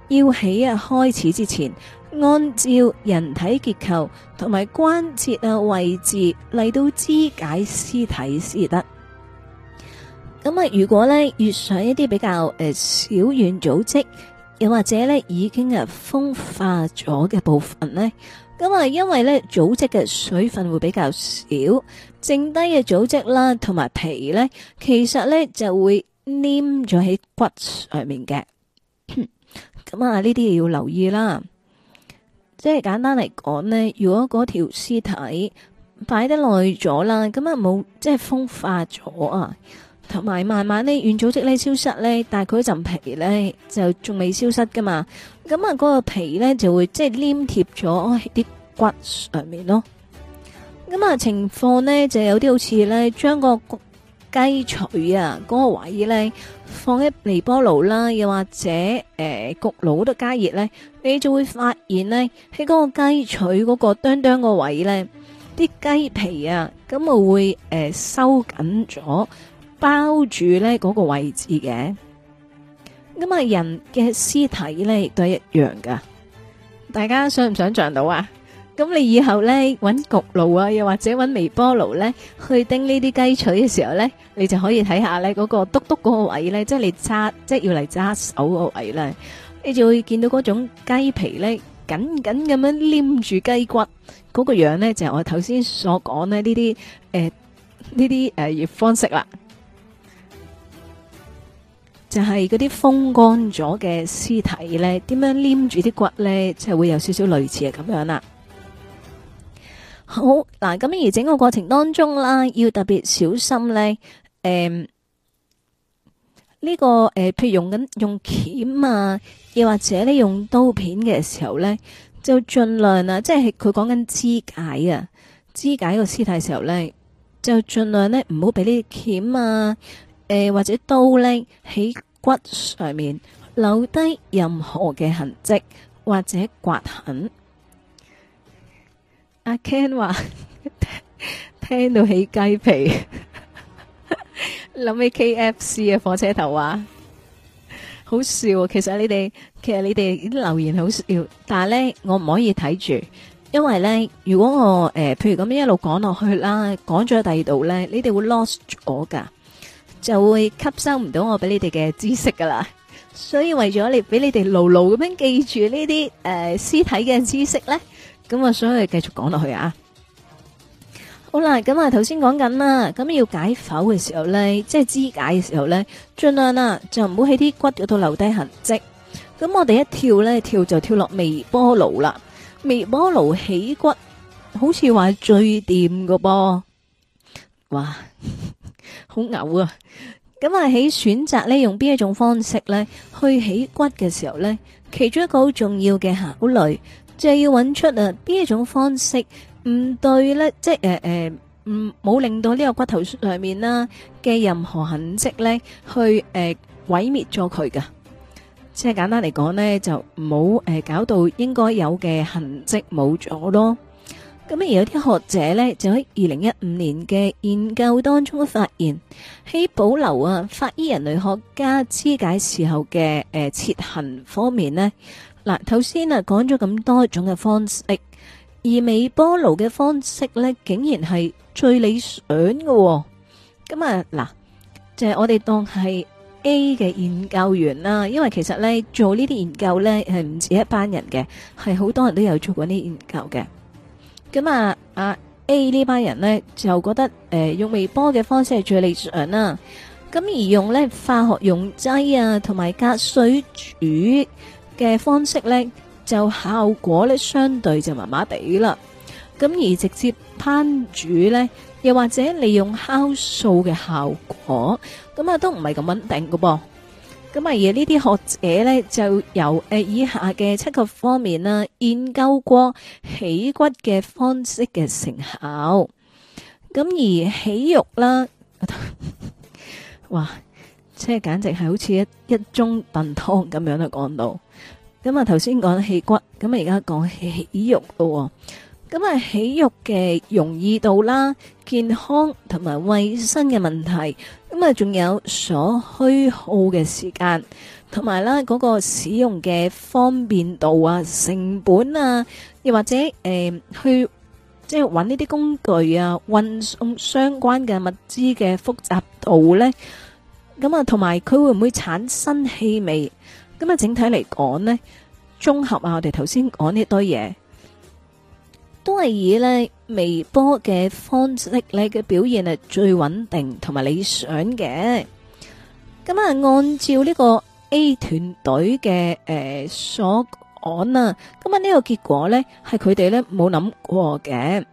要喺啊開始之前，按照人體結構同埋關節啊位置嚟到肢解屍體先得。咁啊，如果咧遇上一啲比較誒小軟組織，又或者咧已經係風化咗嘅部分呢，咁啊，因為咧組織嘅水分會比較少，剩低嘅組織啦同埋皮呢，其實呢就會黏咗喺骨上面嘅。咁啊，呢 <coughs> 啲要留意啦。即係簡單嚟講呢，如果嗰條屍體擺得耐咗啦，咁啊冇即係風化咗啊。同埋，慢慢呢，軟組織咧消失咧，但係佢嗰陣皮咧就仲未消失㗎嘛。咁啊，嗰、那個皮咧就會即係、就是、黏貼咗喺啲骨上面咯。咁啊，情況呢就有啲好似咧將個雞腿啊嗰、那個位咧放喺微波爐啦，又或者誒、呃、焗爐度加熱咧，你就會發現呢，喺嗰個雞腿嗰個墩墩個位咧，啲雞皮啊，咁啊會誒、呃、收緊咗。包住咧嗰、那個位置嘅。咁啊人嘅屍體咧亦都係一樣噶。大家想唔想像到啊？咁你以後咧揾焗爐啊，又或者揾微波爐咧，去叮呢啲雞腿嘅時候咧，你就可以睇下咧嗰、那個篤篤嗰個位咧，即係你揸，即係要嚟揸手個位咧，你就會見到嗰種雞皮咧緊緊咁樣黏住雞骨嗰、那個樣咧，就係、是、我頭先所講咧呢啲誒呢啲誒方式啦。就係嗰啲風乾咗嘅屍體咧，點樣黏住啲骨咧？就會有少少類似嘅咁樣啦。好嗱，咁而整個過程當中啦，要特別小心咧。誒、嗯，呢、這個誒、呃，譬如用緊用鉗啊，又或者咧用刀片嘅時候咧，就盡量啊，即係佢講緊肢解啊，肢解個屍體的時候咧，就盡量咧唔好俾呢啲鉗啊。誒、呃，或者刀呢喺骨上面留低任何嘅痕跡或者刮痕。阿 Ken 話聽，聽到起雞皮，諗起 K F C 嘅火車頭話好笑，哦。其實你哋，其實你哋啲留言好笑，但係呢，我唔可以睇住，因為呢，如果我誒、呃，譬如咁一路講落去啦，講咗第二度呢，你哋會 lost 我噶。就會吸收唔到我俾你哋嘅知識噶啦，所以為咗你俾你哋牢牢咁樣記住呢啲誒屍體嘅知識咧，咁啊，所以繼續講落去啊好。好啦，咁啊頭先講緊啦，咁要解剖嘅時候咧，即係肢解嘅時候咧，盡量啊就唔好喺啲骨嗰度留低痕跡。咁我哋一跳咧跳就跳落微波爐啦，微波爐起骨好似話最掂噶噃，哇！好牛啊！咁啊，喺選擇咧用邊一種方式咧去起骨嘅時候咧，其中一個好重要嘅考慮就係要揾出啊邊一種方式唔對咧，即係誒誒，唔冇令到呢個骨頭上面啦嘅任何痕跡咧，去誒毀滅咗佢噶。即係簡單嚟講咧，就唔好誒搞到應該有嘅痕跡冇咗咯。咁而有啲學者咧，就喺二零一五年嘅研究當中發現，喺保留啊法醫人類學家肢解時候嘅誒切痕方面呢，嗱頭先啊講咗咁多種嘅方式，而微波爐嘅方式呢，竟然係最理想嘅，哦。咁啊嗱，就係、是、我哋當係 A 嘅研究員啦，因為其實呢做呢啲研究呢，係唔止一班人嘅，係好多人都有做過呢研究嘅。咁啊，啊 A 呢班人咧就覺得誒、呃、用微波嘅方式係最理想啦。咁而用咧化學溶劑啊，同埋隔水煮嘅方式咧，就效果咧相對就麻麻地啦。咁而直接烹煮咧，又或者利用酵素嘅效果，咁啊都唔係咁穩定噶噃。咁而呢啲學者咧就由誒以下嘅七個方面啦，研究過起骨嘅方式嘅成效。咁而起肉啦，哇！即係簡直係好似一一盅燉湯咁樣啊講到。咁啊頭先講起骨，咁啊而家講起肉咯。咁啊，起肉嘅容易度啦，健康同埋衛生嘅問題，咁啊，仲有所虛耗嘅時間，同埋啦嗰個使用嘅方便度啊，成本啊，又或者誒去即係揾呢啲工具啊，運送相關嘅物資嘅複雜度咧，咁啊，同埋佢會唔會產生氣味？咁啊，整體嚟講咧，綜合啊，我哋頭先講呢堆嘢。都係以呢微波嘅方式，你嘅表現係最穩定同埋理想嘅。咁啊，按照呢個 A 團隊嘅誒所講啊，咁啊呢個結果呢係佢哋呢冇諗過嘅。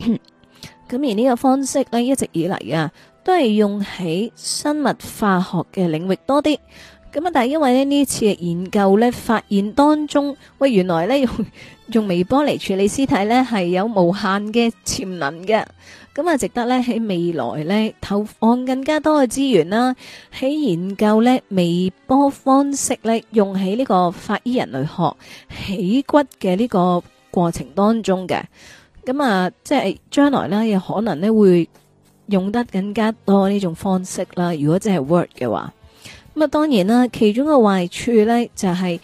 咁而呢個方式呢，一直以嚟啊，都係用喺生物化學嘅領域多啲。咁啊！但係因為呢呢次嘅研究咧，發現當中喂，原來咧用用微波嚟處理屍體咧，係有無限嘅潛能嘅。咁啊，值得咧喺未來咧投放更加多嘅資源啦，喺研究咧微波方式咧用喺呢個法醫人類學起骨嘅呢個過程當中嘅。咁啊，即係將來咧，有可能咧會用得更加多呢種方式啦。如果真係 work 嘅話。咁啊，當然啦，其中嘅壞處咧就係、是、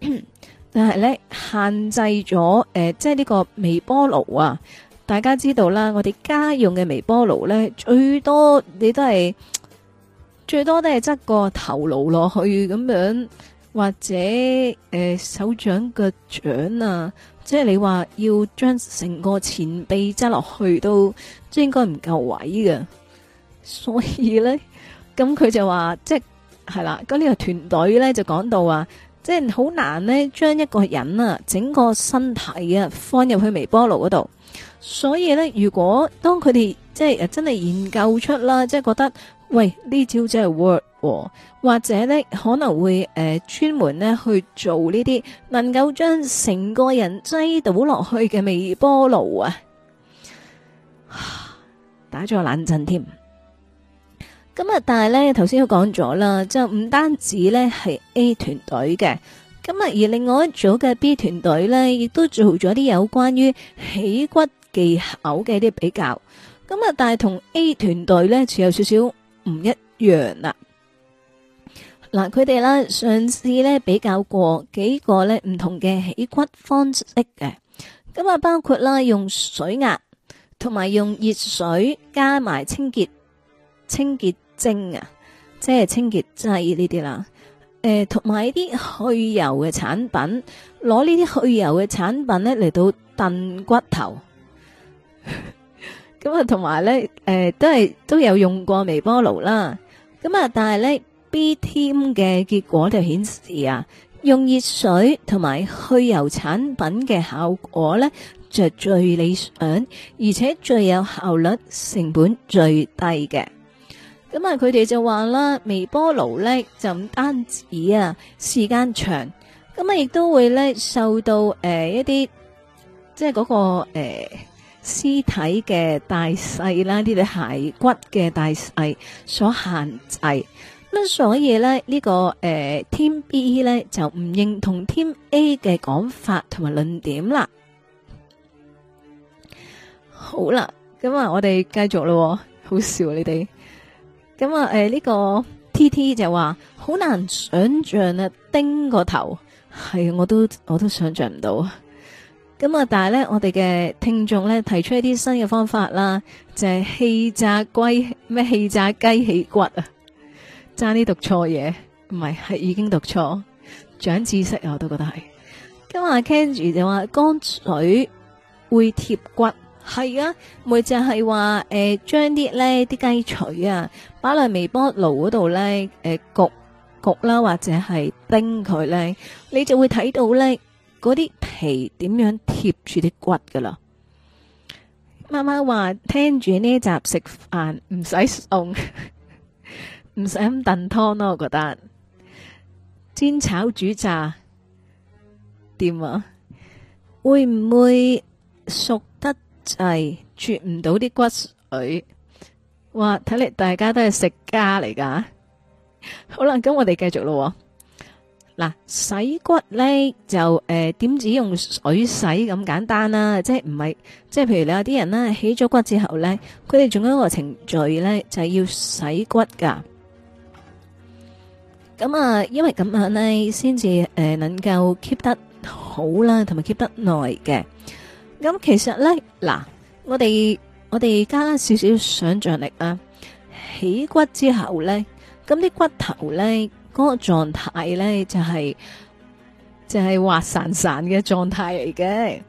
限，但係咧限制咗誒，即係呢個微波爐啊。大家知道啦，我哋家用嘅微波爐咧，最多你都係最多都係執個頭顱落去咁樣，或者誒、呃、手掌腳掌啊，即、就、係、是、你話要將成個前臂執落去都，即係應該唔夠位嘅，所以咧。咁佢就話，即係啦，咁呢個團隊咧就講到啊，即係好難呢將一個人啊整個身體啊放入去微波爐嗰度，所以呢，如果當佢哋即係、啊、真係研究出啦，即係覺得喂呢招真係 work，、喔、或者呢，可能會誒專、呃、門呢去做呢啲，能夠將成個人擠倒落去嘅微波爐啊，打咗個冷震添。咁啊，但係咧，頭先都講咗啦，就唔單止咧係 A 團隊嘅，咁啊，而另外一組嘅 B 團隊咧，亦都做咗啲有關於起骨技巧嘅一啲比較。咁啊，但係同 A 團隊咧，似有少少唔一樣啦。嗱，佢哋啦，上次咧比較過幾個咧唔同嘅起骨方式嘅，咁啊，包括啦用水壓，同埋用熱水加埋清潔，清潔。蒸啊，即係清潔劑呢啲啦。誒，同埋一啲去油嘅產品，攞呢啲去油嘅產品呢嚟到燉骨頭。咁 <laughs> 啊，同埋呢誒，都係都有用過微波爐啦。咁啊，但係呢 b Team 嘅結果就顯示啊，用熱水同埋去油產品嘅效果呢，就最理想，而且最有效率，成本最低嘅。咁啊，佢哋就話啦，微波爐咧就唔單止啊，時間長，咁啊亦都會咧受到誒、呃、一啲即係嗰、那個誒屍、呃、體嘅大細啦，呢啲骸骨嘅大細所限制。咁所以咧呢、這個誒、呃、Team B 咧就唔認同 Team A 嘅講法同埋論點啦。好啦，咁啊，我哋繼續咯，好笑、啊、你哋。咁啊，誒，呢、呃這個 T T 就話好難想象啊，叮個頭係我都我都想象唔到。咁啊，但係咧，我哋嘅聽眾咧提出一啲新嘅方法啦，就係、是、氣炸龜咩氣炸雞起骨啊，差啲讀錯嘢，唔係係已經讀錯，長知識我都覺得係。咁啊 Kenji 就話，乾水會貼骨。係啊，咪就係話誒，將啲咧啲雞腿啊，擺落微波爐嗰度咧，誒焗焗啦，或者係叮佢咧，你就會睇到咧嗰啲皮點樣貼住啲骨噶啦。媽媽話聽住呢集食飯唔使餸，唔使燉湯咯，我覺得煎炒煮炸點啊？會唔會熟得？係啜唔到啲骨髓。哇！睇嚟，大家都係食家嚟噶。 <laughs> 好啦，咁我哋繼續咯。嗱，洗骨咧就誒，點、呃、止用水洗咁簡單啦，即係唔係即係？譬如你有啲人呢，起咗骨之後咧，佢哋仲有一個程序咧，就係、是、要洗骨噶。咁啊，因為咁樣呢，先至誒能夠 keep 得好啦，同埋 keep 得耐嘅。咁其實咧，嗱，我哋我哋加少少想象力啊，起骨之後咧，咁啲骨頭咧，嗰個狀態咧就係就係滑潺潺嘅狀態嚟嘅。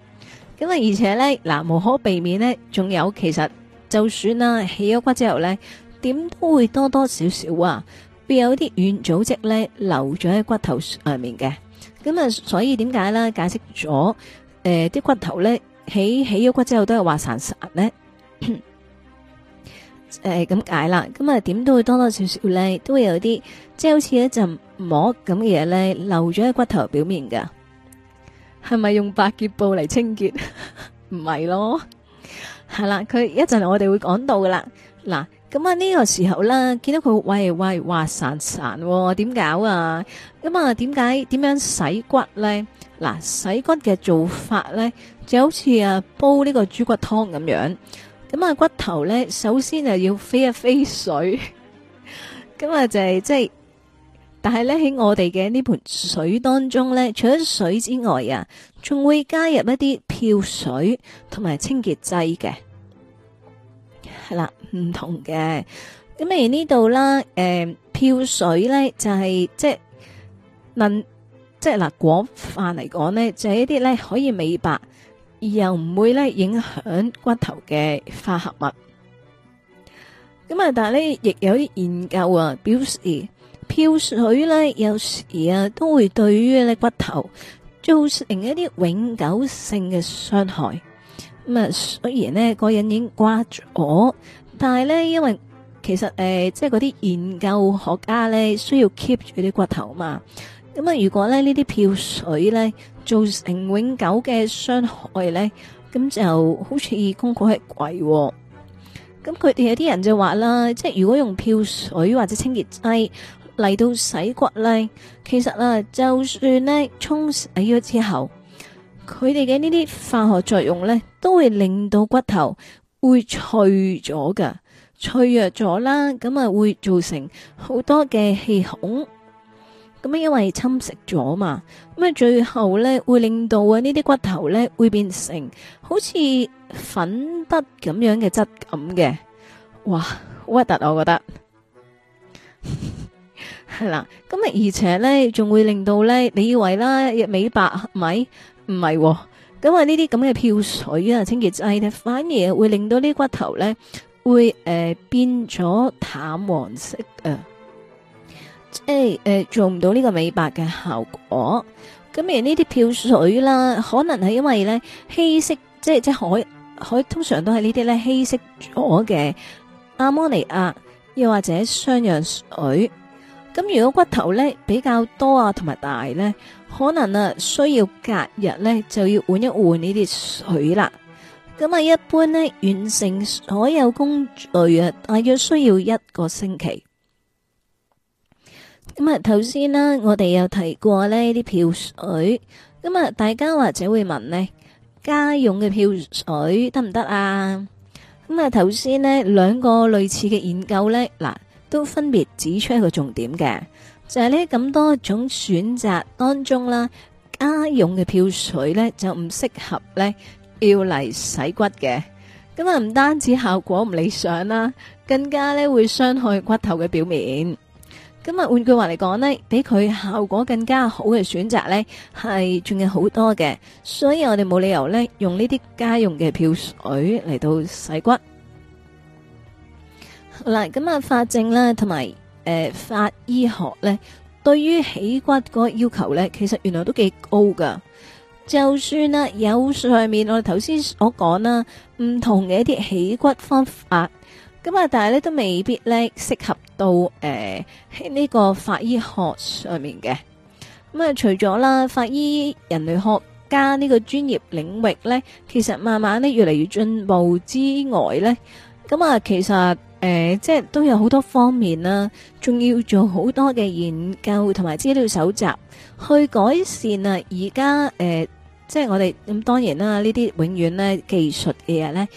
咁啊，而且咧，嗱，無可避免咧，仲有其實就算啦，起咗骨之後咧，點都會多多少少啊，會有啲軟組織咧留咗喺骨頭上面嘅。咁啊，所以點解咧？解釋咗誒，啲、呃、骨頭咧。起起咗骨之後都係滑潺潺咧，誒咁、 <coughs> 呃、解啦。咁啊，點都會多多少少咧，都會有啲即係好似一陣膜咁嘅嘢咧，漏咗喺骨頭表面噶。係咪用百潔布嚟清潔？唔 <laughs> 係是咯，係 <laughs> 啦。佢一陣我哋會講到噶啦。嗱，咁啊呢個時候啦，見到佢喂喂，喂滑潺潺、哦，點搞啊？咁啊，點解點樣洗骨咧？嗱，洗骨嘅做法咧？就好似啊，煲呢個豬骨湯咁樣，咁啊骨頭咧，首先啊要飛一飛水，咁 <laughs> 啊就係即係，但係咧喺我哋嘅呢盆水當中咧，除咗水之外啊，仲會加入一啲漂水同埋清潔劑嘅，係啦，唔同嘅。咁而呢度啦，誒、呃、漂水咧就係、是、即係能，即係嗱廣泛嚟講咧，就係、是、一啲咧可以美白。又唔會咧影響骨頭嘅化合物，咁啊，但係呢亦有啲研究啊，表示漂水呢有時啊都會對於呢骨頭造成一啲永久性嘅傷害。咁啊，雖然呢個人已經瓜咗，但係呢，因為其實誒，即係嗰啲研究學家呢需要 keep 住啲骨頭嘛。咁啊，如果咧呢啲漂水咧造成永久嘅傷害咧，咁就好似公婆係鬼。咁佢哋有啲人就話啦，即係如果用漂水或者清潔劑嚟到洗骨咧，其實啊，就算咧沖洗咗之後，佢哋嘅呢啲化學作用咧，都會令到骨頭會脆咗噶，脆弱咗啦，咁啊會造成好多嘅氣孔。咁因為侵蝕咗嘛，咁啊，最後咧會令到啊呢啲骨頭咧會變成好似粉筆咁樣嘅質感嘅，哇，好核突我覺得係啦，咁 <laughs> 啊，而且咧仲會令到咧你以為啦美白咪唔係，咁啊呢啲咁嘅漂水啊清潔劑咧，反而會令到呢啲骨頭咧會誒、呃、變咗淡黃色即係誒，做唔到呢個美白嘅效果，咁而呢啲漂水啦，可能係因為咧稀釋，即係即係海海通常都係呢啲咧稀釋咗嘅阿摩尼亞，又或者雙氧水。咁如果骨頭咧比較多啊，同埋大咧，可能啊需要隔日咧就要換一換呢啲水啦。咁啊，一般咧完成所有工序啊，大約需要一個星期。咁啊，頭先啦，我哋有提過呢啲漂水，咁啊，大家或者會問呢家用嘅漂水得唔得啊？咁啊，頭先呢兩個類似嘅研究呢，嗱，都分別指出一個重點嘅，就係呢咁多種選擇當中啦，家用嘅漂水呢就唔適合呢要嚟洗骨嘅，咁啊唔單止效果唔理想啦，更加呢會傷害骨頭嘅表面。咁啊，換句話嚟講呢，比佢效果更加好嘅選擇呢係仲有好多嘅，所以我哋冇理由呢用呢啲家用嘅漂水嚟到洗骨。嗱，咁啊，法證啦，同埋誒法醫學呢，對於起骨個要求呢，其實原來都幾高噶。就算啦，有上面我哋頭先所講啦，唔同嘅一啲起骨方法。咁啊、嗯，但係咧都未必咧適合到誒呢、呃、個法醫學上面嘅。咁、嗯、啊，除咗啦法醫人類學家呢個專業領域咧，其實慢慢咧越嚟越進步之外咧，咁、嗯、啊，其實誒、呃、即係都有好多方面啦，仲要做好多嘅研究同埋資料搜集，去改善啊而家誒即係我哋咁、嗯、當然啦，呢啲永遠咧技術嘅嘢咧。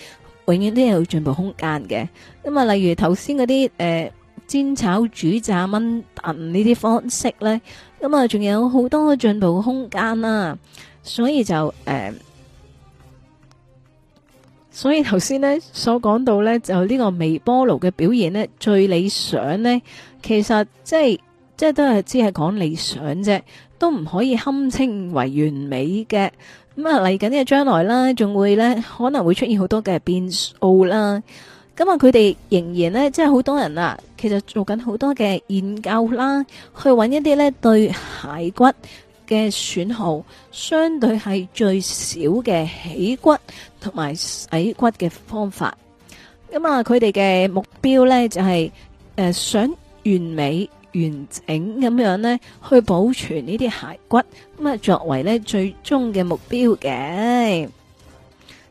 永遠都有進步空間嘅，咁、嗯、啊，例如頭先嗰啲誒煎炒煮炸燜燉，呢啲方式呢，咁、嗯、啊，仲有好多進步空間啦、啊，所以就誒、呃，所以頭先呢所講到呢，就呢個微波爐嘅表現呢，最理想呢，其實即係即係都係只係講理想啫，都唔可以堪稱為完美嘅。咁啊嚟緊嘅將來啦，仲會咧可能會出現好多嘅變數啦。咁啊，佢哋仍然呢，即係好多人啊，其實做緊好多嘅研究啦，去揾一啲咧對骸骨嘅損耗相對係最少嘅起骨同埋洗骨嘅方法。咁啊，佢哋嘅目標咧就係誒想完美。完整咁樣咧，去保存呢啲骸骨咁啊，作為咧最終嘅目標嘅。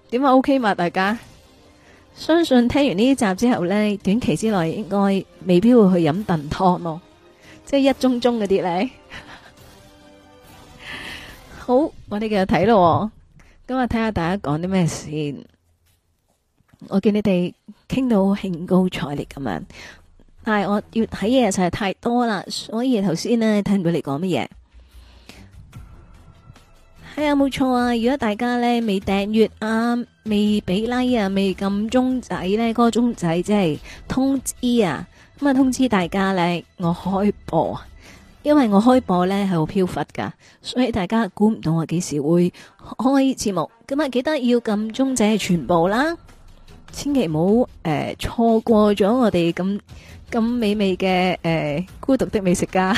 點啊 OK 嘛，大家相信聽完呢一集之後咧，短期之內應該未必會去飲燉湯咯，即係一盅盅嗰啲咧。好，我哋繼續睇咯。今日，睇下大家講啲咩先。我見你哋傾到興高采烈咁樣。但係我要睇嘢，實在太多啦，所以頭先呢，睇唔到你講乜嘢。係、哎、啊，冇錯啊！如果大家呢，未訂閱啊，未俾 like 啊，未撳鐘仔呢，嗰個鐘仔即係通知啊，咁啊通知大家呢，我開播啊，因為我開播呢係好飄忽噶，所以大家估唔到我幾時會開節目。咁啊記得要撳鐘仔全部啦，千祈唔好誒錯過咗我哋咁。咁美味嘅誒、呃，孤獨的美食家。 <laughs>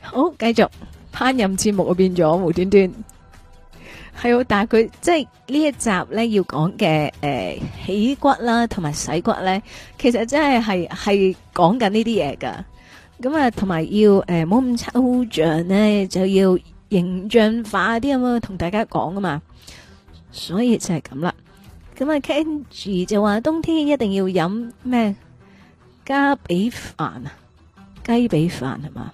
好，繼續烹飪節目變咗無端端係，但係佢即係呢一集咧要講嘅誒、呃，起骨啦同埋洗骨咧，其實真係係係講緊呢啲嘢噶。咁啊，同埋要誒，冇、呃、咁抽象咧，就要形象化啲咁樣，同大家講啊嘛。所以就係咁啦。咁啊，Ken 住就話冬天一定要飲咩？加比飯啊，雞髀飯係嘛？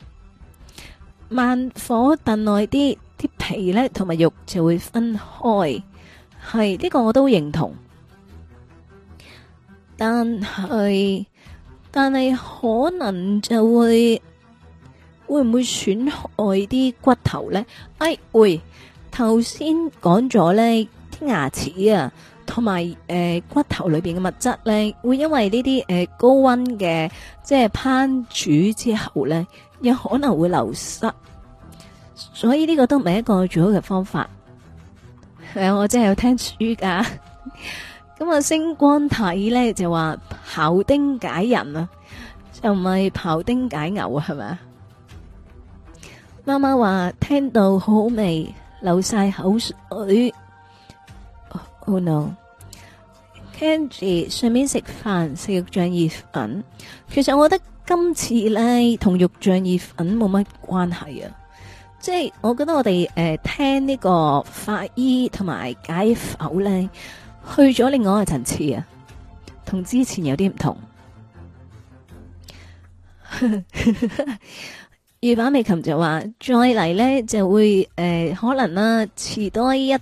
慢火燉耐啲，啲皮咧同埋肉就會分開，係呢個我都認同。但係，但係可能就會會唔會損害啲骨頭咧？哎，喂，頭先講咗咧啲牙齒啊。同埋誒骨頭裏邊嘅物質咧，會因為呢啲誒高溫嘅即係烹煮之後咧，有可能會流失，所以呢個都唔係一個最好嘅方法。係、呃、我真係要聽書噶。咁啊，星光體呢，就話庖丁解人啊，就唔係庖丁解牛啊，係咪啊？媽媽話聽到好味，流晒口水。oh no，Candy 順便食飯食肉醬意粉，其實我覺得今次呢同肉醬意粉冇乜關係啊，即係我覺得我哋誒、呃、聽呢個法醫同埋解剖呢，去咗另外一個層次啊，同之前有啲唔同。 <laughs> 粵版美琴就話：再嚟呢就會誒、呃，可能啦、啊，遲多一代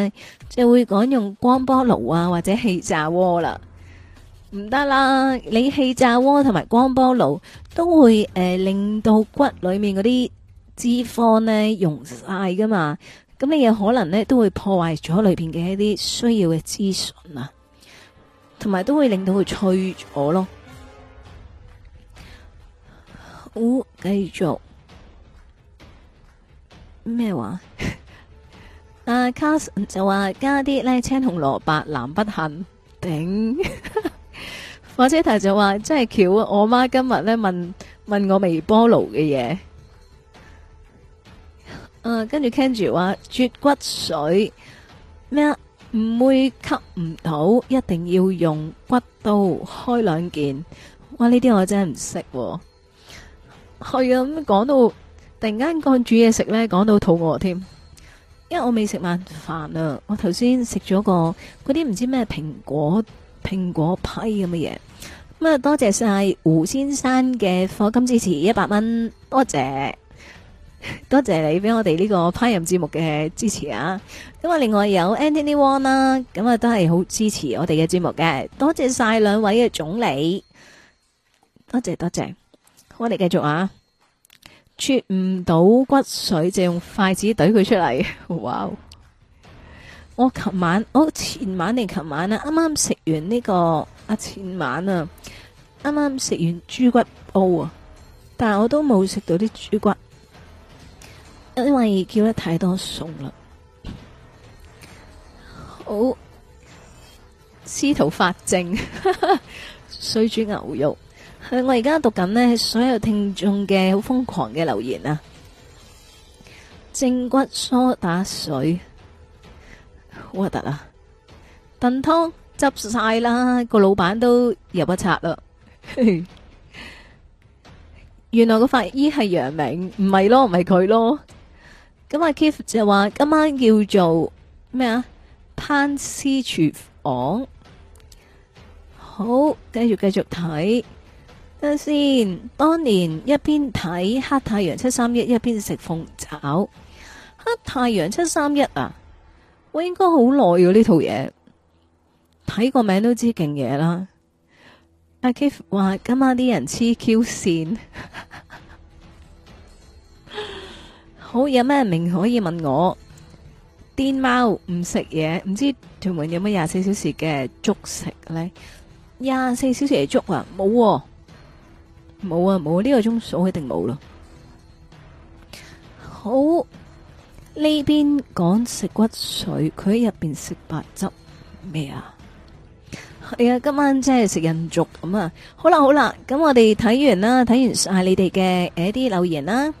呢就會講用光波爐啊或者氣炸鍋啦。唔得啦，你氣炸鍋同埋光波爐都會誒、呃，令到骨裏面嗰啲脂肪呢溶晒噶嘛。咁你有可能呢都會破壞咗裏邊嘅一啲需要嘅資訊啊，同埋都會令到佢脆咗咯。繼、哦、續咩話？Carson、 <laughs> 啊、就話加啲咧青紅蘿卜，南北杏頂。火車頭就話真係巧，我媽今日呢問問我微波爐嘅嘢。跟、啊、住 Kenji 話絕骨水咩？唔會吸唔到，一定要用骨刀開兩件。哇！呢啲我真係唔識。係啊，咁講到突然間講煮嘢食咧，講到肚餓添，因為我未食晚飯啊，我頭先食咗個嗰啲唔知咩蘋果蘋果批咁嘅嘢。咁啊多謝晒胡先生嘅課金支持一百蚊，多謝多謝你俾我哋呢個烹飪節目嘅支持啊，咁啊另外有 Anthony Wong 啦，咁啊都係好支持我哋嘅節目嘅，多謝晒兩位嘅總理，多謝多謝。我哋繼續啊！啜唔到骨髓就用筷子懟佢出嚟。哇！我琴晚，我、哦、前晚定琴晚啊，啱啱食完呢、這個啊前晚啊，啱啱食完豬骨煲啊，但我都冇食到啲豬骨，因為叫得太多餸啦。好、哦，司徒法正哈哈，水煮牛肉。我而家讀緊呢所有聽眾嘅好瘋狂嘅留言啊！正骨梳打水好核突啊！燉湯執晒啦，個老闆都又不拆咯。原來個法醫係楊明，唔係咯，唔係佢咯。咁阿 Kief 就話今晚叫做咩啊？攤屍廚房。好，繼續繼續睇。先，當年一邊睇《黑太陽七三一》一邊食鳳爪，《黑太陽七三一啊、欸》啊，我應該好耐嘅呢套嘢，睇個名都知勁嘢啦。阿 Kiff 話：今晚啲人黐 Q 線， <laughs> 好，有咩名可以問我？癲貓唔食嘢，唔知屯門有冇廿四小時嘅粥食呢？廿四小時嘅粥啊，冇、啊。冇啊，冇，冇啊，呢、啊呢個鐘數我一定冇啦。好，呢邊講食骨髓，佢喺入邊食白汁咩啊？係啊，今晚真係食人族咁、嗯、啊！好啦好啦，咁我哋睇完啦，睇完晒你哋嘅誒啲留言啦。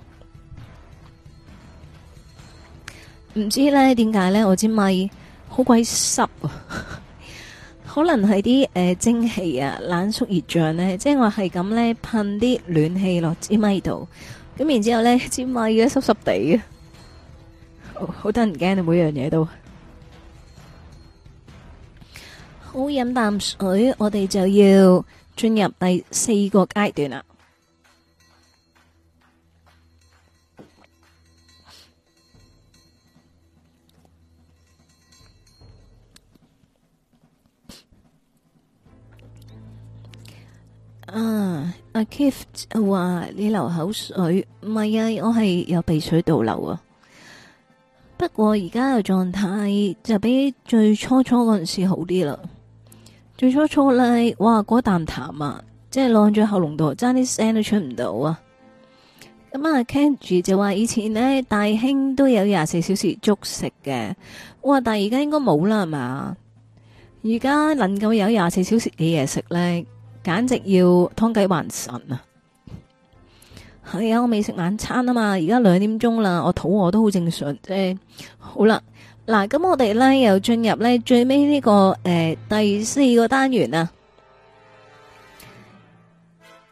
唔知咧點解咧，我支咪好鬼濕。 <laughs> 可能係啲誒蒸汽啊、冷縮熱脹咧，即係話係咁咧噴啲暖氣落支咪度，咁然之後咧支咪嘅濕濕地啊，好得人驚你每樣嘢都。好，飲啖水，我哋就要進入第四個階段啦。啊，阿 Keith 話你流口水，唔係啊，我係有鼻水倒流啊。不過而家嘅狀態就比最初初嗰陣時好啲啦。最初初呢，哇，嗰啖痰啊，即係晾咗喉嚨度，爭啲聲都出唔到啊。咁啊，Kenji 就話以前呢，大興都有廿四小時粥食嘅，哇，但而家應該冇啦係嘛？而家能夠有廿四小時嘅嘢食咧？簡直要湯計還神啊！係、哎、啊，我未食晚餐啊嘛，而家兩點鐘啦，我肚餓都好正常。欸、好啦，嗱，咁我哋呢又進入呢最尾呢、呢個誒、呃、第四個單元啊。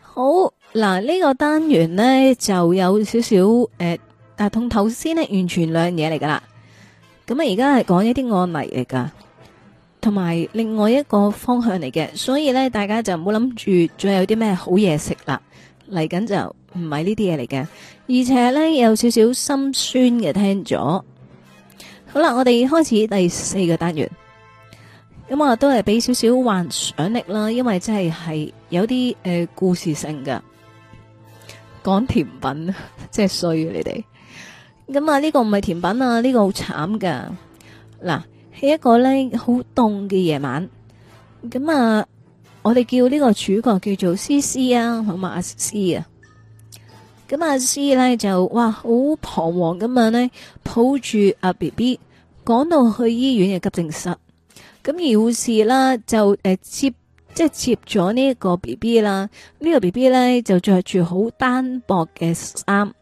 好嗱，呢、呢個單元呢就有少少誒，但同頭先呢完全兩樣嘢嚟噶啦。咁啊，而家係講一啲案例嚟噶。同埋另外一個方向嚟嘅，所以呢，大家就唔好諗住仲有啲咩好嘢食啦，嚟緊就唔係呢啲嘢嚟嘅，而且呢，有少少心酸嘅聽咗。好啦，我哋開始第四個單元，咁、嗯、啊都係俾少少幻想力啦，因為真係係有啲誒、呃、故事性噶，講甜品真係衰啊你哋。咁啊呢個唔係甜品啊，呢、這個好慘噶，嗱。喺一個咧好凍嘅夜晚，咁啊，我哋叫呢個主角叫做詩詩啊，好嘛，阿詩啊，咁阿詩咧就哇好彷徨，咁樣咧，抱住阿 B B，趕到去醫院嘅急症室，咁而護士啦就誒、呃、接，即係接咗，這個，呢個 B B 啦，呢個 B B 咧就着住好單薄嘅衫，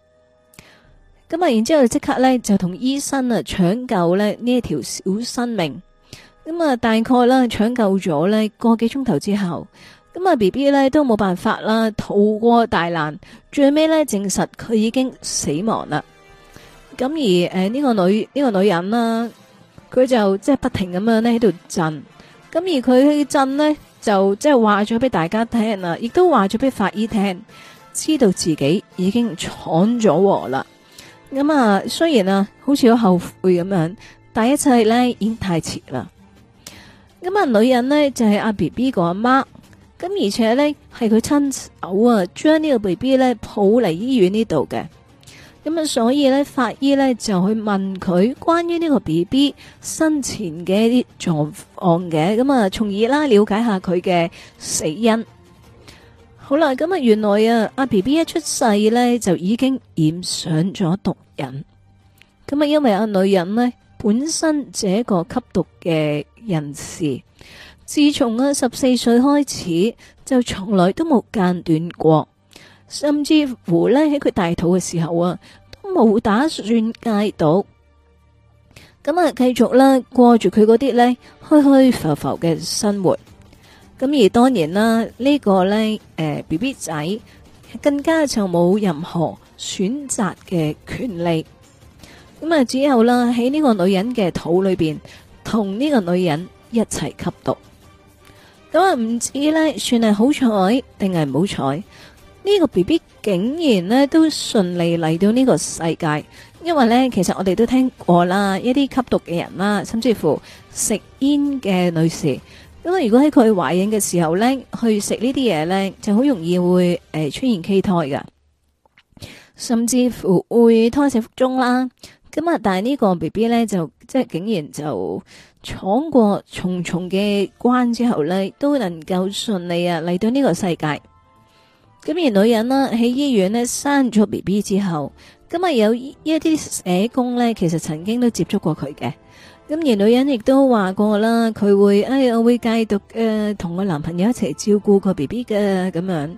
咁啊，然之後即刻咧，就同醫生啊搶救咧呢一條小生命。咁啊，大概啦搶救咗呢個幾鐘頭之後，咁啊 B B 咧都冇辦法啦，逃過大難。最尾咧證實佢已經死亡啦。咁而誒呢個女呢、呢個女人啦，佢就即係不停咁樣咧喺度震。咁而佢去震呢，就即係話咗俾大家聽啦，亦都話咗俾法醫聽，知道自己已經闖咗禍啦。咁啊，雖然啊，好似好後悔咁樣，但一切咧已經太遲啦。咁啊，女人呢就係阿 B B 個阿媽，咁而且呢係佢親手啊將呢個 B B 呢抱嚟醫院呢度嘅。咁啊，所以呢，法醫呢就去問佢關於呢個 B B 生前嘅一啲狀況嘅，咁啊，從而啦了解下佢嘅死因。好啦，咁啊，原來啊阿 B B 一出世呢，就已經染上咗毒癮。咁啊，因為阿女人呢，本身這個吸毒嘅人士，自從啊十四歲開始就從來都冇間斷過，甚至乎呢，喺佢大肚嘅時候啊都冇打算戒毒。咁啊，繼續呢，過住佢嗰啲呢，虛虛浮浮嘅生活。咁而當然啦，呢、這個呢誒 B B 仔更加就冇任何選擇嘅權利。咁啊，只有啦喺呢個女人嘅肚裏面，同呢個女人一齊吸毒。咁啊，唔知呢，算係好彩定係唔好彩？呢、這個 B B 竟然呢都順利嚟到呢個世界，因為呢，其實我哋都聽過啦，一啲吸毒嘅人啦，甚至乎食煙嘅女士。咁啊！因為如果喺佢懷孕嘅時候咧，去食呢啲嘢咧，就好容易會誒、呃、出現畸胎㗎，甚至乎會胎死腹中啦。咁啊，但係呢個 B B 咧就即係竟然就闖過重重嘅關之後咧，都能夠順利啊嚟到呢個世界。咁而女人啦喺醫院咧生咗 B B 之後，咁、嗯、啊有一啲社工咧，其實曾經都接觸過佢嘅。咁而女人亦都話過啦，佢會，誒、哎，我會戒毒誒，同我男朋友一齊照顧個 B B 嘅咁樣。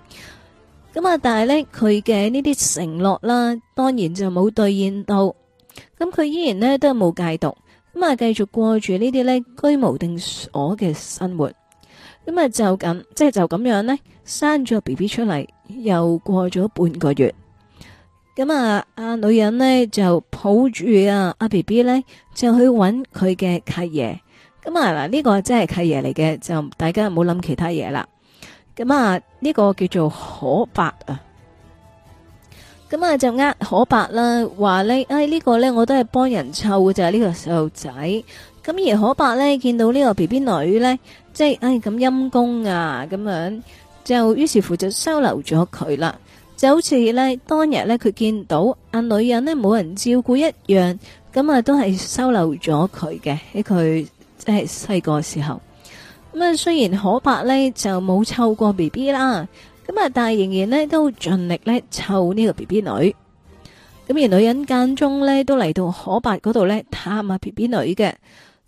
咁啊，但係咧，佢嘅呢啲承諾啦，當然就冇兌現到。咁佢依然呢，都冇戒毒，咁啊繼續過住呢啲咧居無定所嘅生活。咁啊就咁，即係就咁、是、樣呢，生咗 B B 出嚟，又過咗半個月。咁啊，阿女人呢就抱住啊，阿 B B 咧就去揾佢嘅契爺。咁啊嗱，呢個真係契爺嚟嘅，就大家唔好諗其他嘢啦。咁啊，呢個叫做可伯啊。咁啊，就呃可伯啦，話呢，哎、呢個咧我都係幫人湊嘅就係呢個細路仔。咁而可伯咧見到呢個 B B 女咧，即係哎咁陰功啊咁樣，就於是乎就收留咗佢啦。就好似咧，當日咧佢見到阿女人呢冇人照顧一樣，咁啊都係收留咗佢嘅喺佢即係細個時候。咁啊，雖然可伯呢就冇湊過 B B 啦，咁啊，但係仍然呢都盡力呢湊呢個 B B 女。咁而女人間中呢都嚟到可伯嗰度呢探下 B B 女嘅，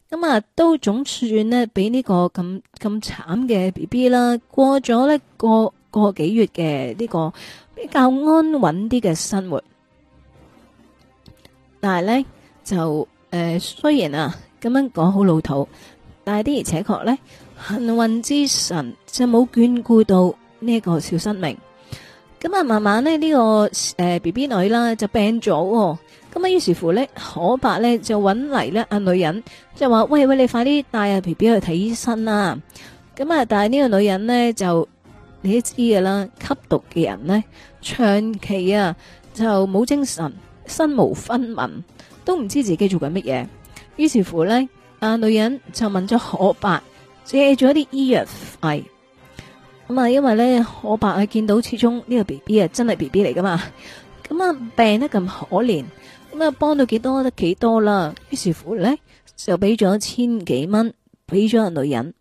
咁啊都總算呢俾呢個咁咁慘嘅 B B 啦過咗呢個個幾月嘅呢個比較安穩啲嘅生活，但係咧就誒、呃，雖然啊咁樣講好老土，但係的而且確咧，幸運之神就冇眷顧到呢一個小生命。咁啊，慢慢咧呢、這個誒 B B 女啦就病咗、哦。咁啊，於是乎咧，可白咧就揾嚟咧阿女人就，就話喂喂，你快啲帶阿 B B 去睇醫生啦。咁啊，但係呢個女人呢，就。你都知嘅啦，吸毒嘅人咧，長期啊就冇精神，身無分文，都唔知自己做緊乜嘢。於是乎咧，啊女人就問咗可白借咗啲醫藥費。咁、嗯、啊，因為咧可白啊見到始終呢個 B B 啊真係 B B 嚟噶嘛，咁、嗯、啊病得咁可憐，咁、嗯、啊幫到幾多得幾多啦。於是乎咧就俾咗千幾蚊俾咗個女人。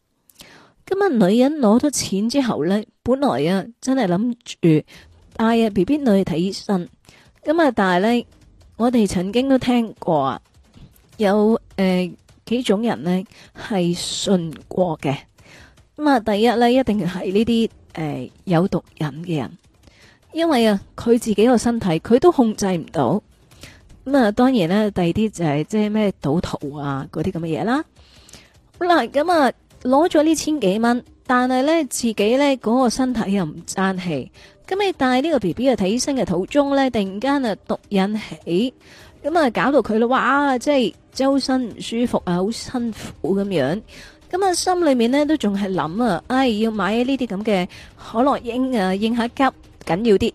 咁啊，女人攞咗錢之後咧，本來啊，真係諗住帶啊 B B 女去睇醫生。咁啊，但係咧，我哋曾經都聽過啊有誒、呃、幾種人咧係信過嘅。咁啊，第一咧一定係呢啲誒有毒癮嘅人，因為啊，佢自己個身體佢都控制唔到。咁啊，當然啦，第二啲就係、是、即係咩賭徒啊嗰啲咁嘅嘢啦。好啦，咁啊。攞咗呢千幾蚊，但係咧自己咧嗰、嗰個身體又唔爭氣，咁你帶呢個 B B 啊睇醫生嘅途中咧，突然間啊毒癮起，咁啊搞到佢咯，哇！即係周身唔舒服啊，好辛苦咁樣，咁啊心裏面咧都仲係諗啊，唉、哎、要買呢啲咁嘅可樂應啊應下急緊要啲，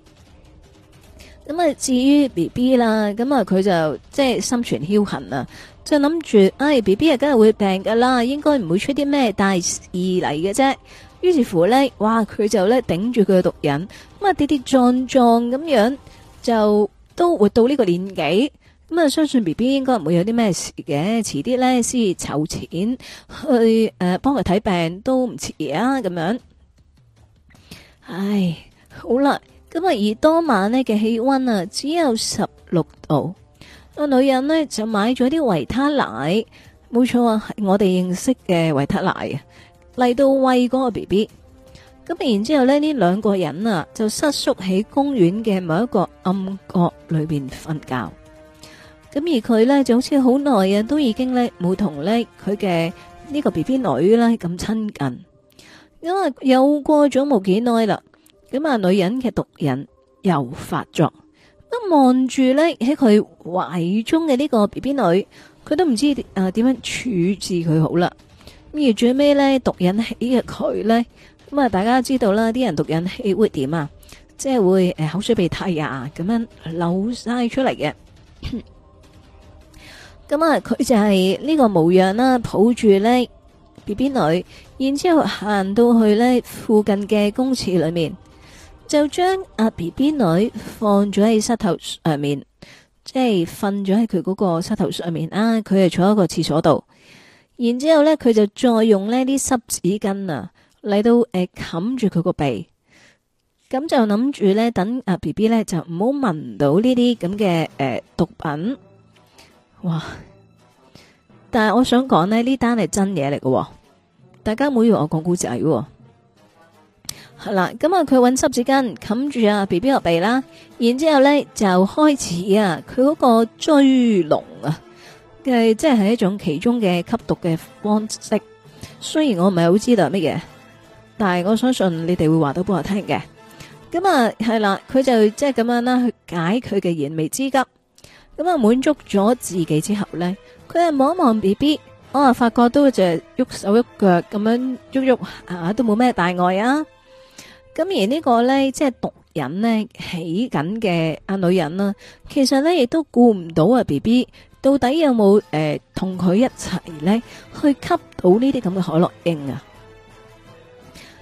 咁啊至於 B B 啦，咁啊佢就即係心存僥幸啊。就諗住，唉 BB 啊，梗係會病噶啦，應該唔會出啲咩大事嚟嘅啫。於是乎呢，哇，佢就咧頂住佢嘅毒癮，咁啊跌跌撞撞咁樣，就都活到呢個年紀。咁、嗯、啊，相信 BB 應該唔會有啲咩事嘅。遲啲呢先籌錢去誒、呃、幫佢睇病都唔遲啊。咁樣，唉，好啦，今日而當晚呢嘅氣溫啊，只有十六度。個女人呢，就買咗啲維他奶，冇錯啊，我哋認識嘅維他奶嚟到餵嗰個 B B，咁然之後呢呢兩個人啊就瑟縮喺公園嘅某一個暗角裏邊瞓覺，咁而佢呢，就好似好耐啊都已經呢冇同呢佢嘅呢個 B B 女呢咁親近，因為又過咗冇幾耐啦，咁啊女人嘅毒癮又發作。都望住咧喺佢懷中嘅呢個 B B 女，佢都唔知誒點、呃、樣處置佢好啦。咁而最尾咧，毒癮起佢咧，咁啊大家知道啦，啲人毒癮起會點啊？即係會誒口水鼻涕啊咁樣流晒出嚟嘅。咁啊，佢、 <coughs> 嗯、就係呢個模樣啦，抱住呢 B B 女，然之後行到去咧附近嘅公廁裏面。就將阿 B B 女放咗喺膝頭上面，即係瞓咗喺佢嗰個膝頭上面啊！佢係坐喺個廁所度，然之後咧佢就再用呢啲濕紙巾啊嚟到誒冚住佢個鼻，咁就諗住咧等阿 B B 咧就唔好聞到呢啲咁嘅誒毒品。哇！但係我想講呢，呢單係真嘢嚟嘅，大家唔好以為我講故仔嚟。係啦，咁啊，佢搵濕紙巾冚住啊 B B 入鼻啦，然之後咧就開始啊，佢嗰個追龍啊，係即係一種其中嘅吸毒嘅方式。雖然我唔係好知道係乜嘢，但係我相信你哋會話到俾我聽嘅。咁啊，係啦，佢就即係咁樣啦，去解佢嘅燃眉之急。咁啊，滿足咗自己之後咧，佢係望一望 B B，我啊發覺都只喐手喐腳咁樣喐喐啊，都冇咩大礙啊。咁而呢個呢，即係毒癮呢起緊嘅阿女人啦、啊，其實呢，亦都顧唔到啊！B B 到底有冇誒同佢一齊呢去吸到呢啲咁嘅海洛因啊？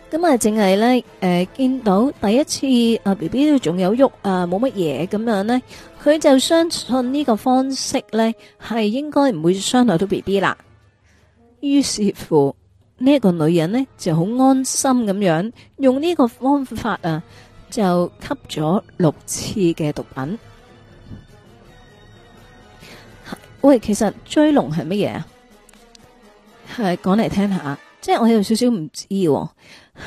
咁、嗯、啊，淨係呢，誒、呃、見到第一次啊，B B 都仲有喐啊，冇乜嘢咁樣呢，佢就相信呢個方式呢係應該唔會傷害到 B B 啦。於是乎。呢一個女人呢就好安心咁樣，用呢個方法啊，就吸咗六次嘅毒品。喂，其實追龍係乜嘢啊？係講嚟聽下，即係我有少少唔知喎。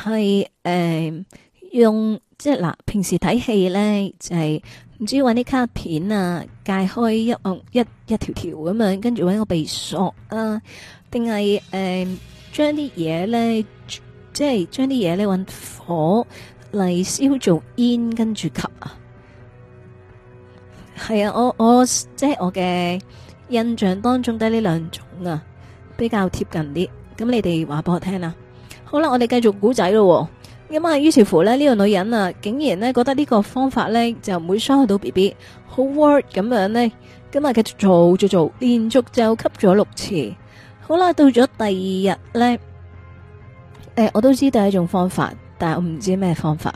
係誒、呃，用即係嗱、呃，平時睇戲呢，就係唔知搵啲卡片啊，界開一一一條條咁樣，跟住搵個鼻索啊，定係誒。呃將啲嘢咧，即係將啲嘢咧揾火嚟燒做煙，跟住吸啊！係啊，我我即係、就是、我嘅印象當中得呢兩種啊，比較貼近啲。咁你哋話俾我聽啦。好啦，我哋繼續古仔咯。咁啊，於是乎咧，呢、這個女人啊，竟然咧覺得呢個方法咧就唔會傷害到 B B，好 work 咁樣咧。咁啊，繼續做做做，連續就吸咗六次。好啦，到咗第二日呢。誒、呃，我都知道第一種方法，但係我唔知咩方法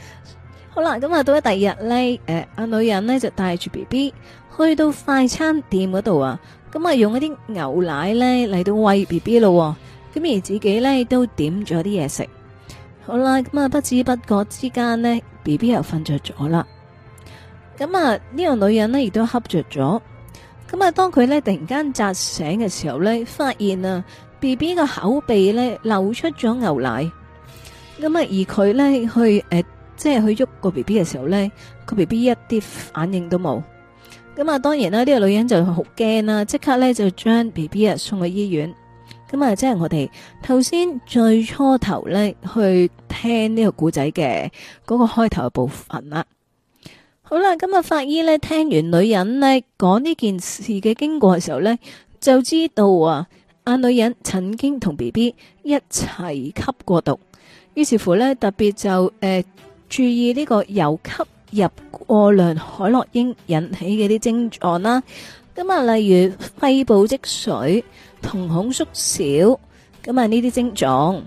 <laughs> 好啦，咁啊，到咗第二日呢。誒、呃，阿女人呢，就帶住 B B 去到快餐店嗰度啊，咁啊用一啲牛奶呢嚟到喂 B B 咯，咁、啊、而自己呢，都點咗啲嘢食。好啦，咁啊不知不覺之間呢 B B 又瞓着咗啦，咁啊呢、呢個女人呢，亦都瞌着咗。咁啊，當佢咧突然間扎醒嘅時候咧，發現啊，B B 個口鼻咧流出咗牛奶。咁啊，而佢咧去誒，即係去喐個 B B 嘅時候咧，個 B B 一啲反應都冇。咁啊，當然啦，呢個女人就好驚啦，即刻咧就將 B B 啊送去醫院。咁啊，即係我哋頭先最初頭咧去聽呢個故仔嘅嗰個開頭嘅部分啦。好啦，今日法醫咧聽完女人呢講呢件事嘅經過嘅時候呢，就知道啊，阿女人曾經同 B B 一齊吸過毒，於是乎呢，特別就誒、呃、注意呢個由吸入過量海洛因引起嘅啲症狀啦。咁、嗯、啊，例如肺部積水、瞳孔縮小，咁啊呢啲症狀。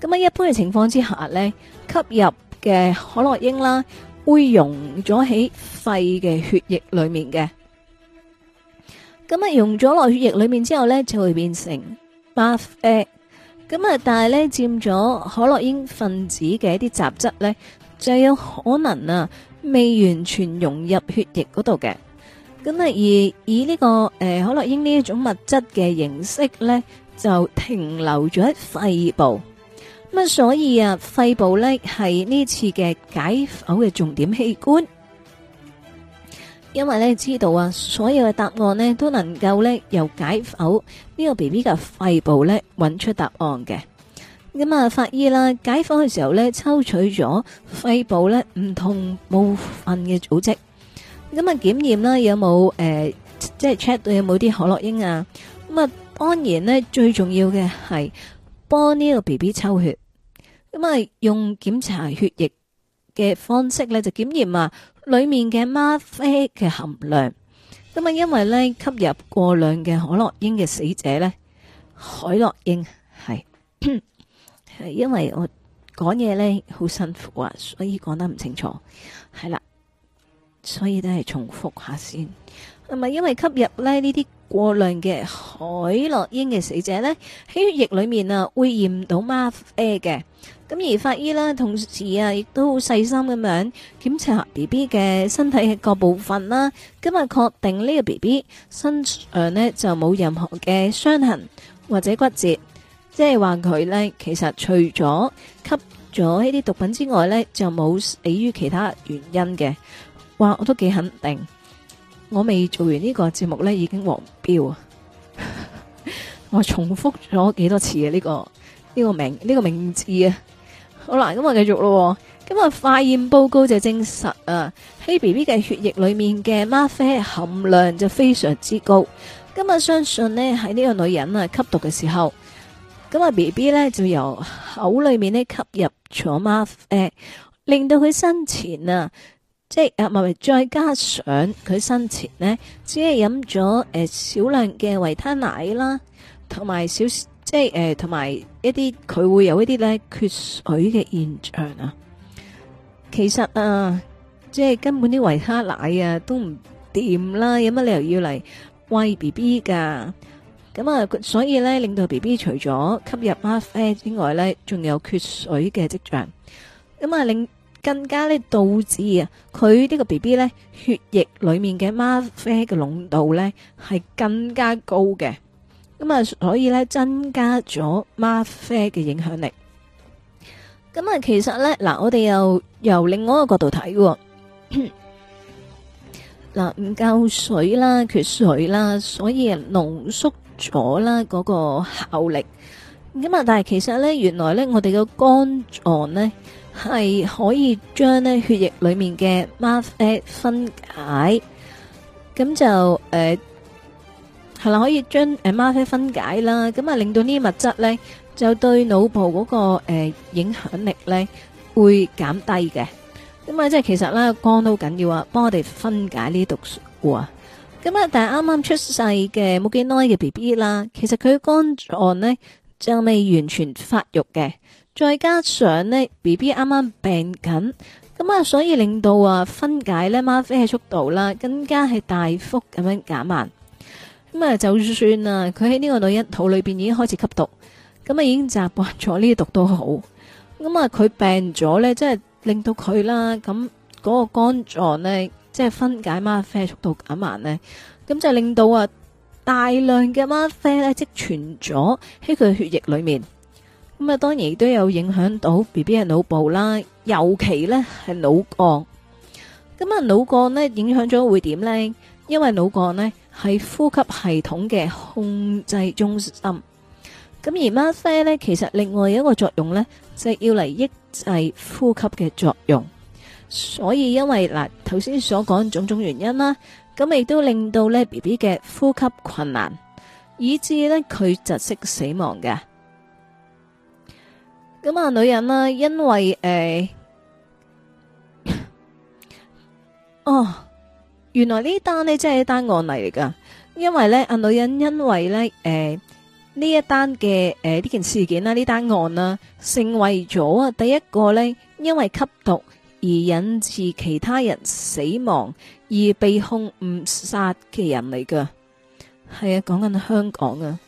咁、嗯、啊，一般嘅情況之下呢，吸入嘅海洛因啦。會溶咗喺肺嘅血液裏面嘅，咁啊溶咗落血液裏面之後呢，就會變成白誒，咁、嗯、啊，但係呢佔咗可樂英分子嘅一啲雜質呢，就有可能啊未完全融入血液嗰度嘅，咁、嗯、啊而以呢、呢個誒、呃、可樂英呢一種物質嘅形式呢，就停留咗喺肺部。咁、嗯、所以啊，肺部呢係呢次嘅解剖嘅重點器官，因為咧知道啊，所有嘅答案呢都能夠咧由解剖呢個 B B 嘅肺部呢揾出答案嘅。咁、嗯、啊，法醫啦，解剖嘅時候呢，抽取咗肺部呢唔同部分嘅組織。咁、嗯、呃、就是、啊，檢驗啦有冇誒，即係 check 到有冇啲可樂因啊。咁啊，當然呢，最重要嘅係。幫呢個 B B 抽血，咁咪用檢查血液嘅方式咧，就檢驗啊裏面嘅嗎啡嘅含量。咁啊，因為咧吸入過量嘅海洛英嘅死者咧，海洛英係係因為我講嘢咧好辛苦啊，所以講得唔清楚，係啦，所以都係重複下先。係咪因為吸入咧呢啲？過量嘅海洛因嘅死者呢，喺血液裏面啊會驗到嗎啡嘅。咁而法醫啦，同時啊亦都好細心咁樣檢查下 B B 嘅身體嘅各部分啦。今日確定呢個 B B 身上呢就冇任何嘅傷痕或者骨折，即係話佢呢其實除咗吸咗呢啲毒品之外呢，就冇死於其他原因嘅。哇，我都幾肯定。我未做完呢個節目呢已經黃標啊！我重複咗幾多次啊，呢個呢個名呢個名字啊，好啦咁啊！繼續咯，咁啊，化驗報告就證實啊，喺 B B 嘅血液裏面嘅嗎啡含量就非常之高。咁啊相信呢喺呢個女人啊吸毒嘅時候，咁啊 B B 呢就由口裏面吸入咗嗎啡，令到佢生前啊。即係誒，咪咪，再加上佢生前呢，只係飲咗誒少量嘅維他奶啦，同埋少即係誒，呃、同埋一啲佢會有一啲咧缺水嘅現象啊。其實啊，即係根本啲維他奶啊都唔掂啦，有乜理由要嚟餵 B B 噶咁啊，所以咧令到 B B 除咗吸入啊啡之外咧，仲有缺水嘅跡象。咁啊令。更加呢導致啊，佢呢個 B B 呢血液裏面嘅嗎啡嘅濃度呢係更加高嘅，咁、嗯、啊所以呢增加咗嗎啡嘅影響力。咁、嗯、啊其實呢，嗱，我哋又由另外一個角度睇、啊，嗱唔夠水啦，缺水啦，所以濃縮咗啦嗰、嗰個效力。咁啊！但係其實咧，原來咧，我哋個肝臟咧係可以將咧血液裏面嘅麻啡分解，咁就誒係、呃、啦，可以將誒麻啡分解啦。咁啊，令到呢啲物質咧就對腦部嗰、那個誒、呃、影響力咧會減低嘅。咁啊，即係其實咧，肝都好緊要啊，幫我哋分解呢啲毒素啊。咁、哦、啊，但係啱啱出世嘅冇幾耐嘅 B B 啦，其實佢肝臟咧。就未完全發育嘅，再加上呢 B B 啱啱病緊，咁啊，所以令到啊分解呢嗎啡嘅速度啦，更加係大幅咁樣減慢。咁啊，就算啊佢喺呢個女人肚裏面已經開始吸毒，咁啊已經習慣咗呢啲毒都好。咁啊，佢病咗呢，即係令到佢啦，咁嗰個肝臟呢，即係分解嗎啡嘅速度減慢呢。咁就令到啊，大量嘅嗎啡咧，積存咗喺佢血液裏面，咁啊當然亦都有影響到 B B 嘅腦部啦，尤其咧係腦幹。咁啊腦幹咧影響咗會點呢？因為腦幹咧係呼吸系統嘅控制中心。咁而嗎啡咧其實另外一個作用呢，就係要嚟抑制呼吸嘅作用。所以因為嗱頭先所講種種原因啦。咁亦都令到呢 B B 嘅呼吸困難，以至呢佢窒息死亡嘅。咁啊，女人呢，因為誒，呃、 <laughs> 哦，原來呢單呢真係一單案例嚟噶，因為呢啊女人因為呢誒呢一單嘅誒呢件事件啦呢單案啦，成為咗啊第一個呢，因為吸毒而引致其他人死亡。而被控誤殺嘅人嚟噶係啊，講緊香港啊，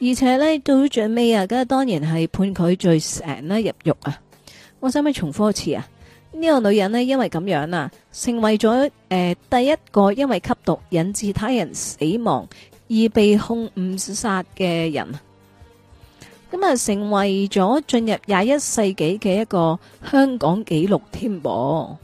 而且呢，到最尾啊，梗係當然係判佢最成啦入獄啊！我使唔使重復一次啊？呢、這個女人呢，因為咁樣啊，成為咗誒、呃、第一個因為吸毒引致他人死亡而被控誤殺嘅人，咁啊成為咗進入廿一世紀嘅一個香港紀錄添噃。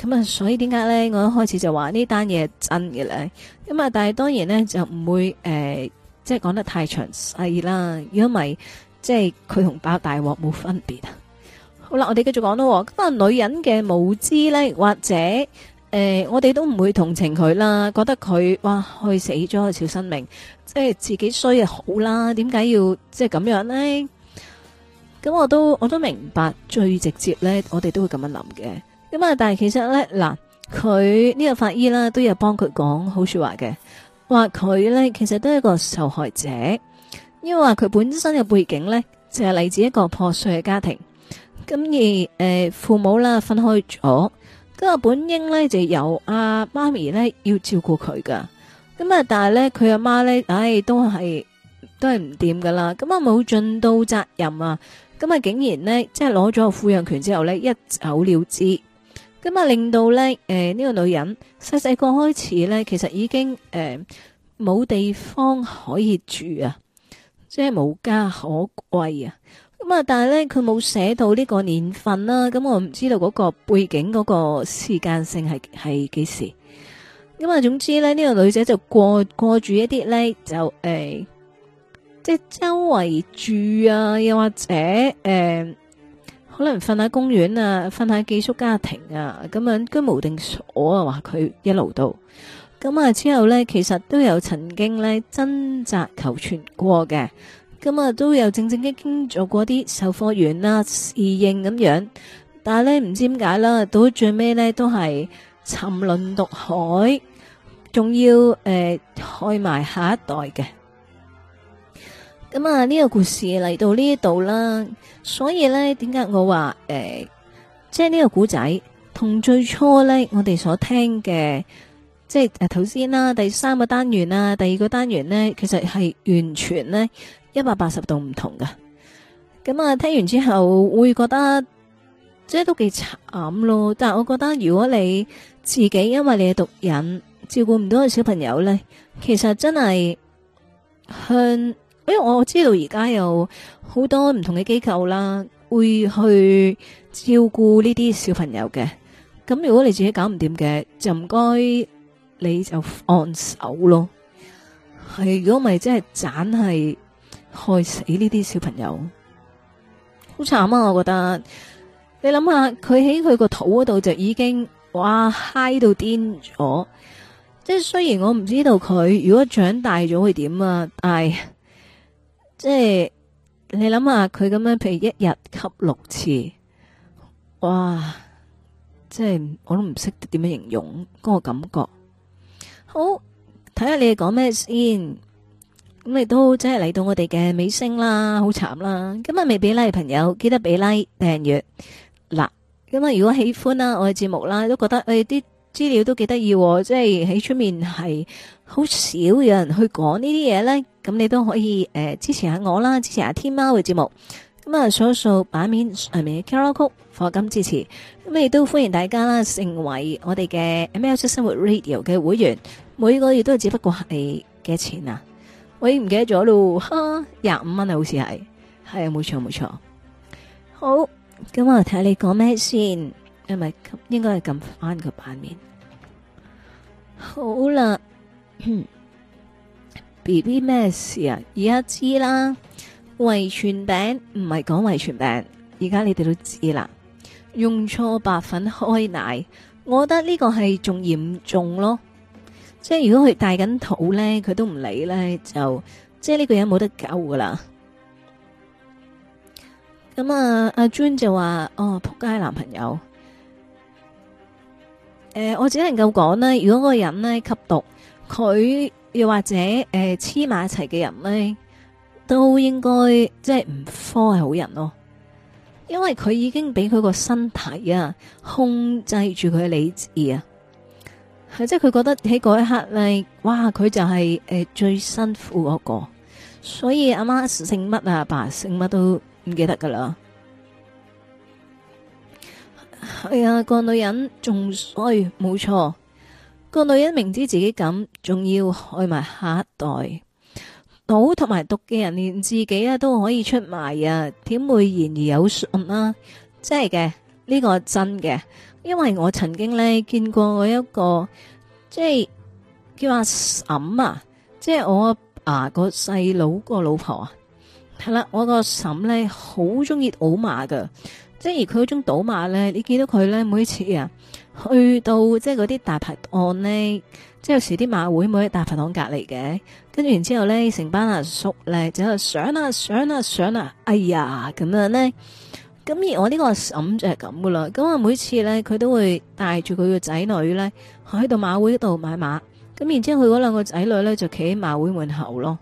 咁啊，所以點解咧？我一開始就話呢單嘢真嘅咧。咁啊，但係當然呢，就唔會誒、呃，即係講得太詳細啦。如果唔係，即係佢同爆大鑊冇分別啊。好啦，我哋繼續講咯。咁啊，女人嘅無知呢，或者誒、呃，我哋都唔會同情佢啦，覺得佢哇去死咗個小生命，即係自己衰就好啦。點解要即係咁樣呢？咁我都我都明白，最直接呢，我哋都會咁樣諗嘅。咁啊！但係其實咧，嗱，佢呢個法醫啦，都有幫佢講好說話嘅，話佢咧其實都係個受害者，因為話佢本身嘅背景咧就係、是、嚟自一個破碎嘅家庭，咁而誒、呃、父母啦分開咗，咁啊本應咧就由阿、啊、媽咪咧要照顧佢噶，咁啊但係咧佢阿媽咧，唉、哎、都係都係唔掂噶啦，咁啊冇盡到責任啊，咁啊竟然呢，即係攞咗個撫養權之後咧一走了之。咁啊，令到咧，誒、呃，呢、呢個女人細細個開始咧，其實已經誒冇、呃、地方可以住啊，即係無家可歸啊。咁啊，但係咧，佢冇寫到呢個年份啦，咁我唔知道嗰個背景嗰、嗰個時間性係係幾時。咁啊，總之咧，呢、呢個女仔就過過住一啲咧，就誒、呃，即係周圍住啊，又或者誒。呃可能瞓喺公園啊，瞓喺寄宿家庭啊，咁樣居無定所啊，話佢一路到，咁啊之後呢，其實都有曾經呢，掙扎求存過嘅，咁啊都有正正經經做過啲售貨員啦、啊、侍應咁樣，但係呢，唔知點解啦，到最尾呢，都係沉淪毒海，仲要誒、呃、害埋下一代嘅。咁啊，呢個故事嚟到呢一度啦，所以呢，點解我話誒，即係呢個古仔同最初呢我哋所聽嘅，即係誒，頭先啦，第三個單元啦，第二個單元呢，其實係完全呢一百八十度唔同噶。咁啊，聽完之後會覺得，即係都幾慘咯。但係我覺得，如果你自己因為你嘅毒癮，照顧唔到個小朋友呢，其實真係向。因為、哎、我知道而家有好多唔同嘅機構啦，會去照顧呢啲小朋友嘅。咁如果你自己搞唔掂嘅，就唔該你就放手咯。係如果咪真係斬係害死呢啲小朋友，好慘啊！我覺得你諗下，佢喺佢個肚嗰度就已經哇嗨到癲咗。即係雖然我唔知道佢如果長大咗會點啊，但係。即係你諗下佢咁樣，譬如一日吸六次，哇！即係我都唔識點樣形容嗰個感覺。好，睇下你哋講咩先。咁你都真係嚟到我哋嘅尾聲啦，好慘啦。今日未俾 like 嘅朋友，記得俾 like 訂閱。嗱，咁啊，如果喜歡啦，我嘅節目啦，都覺得我哋啲資料都幾得意。即係喺出面係好少有人去講呢啲嘢咧。咁你都可以誒、呃、支持下我啦，支持下天喵嘅節目。咁啊，掃一掃版面上面嘅 QR code，課金支持。咁亦都歡迎大家啦，成為我哋嘅喵式生活 Radio 嘅會員。每個月都只不過係幾錢啊？我已經唔記得咗咯，哈，哈，廿五蚊啊，好似係，係冇錯冇錯。好，咁啊，我睇下你講咩先？係咪應該係撳翻個版面？好啦。 <coughs> B B 咩事啊？而家知啦，遺傳病唔係講遺傳病，而家你哋都知啦。用錯白粉開奶，我覺得呢個係仲嚴重咯。即係如果佢帶緊肚咧，佢都唔理咧，就即係呢個人冇得救噶啦。咁、嗯、啊，阿 June 就話哦，仆街男朋友。誒、呃，我只能夠講呢，如果那個人咧吸毒，佢。又或者黐埋、呃、一齊嘅人呢，都應該即係唔科係好人咯、哦，因為佢已經俾佢個身體啊控制住佢嘅理智啊，係即係佢覺得喺嗰一刻呢，哇！佢就係、是、誒、呃、最辛苦嗰個，所以阿媽姓乜啊？阿爸姓乜都唔記得噶啦，係啊，個女人仲衰，冇、哎、錯。個女人明知自己咁，仲要害埋下一代。賭同埋毒嘅人，連自己啊都可以出賣啊，點會言而有信啊？真係嘅，呢個真嘅。因為我曾經呢見過我一個，即係叫阿嬸啊，即係我啊爸個細佬個老婆啊，係啦，我個嬸呢好中意賭馬噶，即係佢嗰種賭馬呢，你見到佢呢每一次啊。去到即係嗰啲大排檔呢，即係有時啲馬會咪喺大排檔隔籬嘅，跟住然之後咧，成班阿叔咧就喺度想啊想啊想啊，哎呀咁樣呢。咁而我呢個阿嬸就係咁噶啦，咁啊每次咧佢都會帶住佢嘅仔女咧喺度馬會度買馬，咁然之後佢嗰兩個仔女咧就企喺馬會門口咯，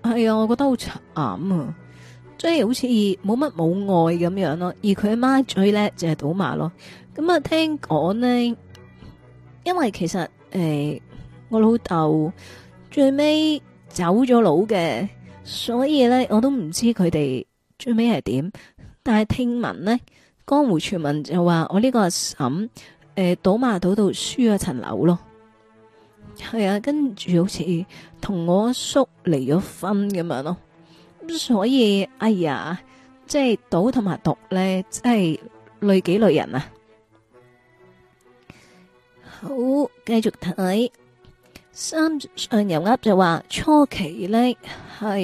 係、哎、啊，我覺得好慘啊，即係好似冇乜冇愛咁樣咯，而佢阿媽最叻就係、是、賭馬咯。咁啊，聽講呢，因為其實誒、呃，我老豆最尾走咗佬嘅，所以咧我都唔知佢哋最尾係點。但係聽聞呢，江湖傳聞就話我呢個阿嬸誒、呃、賭馬賭到輸咗層樓咯，係啊，跟住好似同我阿叔、叔離咗婚咁樣咯。所以哎呀，即係賭同埋毒咧，真係累己累人啊！好，繼續睇三上油鴨就話初期呢係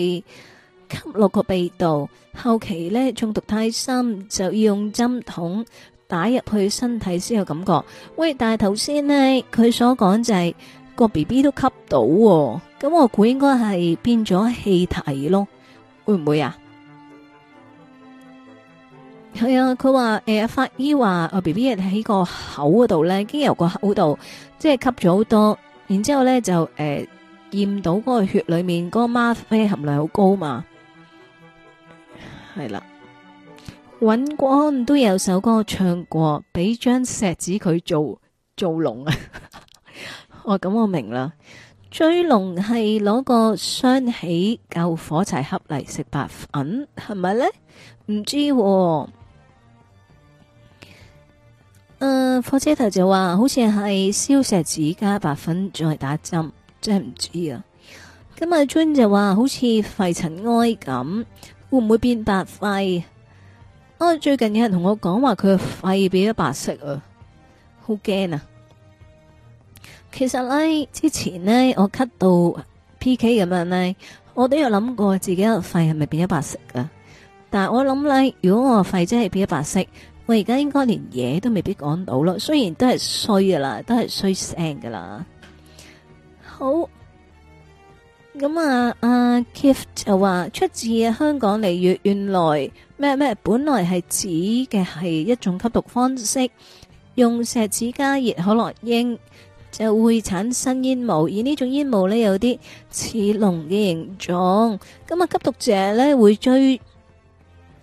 吸落個鼻道，後期呢中毒太深就要用針筒打入去身體先有感覺。喂，但係頭先呢，佢所講就係、是、個 B B 都吸到、喎，咁我估應該係變咗氣體咯，會唔會啊？係啊，佢話誒，法醫話啊，B B 喺個口嗰度咧，經由個口度，即係吸咗好多，然之後咧就誒，驗、呃、到嗰個血裏面嗰個嗎啡含量好高嘛，係啦。尹光都有首歌唱過，俾張錫紙佢做做龍啊。 <laughs> 哦，咁我明啦，追龍係攞個雙喜舊火柴盒嚟食白粉，係咪咧？唔知、啊。誒，火、嗯、車頭就話好似係燒石子加白粉再打針，真係唔知啊！咁阿春就話好似肺塵埃咁，會唔會變白肺？我、啊、最近有人同我講話佢個肺變咗白色啊，好驚啊！其實呢，之前呢，我咳到 P K 咁樣呢，我都有諗過自己個肺係咪變咗白色噶、啊，但係我諗呢，如果我個肺真係變咗白色。我而家應該連嘢都未必講到咯，雖然都係衰噶啦，都係衰聲噶啦。好，咁啊阿 Keith 就話出自香港粵語原來咩咩，本來係指嘅係一種吸毒方式，用錫紙加熱可卡因就會產生煙霧，而呢種煙霧呢，有啲似龍嘅形狀，咁啊吸毒者呢，會追。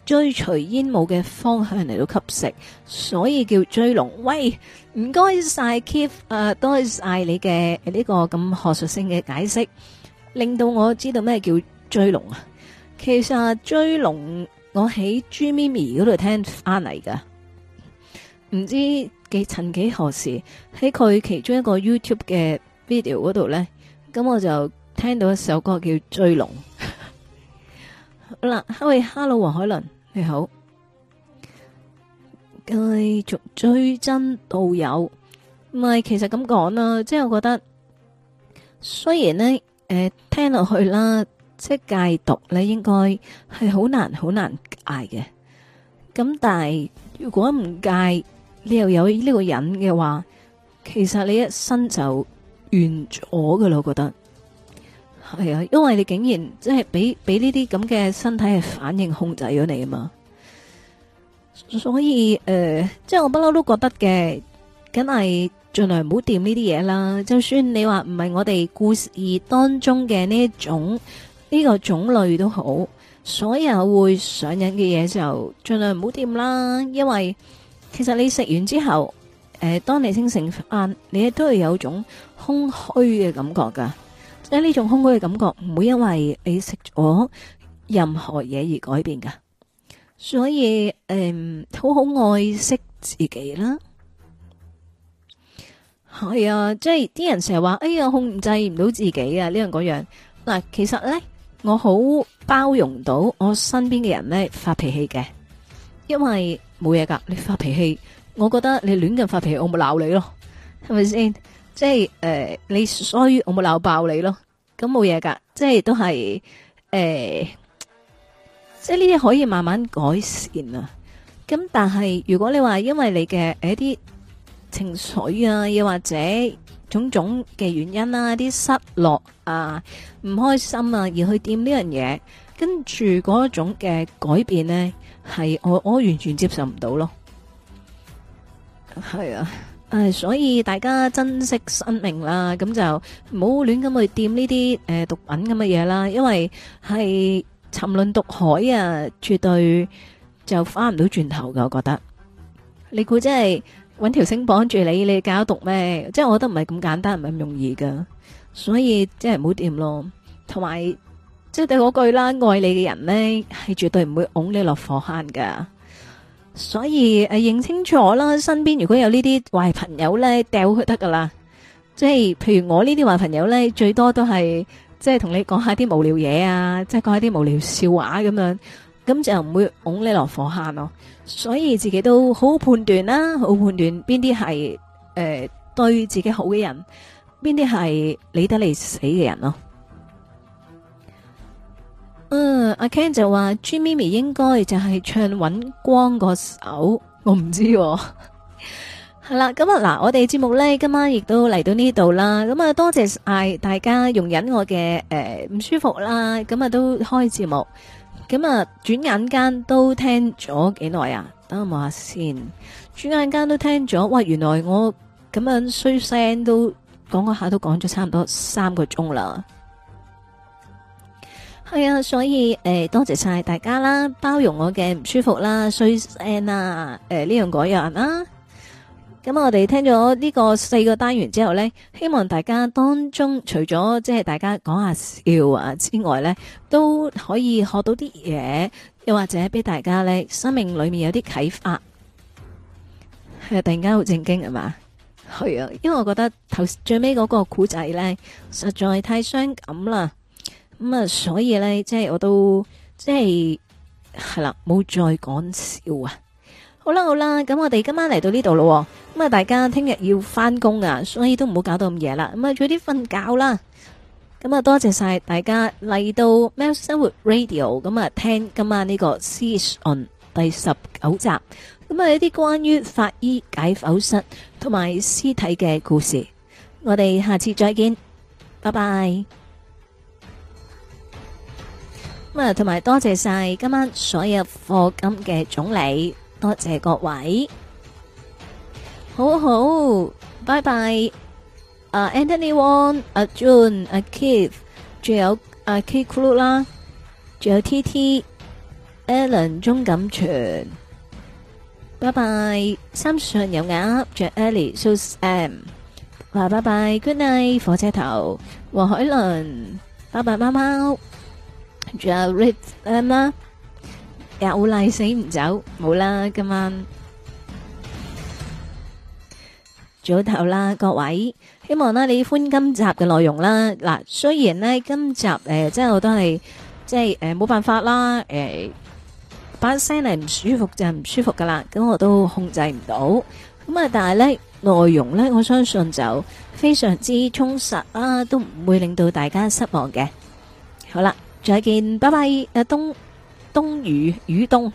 追隨煙霧嘅方向嚟到吸食，所以叫追龍。喂，唔該晒，Keep 誒，多謝晒你嘅呢個咁學術性嘅解釋，令到我知道咩叫追龍啊！其實追龍我喺朱咪咪嗰度聽翻嚟噶，唔知幾曾幾何時喺佢其中一個 YouTube 嘅 video 嗰度咧，咁我就聽到一首歌叫追龍。Hello，Hello，黃海倫，你好。繼續追真道友，唔係，其實咁講啦，即係我覺得，雖然呢，誒、呃，聽落去啦，即係戒毒咧，應該係好難，好難戒嘅。咁但係如果唔戒，你又有呢個人嘅話，其實你一生就完咗㗎喇，我覺得。係啊，因為你竟然即係俾俾呢啲咁嘅身體係反應控制咗你啊嘛，所以誒、呃，即係我不嬲都覺得嘅，梗係盡量唔好掂呢啲嘢啦。就算你話唔係我哋故事當中嘅呢種呢、呢個種類都好，所有會上癮嘅嘢就盡量唔好掂啦。因為其實你食完之後，誒、呃，當你清醒翻，你都係有種空虛嘅感覺噶。呢種空虛嘅感覺唔會因為你食咗任何嘢而改變噶，所以誒，好好愛惜自己啦。係啊，即係啲人成日話，哎呀，控制唔到自己啊，呢樣嗰樣。嗱，其實咧我好包容到我身邊嘅人咧發脾氣嘅，因為冇嘢噶，你發脾氣，我覺得你亂咁發脾氣，我咪鬧你咯，係咪先？即係誒、呃，你所以我冇鬧爆你咯，咁冇嘢噶，即係都係誒，即係呢啲可以慢慢改善啊。咁但係如果你話因為你嘅誒一啲情緒啊，又或者種種嘅原因啦、啊，啲失落啊、唔開心啊，而去掂呢樣嘢，跟住嗰種嘅改變呢，係我我完全接受唔到咯。係啊。呃、所以大家珍惜生命啦，咁就唔好亂咁去掂呢啲誒毒品咁嘅嘢啦，因為係沉淪毒海啊，絕對就翻唔到轉頭噶。我覺得你估真係搵條繩綁住你，你搞毒咩？即係我覺得唔係咁簡單，唔係咁容易噶。所以真係唔好掂咯。同埋即係對嗰句啦，愛你嘅人呢，係絕對唔會拱你落火坑噶。所以誒，認清楚啦。身邊如果有呢啲壞朋友咧，掉佢得噶啦。即係譬如我呢啲壞朋友咧，最多都係即係同你講下啲無聊嘢啊，即係講下啲無聊笑話咁樣，咁就唔會拱你落火坑咯。所以自己都好判斷啦，啊，好判斷邊啲係誒對自己好嘅人，邊啲係理得你死嘅人咯，啊。嗯，阿、uh, Ken 就話 Jimi 應該就係唱揾光個手，我唔知道。哦。係、 <laughs> <laughs> 嗯、啦，咁啊嗱，我哋節目呢，今晚亦都嚟到呢度啦。咁、嗯、啊，多謝晒大家容忍我嘅誒唔舒服啦。咁、嗯、啊，都開節目。咁、嗯、啊，轉眼間都聽咗幾耐啊？等我望下先。轉眼間都聽咗，喂，原來我咁樣衰聲都講下都講咗差唔多三個鐘啦。係啊、哎，所以誒、呃，多謝晒大家啦，包容我嘅唔舒服啦，衰聲啦，誒、呃、呢樣嗰樣啦。咁我哋聽咗呢個四個單元之後呢，希望大家當中除咗即係大家講下笑啊之外呢，都可以學到啲嘢，又或者俾大家呢，生命裏面有啲啟發。係啊，突然間好正經吖嘛？係啊，因為我覺得頭最尾嗰個古仔呢，實在太傷感啦。咁啊，所以咧，即係我都即係係啦，冇再講笑啊！好啦好啦，咁我哋今晚嚟到呢度咯，咁啊，大家聽日要翻工啊，所以都唔好搞到咁夜啦，咁啊，早啲瞓覺啦。咁啊，多謝晒大家嚟到喵式生活 Radio，咁啊，聽今晚呢個 Season 第十九集，咁啊，一啲關於法醫解剖室同埋屍體嘅故事。我哋下次再見，拜拜。咁啊，同埋多謝晒今晚所有課金嘅總理，多謝各位。好好，拜拜。啊、uh，Anthony Wong，啊，June，Kev 仲有阿、uh, Kikulu 啦，仲有 TT，Alan 鍾錦全，拜拜。三上有鴨，仲 Ellie，Sue M，話拜拜。Good night 火車頭，黃海倫，拜拜貓貓。貓貓仲有 r a 啦，又賴死唔走，冇啦，今晚早唞啦，各位，希望呢你歡今集嘅內容啦。嗱，雖然呢今集誒，即係我都係即係誒，冇辦法啦，誒、欸，把聲係唔舒服就唔舒服噶啦，咁我都控制唔到。咁啊，但係呢內容呢，我相信就非常之充實啦，都唔會令到大家失望嘅。好啦。再見，拜拜。阿、啊、冬冬雨雨冬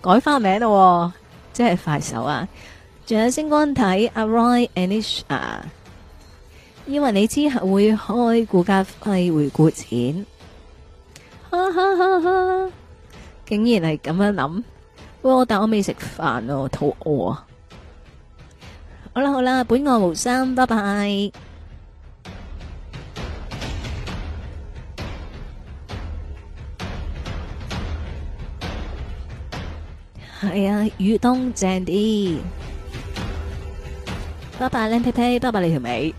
改翻名咯，哦，即係快手啊！仲有星光睇 a Ray Anisha，因為你之後會開股價費回顧錢，哈哈哈，哈！哈，竟然係咁樣諗，但係我未食飯哦，啊，我肚餓啊！好啦好啦，本惡無生，拜拜。係啊，雨東正啲。拜拜靚屁屁，拜拜你條尾。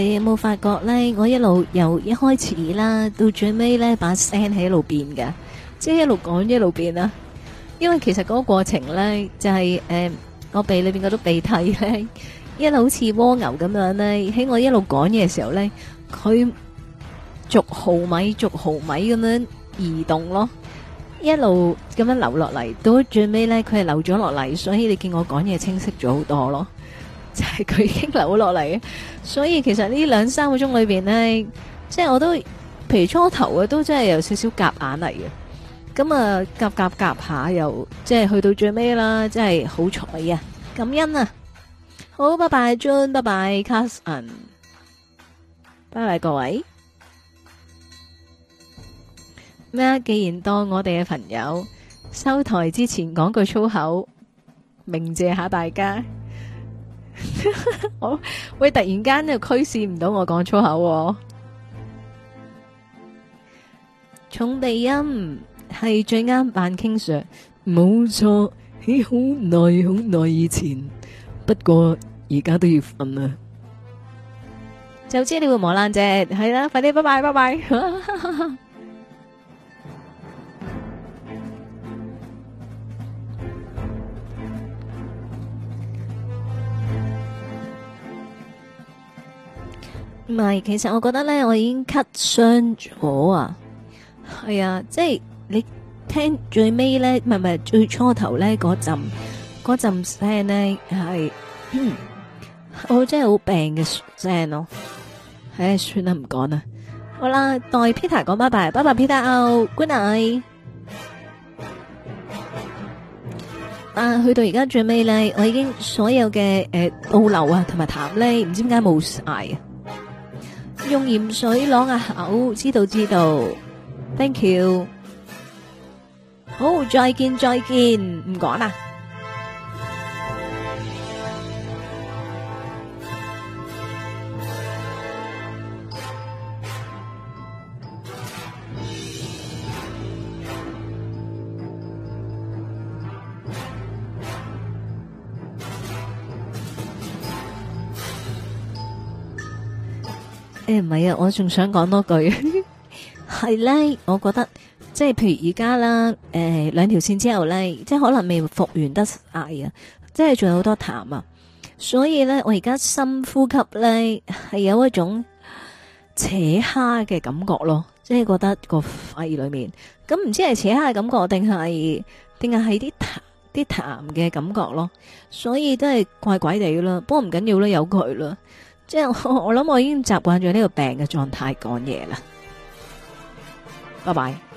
你有冇發覺呢？我一路由一開始啦，到最尾呢，把聲喺一路變嘅，即係一路講一路變啊！因為其實嗰個過程呢，就係、是、誒、呃，我鼻裏邊嗰啲鼻涕呢，一路好似蝸牛咁樣呢。喺我一路講嘢嘅時候呢，佢逐毫米、逐毫米咁樣移動咯，一路咁樣流落嚟，到最尾呢，佢係流咗落嚟，所以你見我講嘢清晰咗好多咯，就係、是、佢已經流咗落嚟。所以其實呢兩三個鐘裏邊呢，即係我都譬如初頭啊，都真係有少少夾硬嚟嘅。咁啊，夾夾夾下又，即係去到最尾啦，真係好彩啊！感恩啊！好，拜拜，John，拜拜，Casson，拜拜，各位。咩啊？既然當我哋嘅朋友，收台之前講句粗口，明謝一下大家。我 <laughs> 喂，突然間又驅使唔到我講粗口，重地音係最啱扮 King Sir，冇錯。喺好耐好耐以前，不過而家都要瞓啦，就知道你會磨爛隻，係啦、啊，快啲，拜拜，拜拜。 <laughs> 唔係，其實我覺得咧，我已經咳傷咗啊。係啊，即係你聽最尾咧，唔係唔係最初頭咧嗰陣嗰陣聲咧係，我真係好病嘅聲咯。唉，算啦，唔講啦。好啦，代 Peter 講，拜拜，拜拜 Peter，Good night。啊，去到而家最尾咧，我已經所有嘅誒，倒流啊，同埋痰咧，唔知點解冇晒啊。用鹽水朗啊，好，知道知道，Thank you，好，再見，再見，唔講啦。誒唔係啊，我仲想講多句，係咧，我覺得即係譬如而家啦，誒兩條線之後咧，即係可能未復原得晒啊，即係仲有好多痰啊，所以咧我而家深呼吸咧係有一種扯蝦嘅感覺咯，即係覺得個肺裏面，咁唔知係扯蝦嘅感覺定係定係喺啲痰啲痰嘅感覺咯，所以都係怪怪地啦，不過唔緊要啦，有佢啦。即係我，我諗我已經習慣咗呢個病嘅狀態講嘢啦。拜拜。